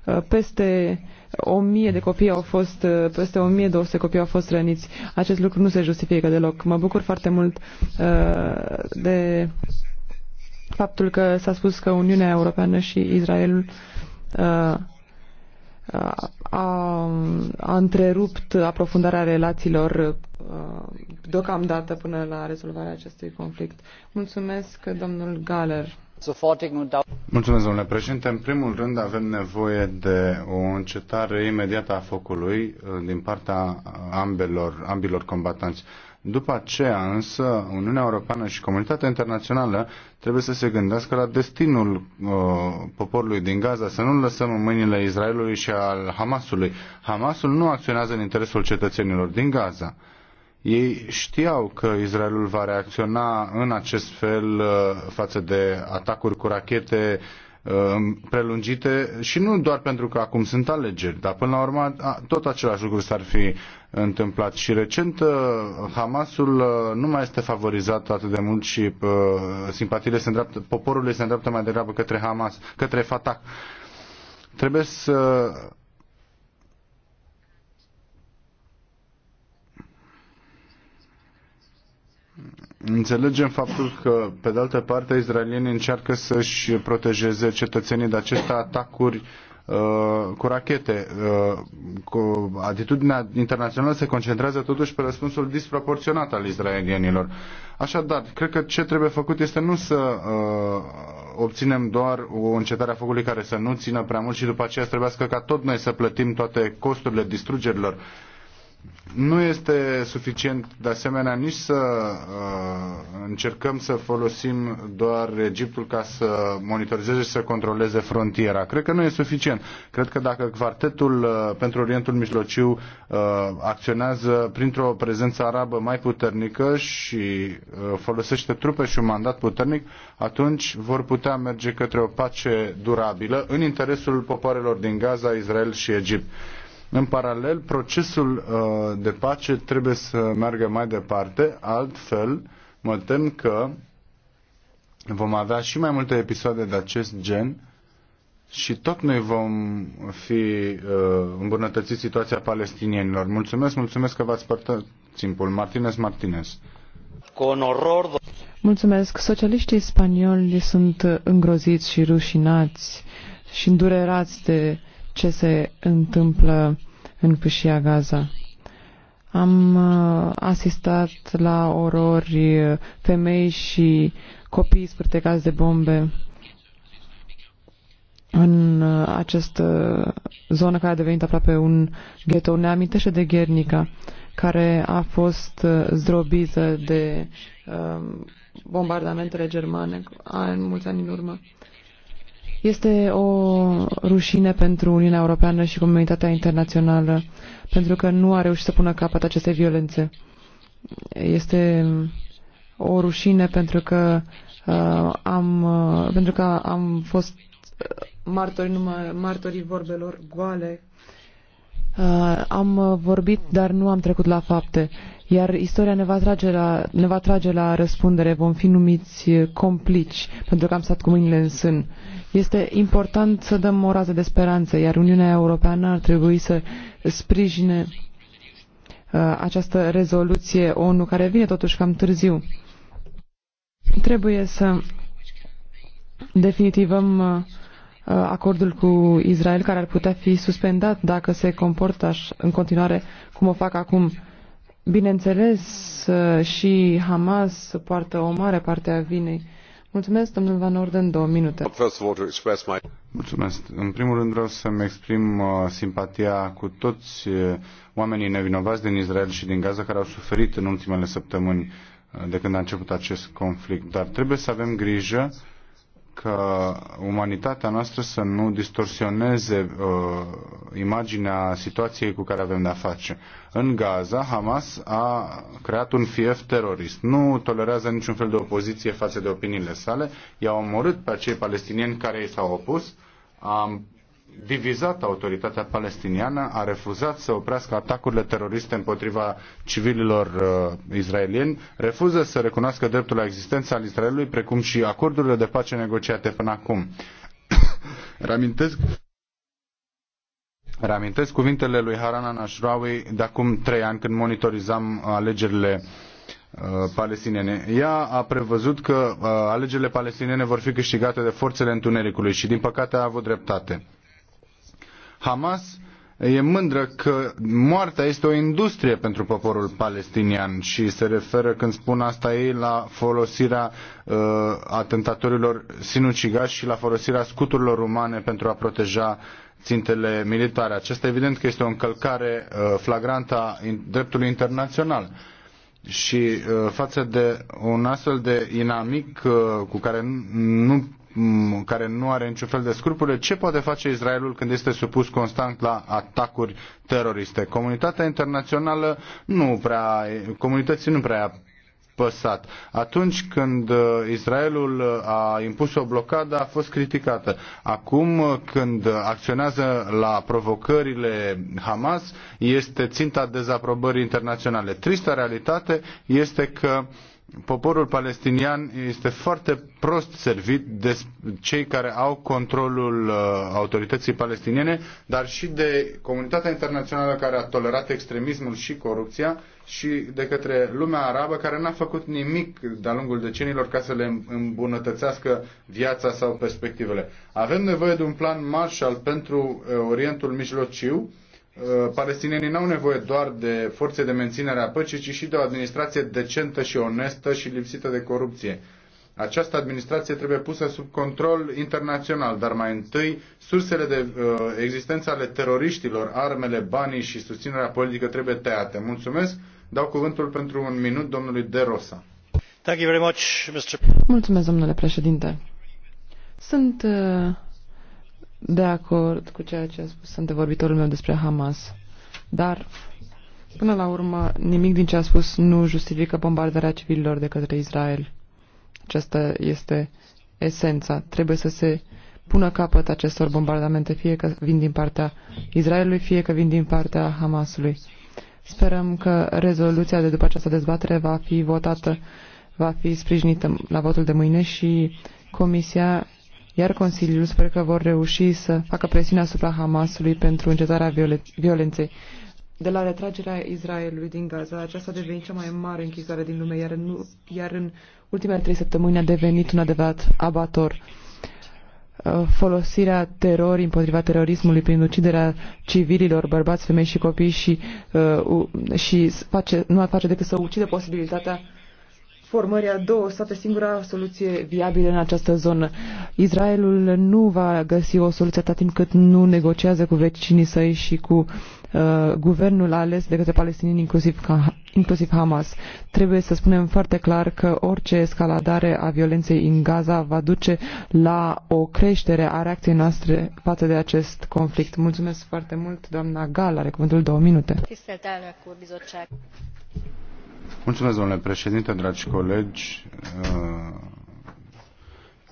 uh, peste 1000 de copii au fost, uh, peste 1200 copii au fost răniți. Acest lucru nu se justifică deloc. Mă bucur foarte mult de faptul că s-a spus că Uniunea Europeană și Israelul uh, uh a, a întrerupt aprofundarea relațiilor uh, deocamdată până la rezolvarea acestui conflict. Mulțumesc, domnul Galer. Mulțumesc, domnule președinte. În primul rând avem nevoie de o încetare imediată a focului uh, din partea ambelor, ambilor combatanți. După aceea, însă, Uniunea Europeană și comunitatea internațională trebuie să se gândească la destinul uh, poporului din Gaza, să nu lăsăm în mâinile Israelului și al Hamasului. Hamasul nu acționează în interesul cetățenilor din Gaza. Ei știau că Israelul va reacționa în acest fel uh, față de atacuri cu rachete uh, Um, prelungite și nu doar pentru că acum sunt alegeri, dar până la urmă tot același lucru s-ar fi întâmplat. Și recent uh, Hamasul uh, nu mai este favorizat atât de mult și uh, simpatiile se îndreaptă, poporul se îndreaptă mai degrabă către Hamas, către Fatah. Trebuie să Înțelegem faptul că, pe de altă parte, izraelienii încearcă să-și protejeze cetățenii de aceste atacuri uh, cu rachete. Uh, cu atitudinea internațională se concentrează totuși pe răspunsul disproporționat al israelienilor. Așadar, cred că ce trebuie făcut este nu să uh, obținem doar o încetare a focului care să nu țină prea mult și după aceea să trebuiască ca tot noi să plătim toate costurile distrugerilor. Uh, nu este suficient, de asemenea, nici să uh, încercăm să folosim doar Egiptul ca să monitorizeze și să controleze frontiera. Cred că nu e suficient. Cred că dacă Quartetul uh, pentru Orientul Mijlociu uh, acționează printr-o prezență arabă mai puternică și uh, folosește trupe și un mandat puternic, atunci vor putea merge către o pace durabilă în interesul popoarelor din Gaza, Israel și Egipt în paralel, procesul uh, de pace trebuie să meargă mai departe, altfel mă tem că vom avea și mai multe episoade de acest gen și tot noi vom fi uh, îmbunătățit situația palestinienilor. Mulțumesc, mulțumesc că v-ați părtat timpul. Martinez Martinez. Mulțumesc. Socialiștii spanioli sunt îngroziți și rușinați și îndurerați de ce se întâmplă în Pâșia Gaza. Am uh, asistat la orori uh, femei și copii spârtecați de bombe în uh, această zonă care a devenit aproape un ghetto. Ne amintește de Ghernica, care a fost zdrobită de bombardamentele germane în mulți ani în urmă. Este o rușine pentru Uniunea Europeană și comunitatea internațională, pentru că nu a reușit să pună capăt acestei violențe. Este o rușine pentru că uh, am, uh, pentru că am fost uh, martori, numai, martorii vorbelor goale. Uh, am vorbit, dar nu am trecut la fapte. Iar istoria ne va, trage la, ne va trage la răspundere. Vom fi numiți complici pentru că am stat cu mâinile în sân. Uh, este important să dăm o rază de speranță, iar Uniunea Europeană ar trebui să sprijine uh, această rezoluție ONU, care vine totuși cam târziu. Trebuie să definitivăm uh, uh, acordul cu Israel, care ar putea fi suspendat dacă se comportă în continuare cum o fac acum. Bineînțeles, și Hamas poartă o mare parte a vinei Mulțumesc, domnul Van Orden, două minute. Mulțumesc. În primul rând vreau să-mi exprim uh, simpatia cu toți uh, oamenii nevinovați din Israel și din Gaza care au suferit în ultimele săptămâni uh, de când a început acest conflict. Dar trebuie să avem grijă că umanitatea noastră să nu distorsioneze uh, imaginea situației cu care avem de-a face. În Gaza, Hamas a creat un fief terorist. Nu tolerează niciun fel de opoziție față de opiniile sale. I-au omorât pe acei palestinieni care i s-au opus. Am divizat autoritatea palestiniană, a refuzat să oprească atacurile teroriste împotriva civililor uh, israelieni, refuză să recunoască dreptul la existența al Israelului, precum și acordurile de pace negociate până acum. Reamintesc Reamintesc cuvintele lui Harana Ashrawi de acum trei ani când monitorizam uh, alegerile uh, palestiniene. Ea a prevăzut că uh, alegerile palestiniene vor fi câștigate de forțele întunericului și din păcate a avut dreptate. Hamas e mândră că moartea este o industrie pentru poporul palestinian și se referă când spun asta ei la folosirea uh, atentatorilor sinucigași și la folosirea scuturilor umane pentru a proteja țintele militare. Acesta evident că este o încălcare uh, flagrantă a dreptului internațional. Și uh, față de un astfel de inamic uh, cu care nu care nu are niciun fel de scrupule, ce poate face Israelul când este supus constant la atacuri teroriste? Comunitatea internațională nu prea, comunității nu prea păsat. Atunci când uh, Israelul uh, a impus o blocadă, a fost criticată. Acum uh, când acționează la provocările Hamas, este ținta dezaprobării internaționale. Trista realitate este că uh, poporul palestinian este foarte prost servit de cei care au controlul uh, autorității palestiniene, dar și de comunitatea internațională care a tolerat extremismul și corupția și de către lumea arabă care n-a făcut nimic de-a lungul decenilor ca să le îmbunătățească viața sau perspectivele. Avem nevoie de un plan Marshall pentru uh, Orientul Mijlociu, Uh, palestinienii n-au nevoie doar de forțe de menținere a păcii, ci și de o administrație decentă și onestă și lipsită de corupție. Această administrație trebuie pusă sub control internațional, dar mai întâi sursele de uh, existență ale teroriștilor, armele, banii și susținerea politică trebuie tăiate. Mulțumesc. Dau cuvântul pentru un minut domnului De Rosa. Thank you very much, Mr. Mulțumesc, domnule președinte. Sunt uh de acord cu ceea ce a spus antevorbitorul meu despre Hamas, dar până la urmă nimic din ce a spus nu justifică bombardarea civililor de către Israel. Aceasta este esența. Trebuie să se pună capăt acestor bombardamente, fie că vin din partea Israelului, fie că vin din partea Hamasului. Sperăm că rezoluția de după această dezbatere va fi votată, va fi sprijinită la votul de mâine și Comisia iar Consiliul sper că vor reuși să facă presiune asupra Hamasului pentru încetarea violenței. De la retragerea Israelului din Gaza, aceasta a devenit cea mai mare închisoare din lume, iar în, iar în ultimele trei săptămâni a devenit un adevărat abator. Uh, folosirea terorii împotriva terorismului prin uciderea civililor, bărbați, femei și copii și, uh, și face, nu ar face decât să ucide posibilitatea formării a două state singura soluție viabilă în această zonă. Israelul nu va găsi o soluție atât timp cât nu negociază cu vecinii săi și cu uh, guvernul ales de către palestinieni, inclusiv, ca, inclusiv Hamas. Trebuie să spunem foarte clar că orice escaladare a violenței în Gaza va duce la o creștere a reacției noastre față de acest conflict. Mulțumesc foarte mult, doamna Gal, are cuvântul două minute. Mulțumesc, domnule președinte, dragi colegi. Uh,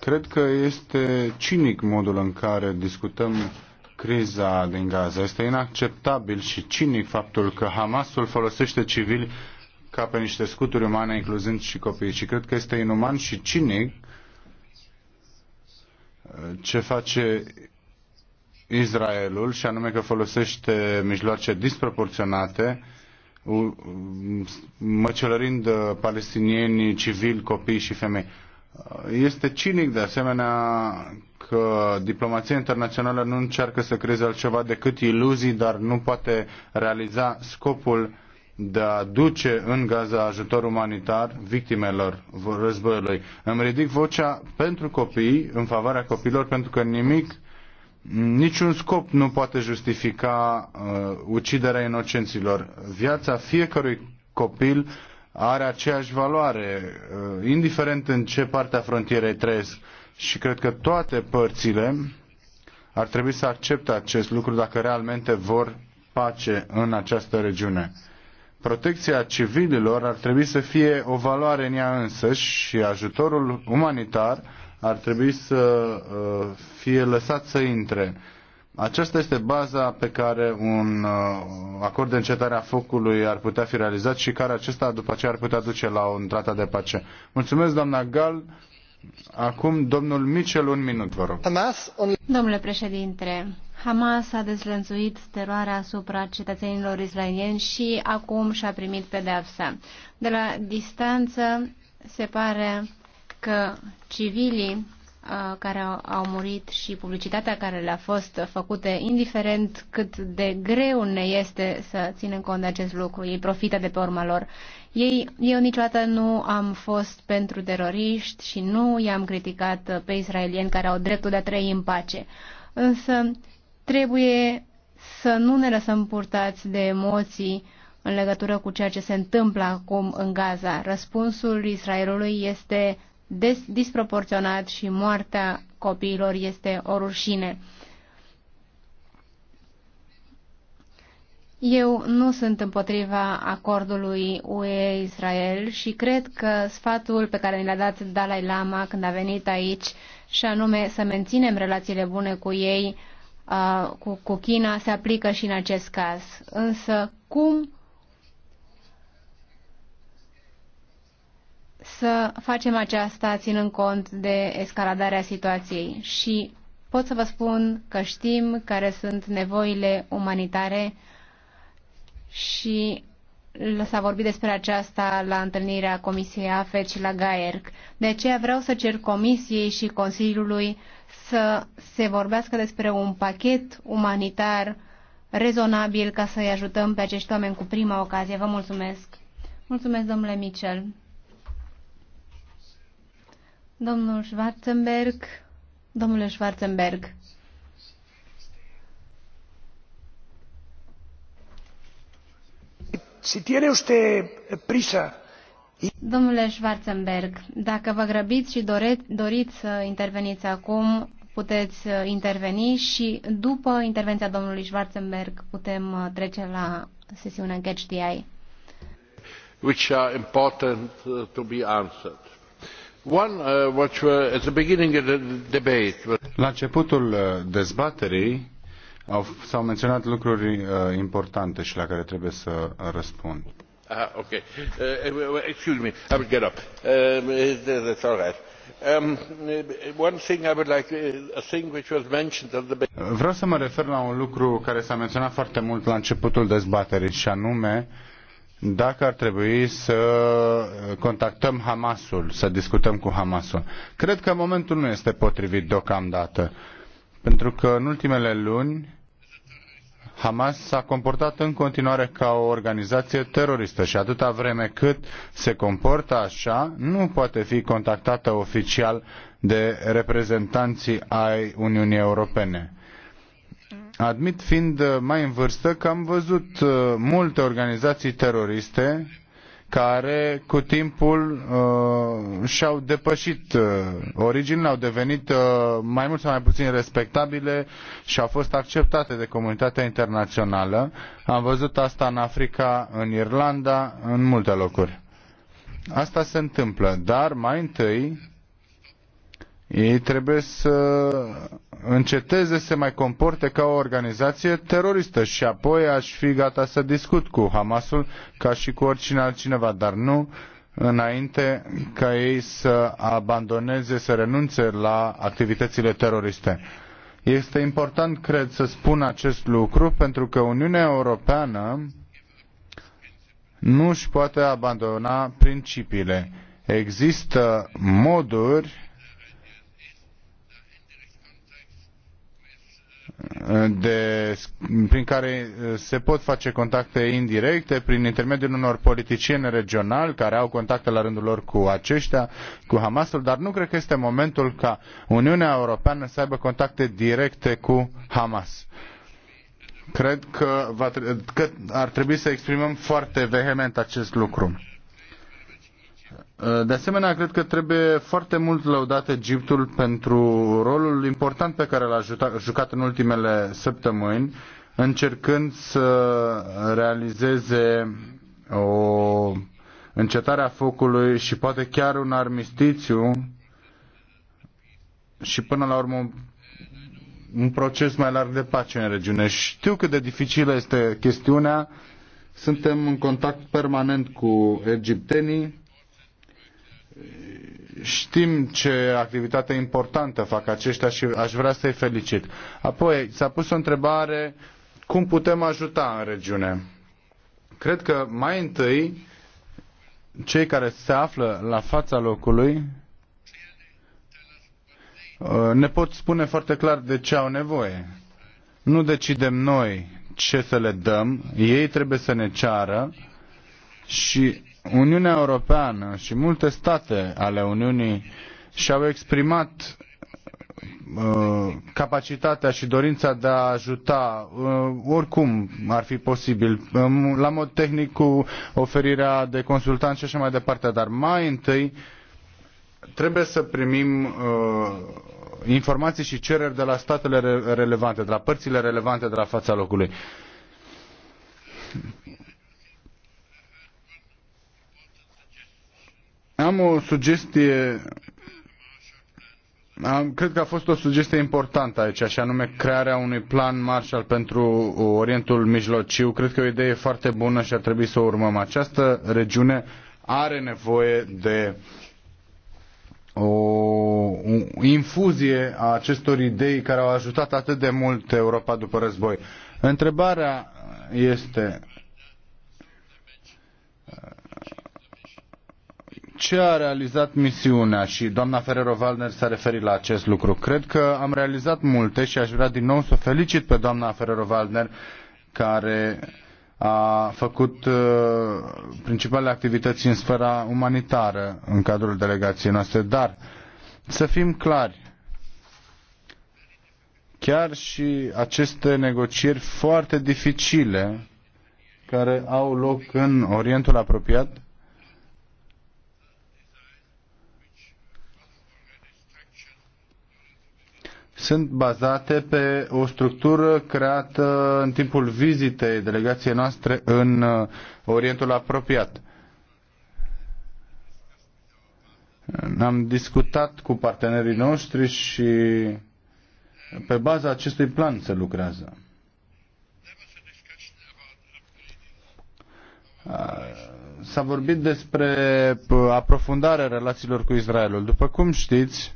cred că este cinic modul în care discutăm criza din Gaza. Este inacceptabil și cinic faptul că Hamasul folosește civili ca pe niște scuturi umane, incluzând și copiii. Și cred că este inuman și cinic uh, ce face Israelul, și anume că folosește mijloace disproporționate măcelărind uh, palestinieni civili, copii și femei. Uh, este cinic de asemenea că diplomația internațională nu încearcă să creeze altceva decât iluzii, dar nu poate realiza scopul de a duce în Gaza ajutor umanitar victimelor războiului. Îmi ridic vocea pentru copii, în favoarea copiilor, pentru că nimic Niciun scop nu poate justifica uh, uciderea inocenților. Viața fiecărui copil are aceeași valoare, uh, indiferent în ce parte a frontierei trăiesc. Și cred că toate părțile ar trebui să accepte acest lucru dacă realmente vor pace în această regiune. Protecția civililor ar trebui să fie o valoare în ea însăși și ajutorul umanitar ar trebui să uh, fie lăsat să intre. Aceasta este baza pe care un uh, acord de încetare a focului ar putea fi realizat și care acesta după aceea ar putea duce la un tratat de pace. Mulțumesc, doamna Gal. Acum, domnul Michel, un minut, vă rog. Domnule președinte, Hamas a dezlănțuit teroarea asupra cetățenilor israelieni și acum și-a primit pedeapsa. De la distanță se pare că civilii uh, care au, murit și publicitatea care le-a fost făcută, indiferent cât de greu ne este să ținem cont de acest lucru, ei profită de pe urma lor. Ei, eu niciodată nu am fost pentru teroriști și nu i-am criticat pe israelieni care au dreptul de a trăi în pace. Însă trebuie să nu ne lăsăm purtați de emoții în legătură cu ceea ce se întâmplă acum în Gaza. Răspunsul Israelului este des, disproporționat și moartea copiilor este o rușine. Eu nu sunt împotriva acordului UE-Israel și cred că sfatul pe care ne l-a dat Dalai Lama când a venit aici, și anume să menținem relațiile bune cu ei, uh, cu, cu China, se aplică și în acest caz. Însă, cum să facem aceasta ținând cont de escaladarea situației și pot să vă spun că știm care sunt nevoile umanitare și s-a vorbit despre aceasta la întâlnirea Comisiei AFET și la GAERC. De aceea vreau să cer Comisiei și Consiliului să se vorbească despre un pachet umanitar rezonabil ca să-i ajutăm pe acești oameni cu prima ocazie. Vă mulțumesc! Mulțumesc, domnule Michel! Domnul Schwarzenberg, domnule Schwarzenberg. Si tiene usted prisa. Domnule Schwarzenberg, dacă vă grăbiți și doreți doriți să interveniți acum, puteți uh, interveni și după intervenția domnului Schwarzenberg putem uh, trece la sesiunea Catch the Eye. Which are important uh, to be answered. Uh, la începutul uh, dezbaterii s-au menționat lucruri uh, importante și la care trebuie să răspund. Ah, ok. excuse Vreau să mă refer la un lucru care s-a menționat foarte mult la începutul dezbaterii și anume dacă ar trebui să contactăm Hamasul, să discutăm cu Hamasul. Cred că momentul nu este potrivit deocamdată, pentru că în ultimele luni Hamas s-a comportat în continuare ca o organizație teroristă și atâta vreme cât se comportă așa, nu poate fi contactată oficial de reprezentanții ai Uniunii Europene. Admit fiind uh, mai în vârstă că am văzut uh, multe organizații teroriste care cu timpul uh, și-au depășit uh, originile, au devenit uh, mai mult sau mai puțin respectabile și au fost acceptate de comunitatea internațională. Am văzut asta în Africa, în Irlanda, în multe locuri. Asta se întâmplă, dar mai întâi ei trebuie să înceteze să se mai comporte ca o organizație teroristă și apoi aș fi gata să discut cu Hamasul ca și cu oricine altcineva, dar nu înainte ca ei să abandoneze, să renunțe la activitățile teroriste. Este important, cred, să spun acest lucru pentru că Uniunea Europeană nu își poate abandona principiile. Există moduri de, prin care uh, se pot face contacte indirecte prin intermediul unor politicieni regionali care au contacte la rândul lor cu aceștia, cu Hamasul, dar nu cred că este momentul ca Uniunea Europeană să aibă contacte directe cu Hamas. Cred că, va, că ar trebui să exprimăm foarte vehement acest lucru. De asemenea, cred că trebuie foarte mult lăudat Egiptul pentru rolul important pe care l-a jucat în ultimele săptămâni, încercând să realizeze o încetare a focului și poate chiar un armistițiu și până la urmă un proces mai larg de pace în regiune. Știu cât de dificilă este chestiunea. Suntem în contact permanent cu egiptenii știm ce activitate importantă fac aceștia și aș vrea să-i felicit. Apoi s-a pus o întrebare cum putem ajuta în regiune. Cred că mai întâi cei care se află la fața locului ne pot spune foarte clar de ce au nevoie. Nu decidem noi ce să le dăm, ei trebuie să ne ceară și Uniunea Europeană și multe state ale Uniunii și-au exprimat uh, capacitatea și dorința de a ajuta uh, oricum ar fi posibil, um, la mod tehnic cu oferirea de consultanți și așa mai departe, dar mai întâi trebuie să primim uh, informații și cereri de la statele relevante, de la părțile relevante de la fața locului Am o sugestie am, cred că a fost o sugestie importantă aici, și anume crearea unui plan Marshall pentru Orientul Mijlociu. Cred că e o idee foarte bună și ar trebui să o urmăm. Această regiune are nevoie de o infuzie a acestor idei care au ajutat atât de mult Europa după război. Întrebarea este ce a realizat misiunea și doamna Ferrero-Valner s-a referit la acest lucru. Cred că am realizat multe și aș vrea din nou să felicit pe doamna Ferrero-Valner care a făcut uh, principalele activități în sfera umanitară în cadrul delegației noastre, dar să fim clari, chiar și aceste negocieri foarte dificile care au loc în Orientul apropiat, sunt bazate pe o structură creată în timpul vizitei delegației noastre în uh, Orientul apropiat. Am discutat cu partenerii noștri și pe baza acestui plan se lucrează. Uh, s-a vorbit despre uh, aprofundarea relațiilor cu Israelul. După cum știți,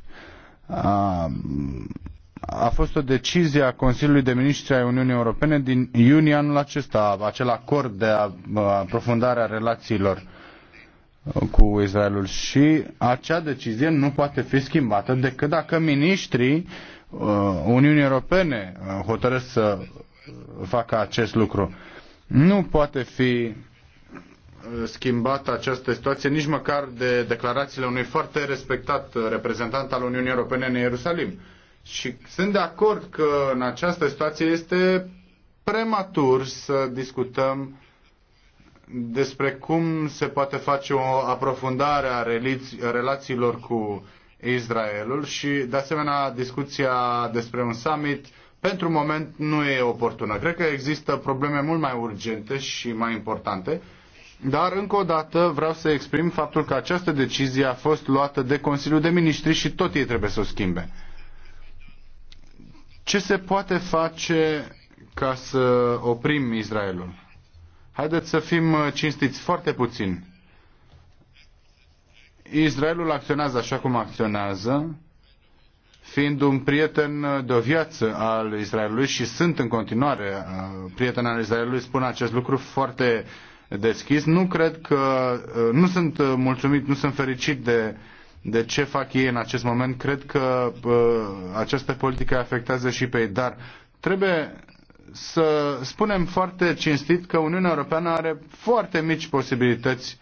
a fost o decizie a Consiliului de Ministri ai Uniunii Europene din iunie anul acesta, acel acord de aprofundare a relațiilor cu Israelul și acea decizie nu poate fi schimbată decât dacă ministrii uh, Uniunii Europene uh, hotărăsc să facă acest lucru. Nu poate fi uh, schimbată această situație nici măcar de declarațiile unui foarte respectat reprezentant al Uniunii Europene în Ierusalim și sunt de acord că în această situație este prematur să discutăm despre cum se poate face o aprofundare a relațiilor cu Israelul și, de asemenea, discuția despre un summit pentru moment nu e oportună. Cred că există probleme mult mai urgente și mai importante, dar încă o dată vreau să exprim faptul că această decizie a fost luată de Consiliul de Ministri și tot ei trebuie să o schimbe. Ce se poate face ca să oprim Israelul? Haideți să fim uh, cinstiți foarte puțin. Israelul acționează așa cum acționează, fiind un prieten uh, de o viață al Israelului și sunt în continuare uh, prieten al Israelului, spun acest lucru foarte deschis. Nu cred că, nu sunt mulțumit, nu sunt fericit de uh, de ce fac ei în acest moment. Cred că uh, această politică afectează și pe ei, dar trebuie să spunem foarte cinstit că Uniunea Europeană are foarte mici posibilități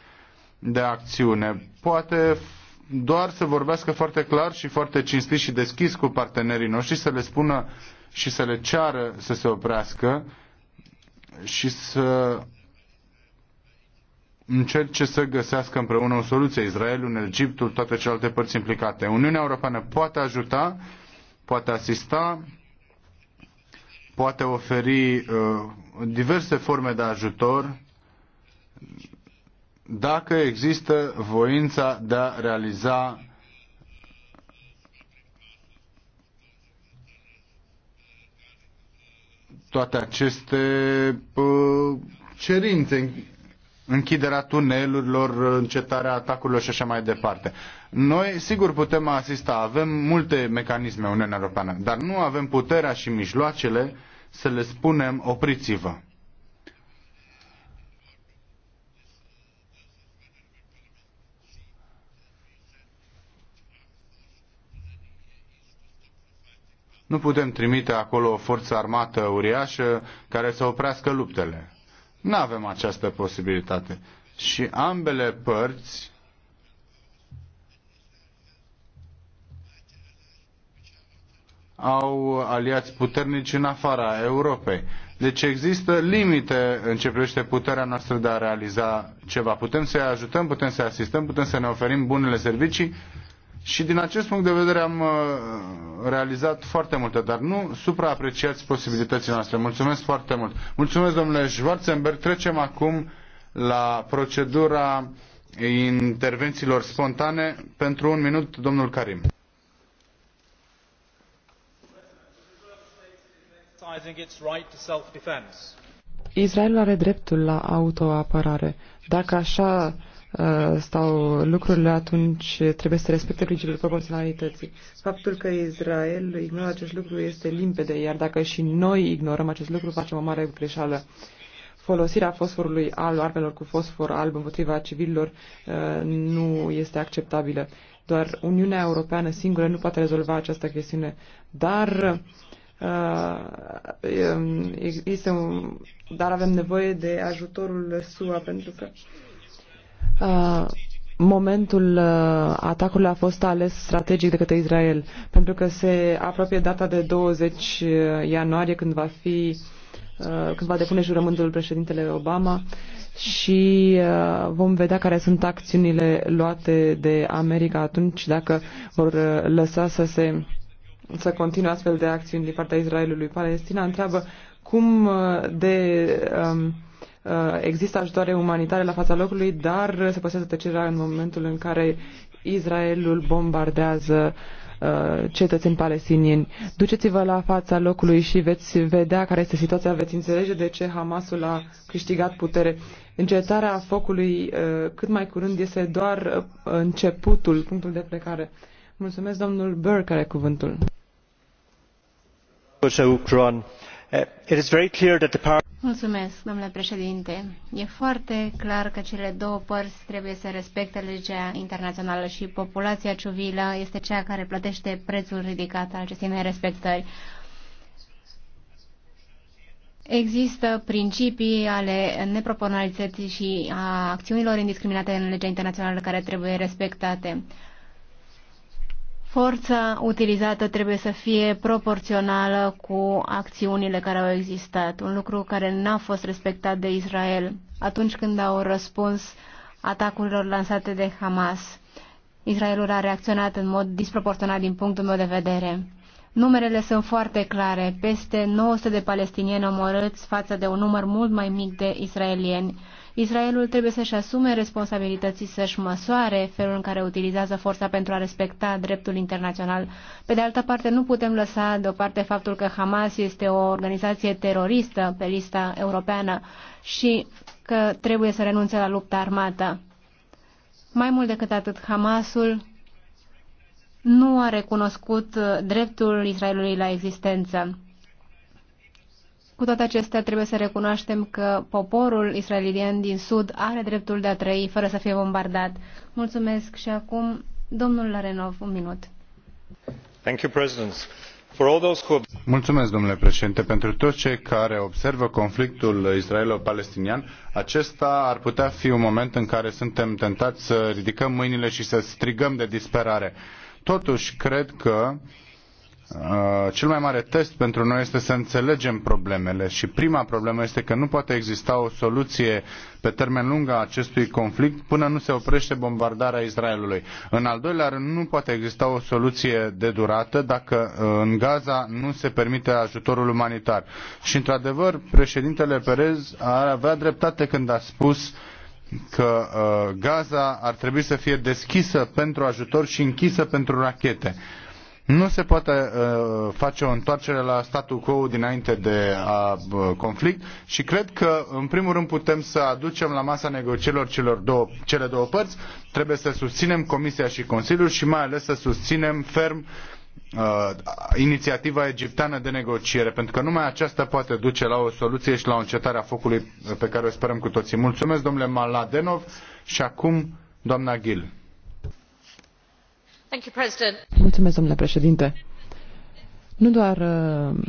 de acțiune. Poate doar să vorbească foarte clar și foarte cinstit și deschis cu partenerii noștri, să le spună și să le ceară să se oprească și să încerce să găsească împreună o soluție. Israelul, Egiptul, toate celelalte părți implicate. Uniunea Europeană poate ajuta, poate asista, poate oferi uh, diverse forme de ajutor dacă există voința de a realiza toate aceste uh, cerințe închiderea tunelurilor, încetarea atacurilor și așa mai departe. Noi, sigur, putem asista, avem multe mecanisme în Uniunea Europeană, dar nu avem puterea și mijloacele să le spunem opriți-vă. Nu putem trimite acolo o forță armată uriașă care să oprească luptele. Nu avem această posibilitate. Și ambele părți au aliați puternici în afara Europei. Deci există limite în ce privește puterea noastră de a realiza ceva. Putem să-i ajutăm, putem să-i asistăm, putem să ne oferim bunele servicii, și din acest punct de vedere am uh, realizat foarte multe, dar nu supraapreciați posibilitățile noastre. Mulțumesc foarte mult. Mulțumesc, domnule Schwarzenberg. Trecem acum la procedura intervențiilor spontane. Pentru un minut, domnul Karim. Israelul are dreptul la autoapărare. Dacă așa Uh, stau lucrurile, atunci trebuie să respecte principiul proporționalității. Faptul că Israel ignoră acest lucru este limpede, iar dacă și noi ignorăm acest lucru, facem o mare greșeală. Folosirea fosforului alb, armelor cu fosfor alb împotriva civililor uh, nu este acceptabilă. Doar Uniunea Europeană singură nu poate rezolva această chestiune, dar uh, um, este un, dar avem nevoie de ajutorul SUA pentru că uh, Uh, momentul uh, atacului a fost ales strategic de către Israel, pentru că se apropie data de 20 uh, ianuarie când va fi uh, când va depune jurământul președintele Obama și vom vedea care sunt acțiunile luate de America atunci dacă vor lăsa să se să continue astfel de acțiuni din partea Israelului. Palestina întreabă cum de um, Uh, există ajutoare umanitare la fața locului, dar se păstrează tăcerea în momentul în care Israelul bombardează uh, cetățeni palestinieni. Duceți-vă la fața locului și veți vedea care este situația, veți înțelege de ce Hamasul a câștigat putere. Încetarea focului uh, cât mai curând este doar începutul, punctul de plecare. Mulțumesc, domnul Burr, care cuvântul. It is very clear that the Mulțumesc, domnule președinte. E foarte clar că cele două părți trebuie să respecte legea internațională și populația civilă este cea care plătește prețul ridicat al acestei nerespectări. Există principii ale neproporționalității și a acțiunilor indiscriminate în legea internațională care trebuie respectate. Forța utilizată trebuie să fie proporțională cu acțiunile care au existat, un lucru care n-a fost respectat de Israel atunci când au răspuns atacurilor lansate de Hamas. Israelul a reacționat în mod disproporționat din punctul meu de vedere. Numerele sunt foarte clare, peste 900 de palestinieni omorâți față de un număr mult mai mic de israelieni Israelul trebuie să-și asume responsabilității, să-și măsoare felul în care utilizează forța pentru a respecta dreptul internațional. Pe de altă parte, nu putem lăsa deoparte faptul că Hamas este o organizație teroristă pe lista europeană și că trebuie să renunțe la lupta armată. Mai mult decât atât, Hamasul nu a recunoscut dreptul Israelului la existență. Cu toate acestea, trebuie să recunoaștem că poporul israelian din Sud are dreptul de a trăi fără să fie bombardat. Mulțumesc și acum, domnul Larenov, un minut. Thank you, President. Mulțumesc, domnule președinte pentru toți cei care observă conflictul israelo palestinian acesta ar putea fi un moment în care suntem tentați să ridicăm mâinile și să strigăm de disperare. totuși cred că Uh, cel mai mare test pentru noi este să înțelegem problemele și prima problemă este că nu poate exista o soluție pe termen lung a acestui conflict până nu se oprește bombardarea Israelului. În al doilea rând, nu poate exista o soluție de durată dacă uh, în Gaza nu se permite ajutorul umanitar. Și, într-adevăr, președintele Perez ar avea dreptate când a spus că uh, Gaza ar trebui să fie deschisă pentru ajutor și închisă pentru rachete nu se poate uh, face o întoarcere la statul quo dinainte de a, uh, conflict și cred că, în primul rând, putem să aducem la masa negocierilor celor două, cele două părți. Trebuie să susținem Comisia și Consiliul și mai ales să susținem ferm uh, inițiativa egipteană de negociere, pentru că numai aceasta poate duce la o soluție și la o încetare a focului pe care o sperăm cu toții. Mulțumesc, domnule Maladenov, și acum doamna Ghil. Mulțumesc, domnule președinte. Nu doar uh,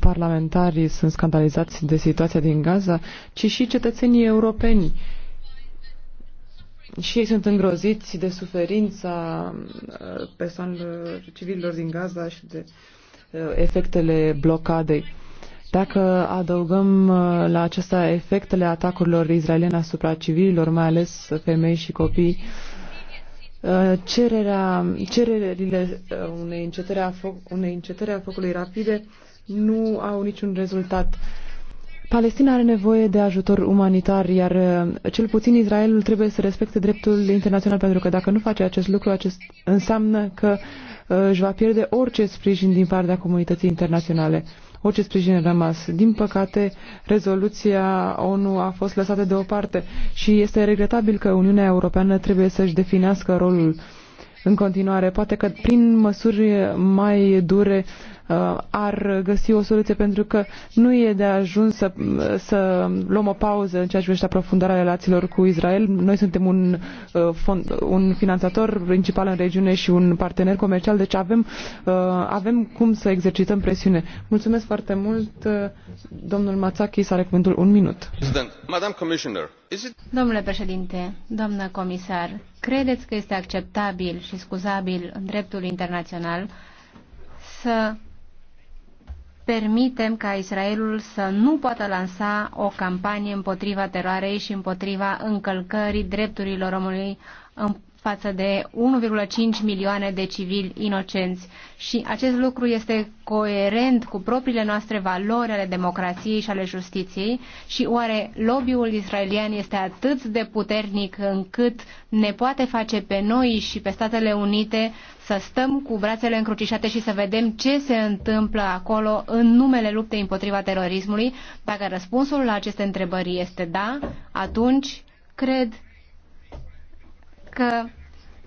parlamentarii sunt scandalizați de situația din Gaza, ci și cetățenii europeni. Și ei sunt îngroziți de suferința uh, persoanelor civililor din Gaza și de uh, efectele blocadei. Dacă adăugăm la acestea efectele atacurilor israeliene asupra civililor, mai ales femei și copii, Uh, cererea, cererile uh, unei încetări, a foc, unei încetări a focului rapide nu au niciun rezultat. Palestina are nevoie de ajutor umanitar, iar uh, cel puțin Israelul trebuie să respecte dreptul internațional, pentru că dacă nu face acest lucru, acest înseamnă că își va pierde orice sprijin din partea comunității internaționale orice sprijin rămas. Din păcate, rezoluția ONU a fost lăsată deoparte și este regretabil că Uniunea Europeană trebuie să-și definească rolul în continuare. Poate că prin măsuri mai dure Uh, ar găsi o soluție pentru că nu e de ajuns să, să luăm o pauză în ceea ce privește aprofundarea relațiilor cu Israel. Noi suntem un, uh, un finanțator principal în regiune și un partener comercial, deci avem, uh, avem cum să exercităm presiune. Mulțumesc foarte mult. Domnul Mațachi să are cuvântul un minut. Domnule președinte, doamnă comisar, credeți că este acceptabil și scuzabil în dreptul internațional să permitem ca Israelul să nu poată lansa o campanie împotriva teroarei și împotriva încălcării drepturilor omului față de 1,5 milioane de civili inocenți. Și acest lucru este coerent cu propriile noastre valori ale democrației și ale justiției și oare lobby-ul israelian este atât de puternic încât ne poate face pe noi și pe Statele Unite să stăm cu brațele încrucișate și să vedem ce se întâmplă acolo în numele luptei împotriva terorismului? Dacă răspunsul la aceste întrebări este da, atunci cred că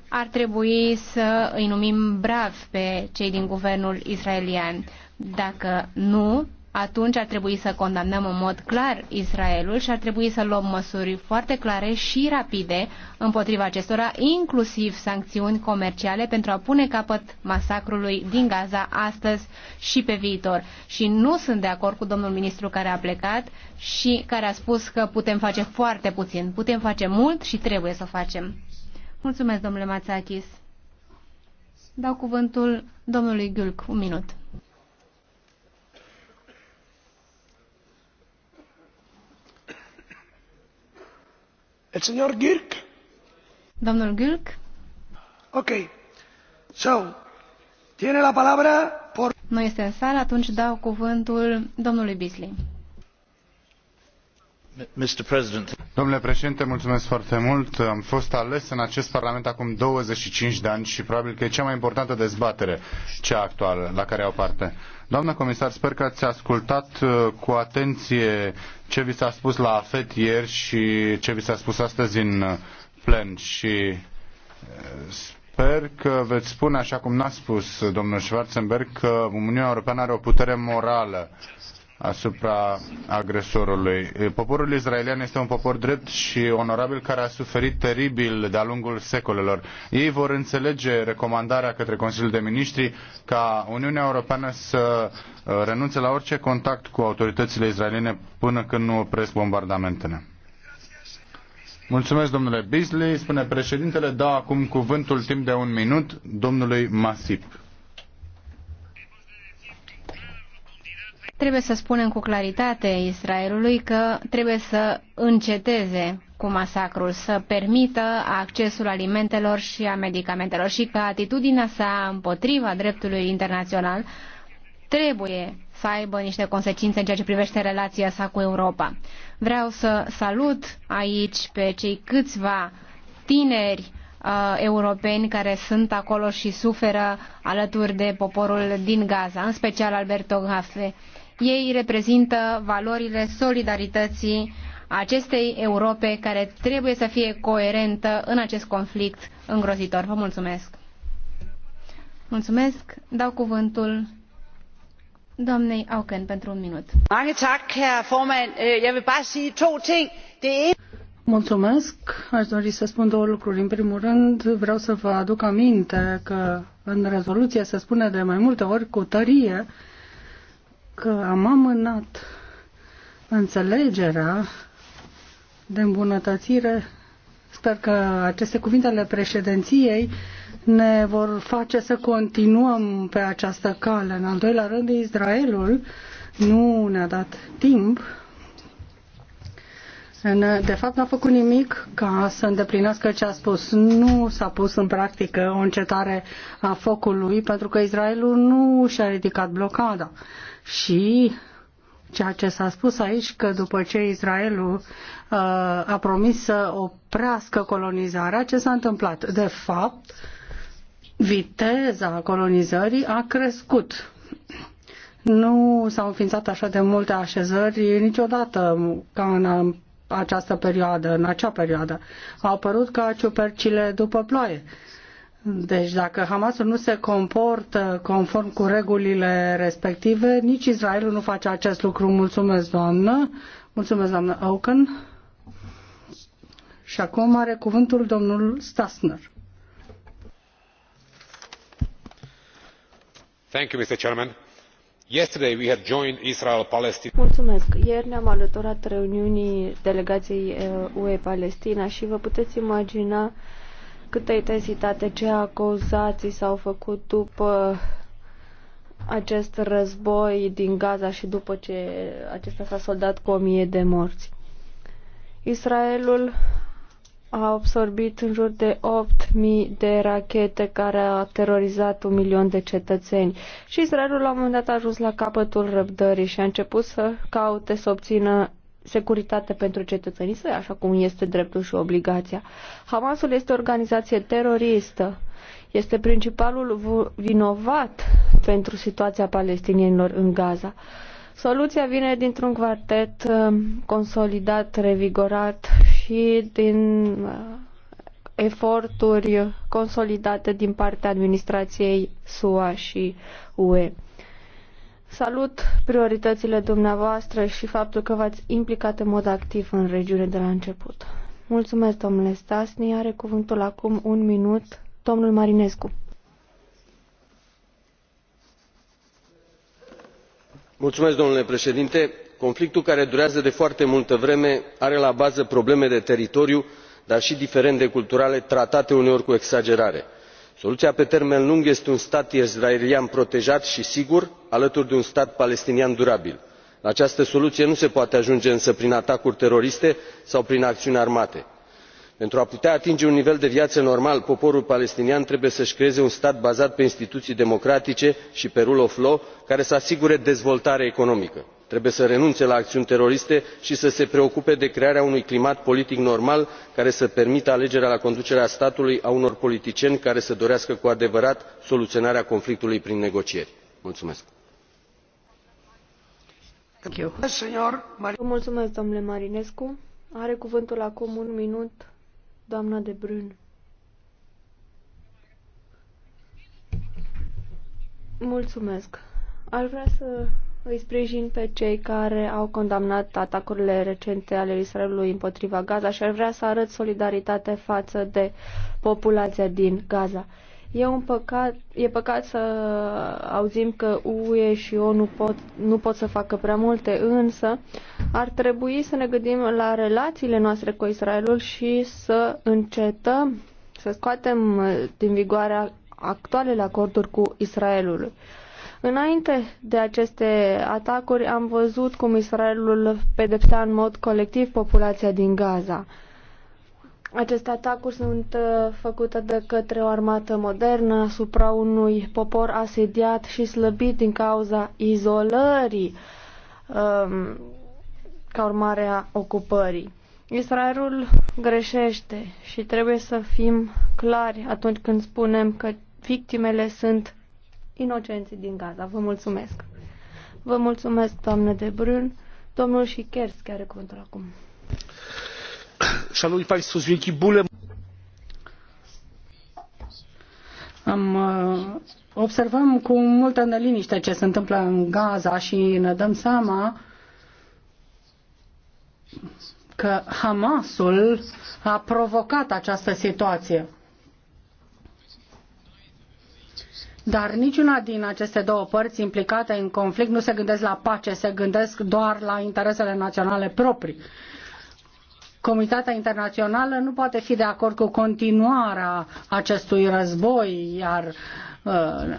ar trebui să îi numim brav pe cei din guvernul israelian. Dacă nu, atunci ar trebui să condamnăm în mod clar Israelul și ar trebui să luăm măsuri foarte clare și rapide împotriva acestora, inclusiv sancțiuni comerciale pentru a pune capăt masacrului din Gaza astăzi și pe viitor. Și nu sunt de acord cu domnul ministru care a plecat și care a spus că putem face foarte puțin. Putem face mult și trebuie să o facem. Mulțumesc, domnule Mațachis. Dau cuvântul domnului Gulc, Un minut. El señor Gürk? Domnul Gürk? Ok. So, tiene la palabra por... Nu este în sală, atunci dau cuvântul domnului Bisley. Domnule președinte, mulțumesc foarte mult. Am fost ales în acest parlament acum 25 de ani și probabil că e cea mai importantă dezbatere, cea actuală, la care au parte. Doamnă comisar, sper că ați ascultat uh, cu atenție ce vi s-a spus la AFET ieri și ce vi s-a spus astăzi în uh, plen și uh, sper că veți spune, așa cum n-a spus domnul Schwarzenberg, că Uniunea Europeană are o putere morală asupra agresorului. Poporul israelian este un popor drept și onorabil care a suferit teribil de-a lungul secolelor. Ei vor înțelege recomandarea către Consiliul de Ministri ca Uniunea Europeană să uh, renunțe la orice contact cu autoritățile israeliene până când nu opresc bombardamentele. Mulțumesc, domnule Beasley. Spune președintele, dau acum cuvântul timp de un minut domnului Masip. Trebuie să spunem cu claritate Israelului că trebuie să înceteze cu masacrul, să permită accesul alimentelor și a medicamentelor și că atitudinea sa împotriva dreptului internațional trebuie să aibă niște consecințe în ceea ce privește relația sa cu Europa. Vreau să salut aici pe cei câțiva tineri uh, europeni care sunt acolo și suferă alături de poporul din Gaza, în special Alberto Gafe ei reprezintă valorile solidarității acestei Europe care trebuie să fie coerentă în acest conflict îngrozitor. Vă mulțumesc! Mulțumesc! Dau cuvântul doamnei Auken pentru un minut. Øh, mulțumesc! Aș dori să spun două lucruri. În primul rând, vreau să vă aduc aminte că în rezoluție se spune de mai multe ori cu tărie că am amânat înțelegerea de îmbunătățire. Sper că aceste cuvinte ale președinției ne vor face să continuăm pe această cale. În al doilea rând, Israelul nu ne-a dat timp de fapt, n-a făcut nimic ca să îndeplinească ce a spus. Nu s-a pus în practică o încetare a focului, pentru că Israelul nu și-a ridicat blocada. Și ceea ce s-a spus aici, că după ce Israelul uh, a promis să oprească colonizarea, ce s-a întâmplat? De fapt, viteza colonizării a crescut nu s-au înființat așa de multe așezări niciodată ca în această perioadă, în acea perioadă. Au apărut ca ciupercile după ploaie. Deci dacă Hamasul nu se comportă conform cu regulile respective, nici Israelul nu face acest lucru. Mulțumesc, doamnă. Mulțumesc, doamnă Auken. Și acum are cuvântul domnul Stasner. Thank you, Mr. Chairman ieri ne am alăturat reuniunii delegației eh, ue palestina și vă puteți imagina câtă intensitate ce acuzații s au făcut după acest război din Gaza și după ce acesta s-a soldat cu o mie de morți. Israelul a absorbit în jur de 8.000 de rachete care a terorizat un milion de cetățeni. Și Israelul la un moment dat a ajuns la capătul răbdării și a început să caute să obțină securitate pentru cetățenii săi, așa cum este dreptul și obligația. Hamasul este o organizație teroristă. Este principalul vinovat pentru situația palestinienilor în Gaza. Soluția vine dintr-un quartet uh, consolidat, revigorat și din uh, eforturi consolidate din partea administrației SUA și UE. Salut prioritățile dumneavoastră și faptul că v-ați implicat în mod activ în regiune de la început. Mulțumesc, domnule Stasni. Are cuvântul acum un minut domnul Marinescu. Mulțumesc, domnule președinte conflictul care durează de foarte multă vreme are la bază probleme de teritoriu dar i diferende culturale tratate uneori cu exagerare. soluia pe termen lung este un stat israelian protejat i sigur alături de un stat palestinian durabil. la această soluie nu se poate ajunge însă prin atacuri teroriste sau prin aciuni armate. pentru a putea atinge un nivel de viaă normal poporul palestinian trebuie să îi creeze un stat bazat pe instituii democratice i pe rule of law care să asigure dezvoltare economică trebuie să renune la aciuni teroriste i să se preocupe de crearea unui climat politic normal care să permită alegerea la conducerea statului a unor politicieni care să dorească cu adevărat soluionarea conflictului prin negocieri. are cuvântul acum un minut de Mulțumesc. vrea să îi sprijin pe cei care au condamnat atacurile recente ale Israelului împotriva Gaza și ar vrea să arăt solidaritate față de populația din Gaza. E un păcat, e păcat să auzim că UE și ONU nu pot, nu pot să facă prea multe, însă ar trebui să ne gândim la relațiile noastre cu Israelul și să încetăm, să scoatem din vigoare actualele acorduri cu Israelul. Înainte de aceste atacuri am văzut cum Israelul pedepsea în mod colectiv populația din Gaza. Aceste atacuri sunt uh, făcute de către o armată modernă asupra unui popor asediat și slăbit din cauza izolării um, ca urmare a ocupării. Israelul greșește și trebuie să fim clari atunci când spunem că victimele sunt inocenții din Gaza. Vă mulțumesc. Vă mulțumesc, doamnă de Brân. Domnul și Kers care cuvântul acum. Salut, Państwo, z wielkim bule. Am, uh, observăm cu multă neliniște ce se întâmplă în Gaza și ne dăm seama că Hamasul a provocat această situație dar niciuna din aceste două părți implicate în conflict nu se gândesc la pace, se gândesc doar la interesele naționale proprii. Comunitatea internațională nu poate fi de acord cu continuarea acestui război, iar uh,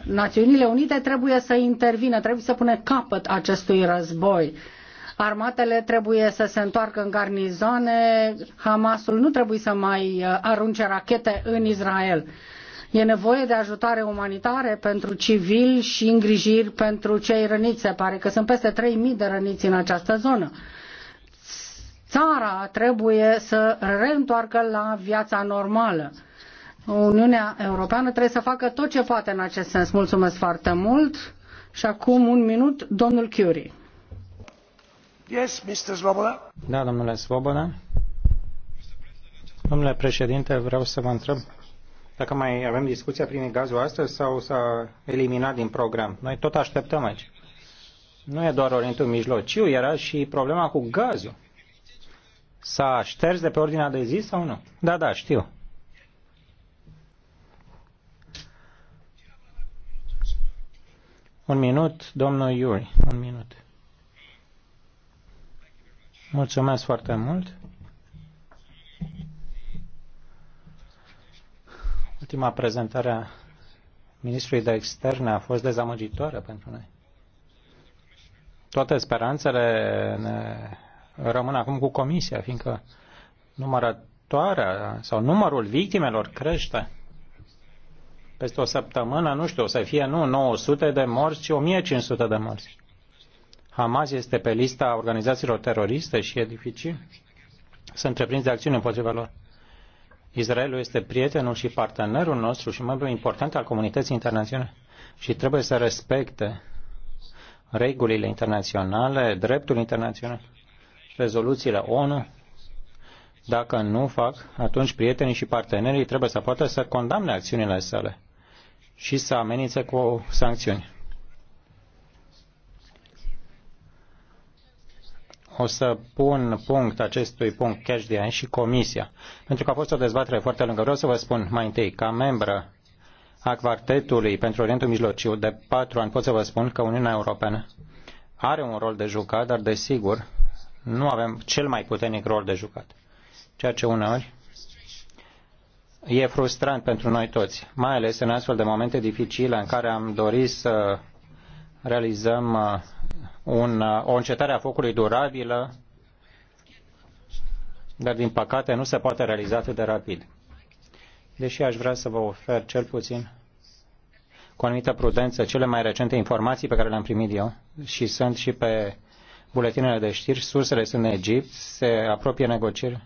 Națiunile Unite trebuie să intervină, trebuie să pune capăt acestui război. Armatele trebuie să se întoarcă în garnizoane, Hamasul nu trebuie să mai uh, arunce rachete în Israel. E nevoie de ajutoare umanitare pentru civili și îngrijiri pentru cei răniți. Se pare că sunt peste 3.000 de răniți în această zonă. Țara trebuie să reîntoarcă la viața normală. Uniunea Europeană trebuie să facă tot ce poate în acest sens. Mulțumesc foarte mult. Și acum un minut, domnul Curie. Yes, Mr. Svoboda. Da, domnule Svoboda. Domnule președinte, vreau să vă întreb dacă mai avem discuția prin gazul astăzi sau s-a eliminat din program. Noi tot așteptăm aici. Nu e doar Orientul Mijlociu, era și problema cu gazul. S-a șters de pe ordinea de zi sau nu? Da, da, știu. Un minut, domnul Iuri, un minut. Mulțumesc foarte mult. Ultima prezentare a ministrului de externe a fost dezamăgitoare pentru noi. Toate speranțele ne rămân acum cu comisia, fiindcă numărătoarea sau numărul victimelor crește. Peste o săptămână, nu știu, o să fie nu 900 de morți, ci 1500 de morți. Hamas este pe lista organizațiilor teroriste și e dificil să întreprinzi acțiuni împotriva lor. Israelul este prietenul și partenerul nostru și membru important al comunității internaționale și trebuie să respecte regulile internaționale, dreptul internațional, rezoluțiile ONU. Dacă nu fac, atunci prietenii și partenerii trebuie să poată să condamne acțiunile sale și să amenințe cu sancțiuni. o să pun punct acestui punct cash de și comisia, pentru că a fost o dezbatere foarte lungă. Vreau să vă spun mai întâi, ca membră a Quartetului pentru Orientul Mijlociu de patru ani pot să vă spun că Uniunea Europeană are un rol de jucat, dar desigur nu avem cel mai puternic rol de jucat, ceea ce uneori e frustrant pentru noi toți, mai ales în astfel de momente dificile în care am dorit să realizăm uh, un, uh, o încetare a focului durabilă, dar din păcate nu se poate realiza atât de rapid. Deși aș vrea să vă ofer cel puțin cu anumită prudență cele mai recente informații pe care le-am primit eu și sunt și pe buletinele de știri, sursele sunt în Egipt, se apropie negocieri.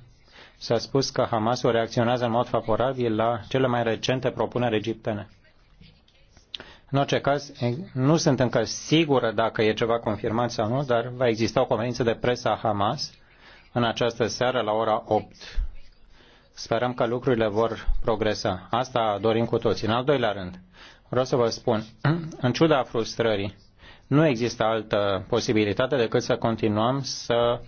S-a spus că Hamasul reacționează în mod favorabil la cele mai recente propuneri egiptene. În orice caz, nu sunt încă sigură dacă e ceva confirmat sau nu, dar va exista o conferință de presă a Hamas în această seară la ora 8. Sperăm că lucrurile vor progresa. Asta dorim cu toții. În al doilea rând, vreau să vă spun, în ciuda frustrării, nu există altă posibilitate decât să continuăm să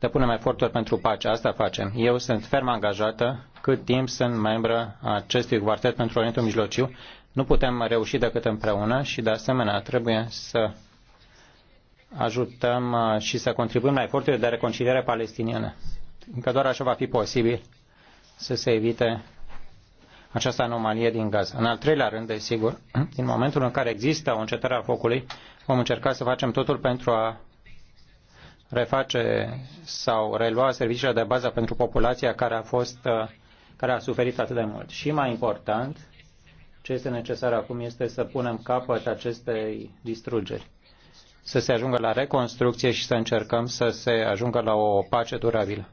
depunem eforturi pentru pace. Asta facem. Eu sunt ferm angajată cât timp sunt membră acestui quartet pentru Orientul Mijlociu nu putem reuși decât împreună și, de asemenea, trebuie să ajutăm uh, și să contribuim la eforturile de reconciliere palestiniană. Încă doar așa va fi posibil să se evite această anomalie din Gaza. În al treilea rând, desigur, din momentul în care există o încetare a focului, vom încerca să facem totul pentru a reface sau relua serviciile de bază pentru populația care a fost uh, care a suferit atât de mult. Și mai important, ce este necesar acum este să punem capăt acestei distrugeri, să se ajungă la reconstrucție și să încercăm să se ajungă la o pace durabilă.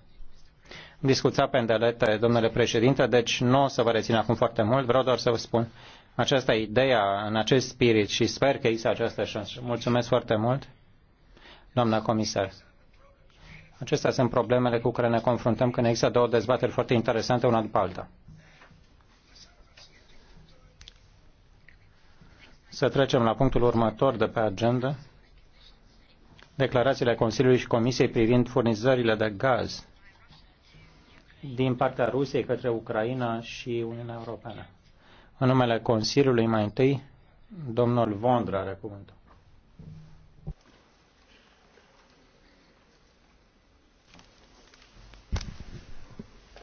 Am discutat pe îndelete, domnule președinte, deci nu o să vă rețin acum foarte mult, vreau doar să vă spun această idee în acest spirit și sper că există această șansă. Mulțumesc foarte mult, doamna comisar. Acestea sunt problemele cu care ne confruntăm când există două dezbateri foarte interesante una după alta. Să trecem la punctul următor de pe agenda. Declarațiile Consiliului și Comisiei privind furnizările de gaz din partea Rusiei către Ucraina și Uniunea Europeană. În numele Consiliului, mai întâi, domnul Vondra are cuvântul.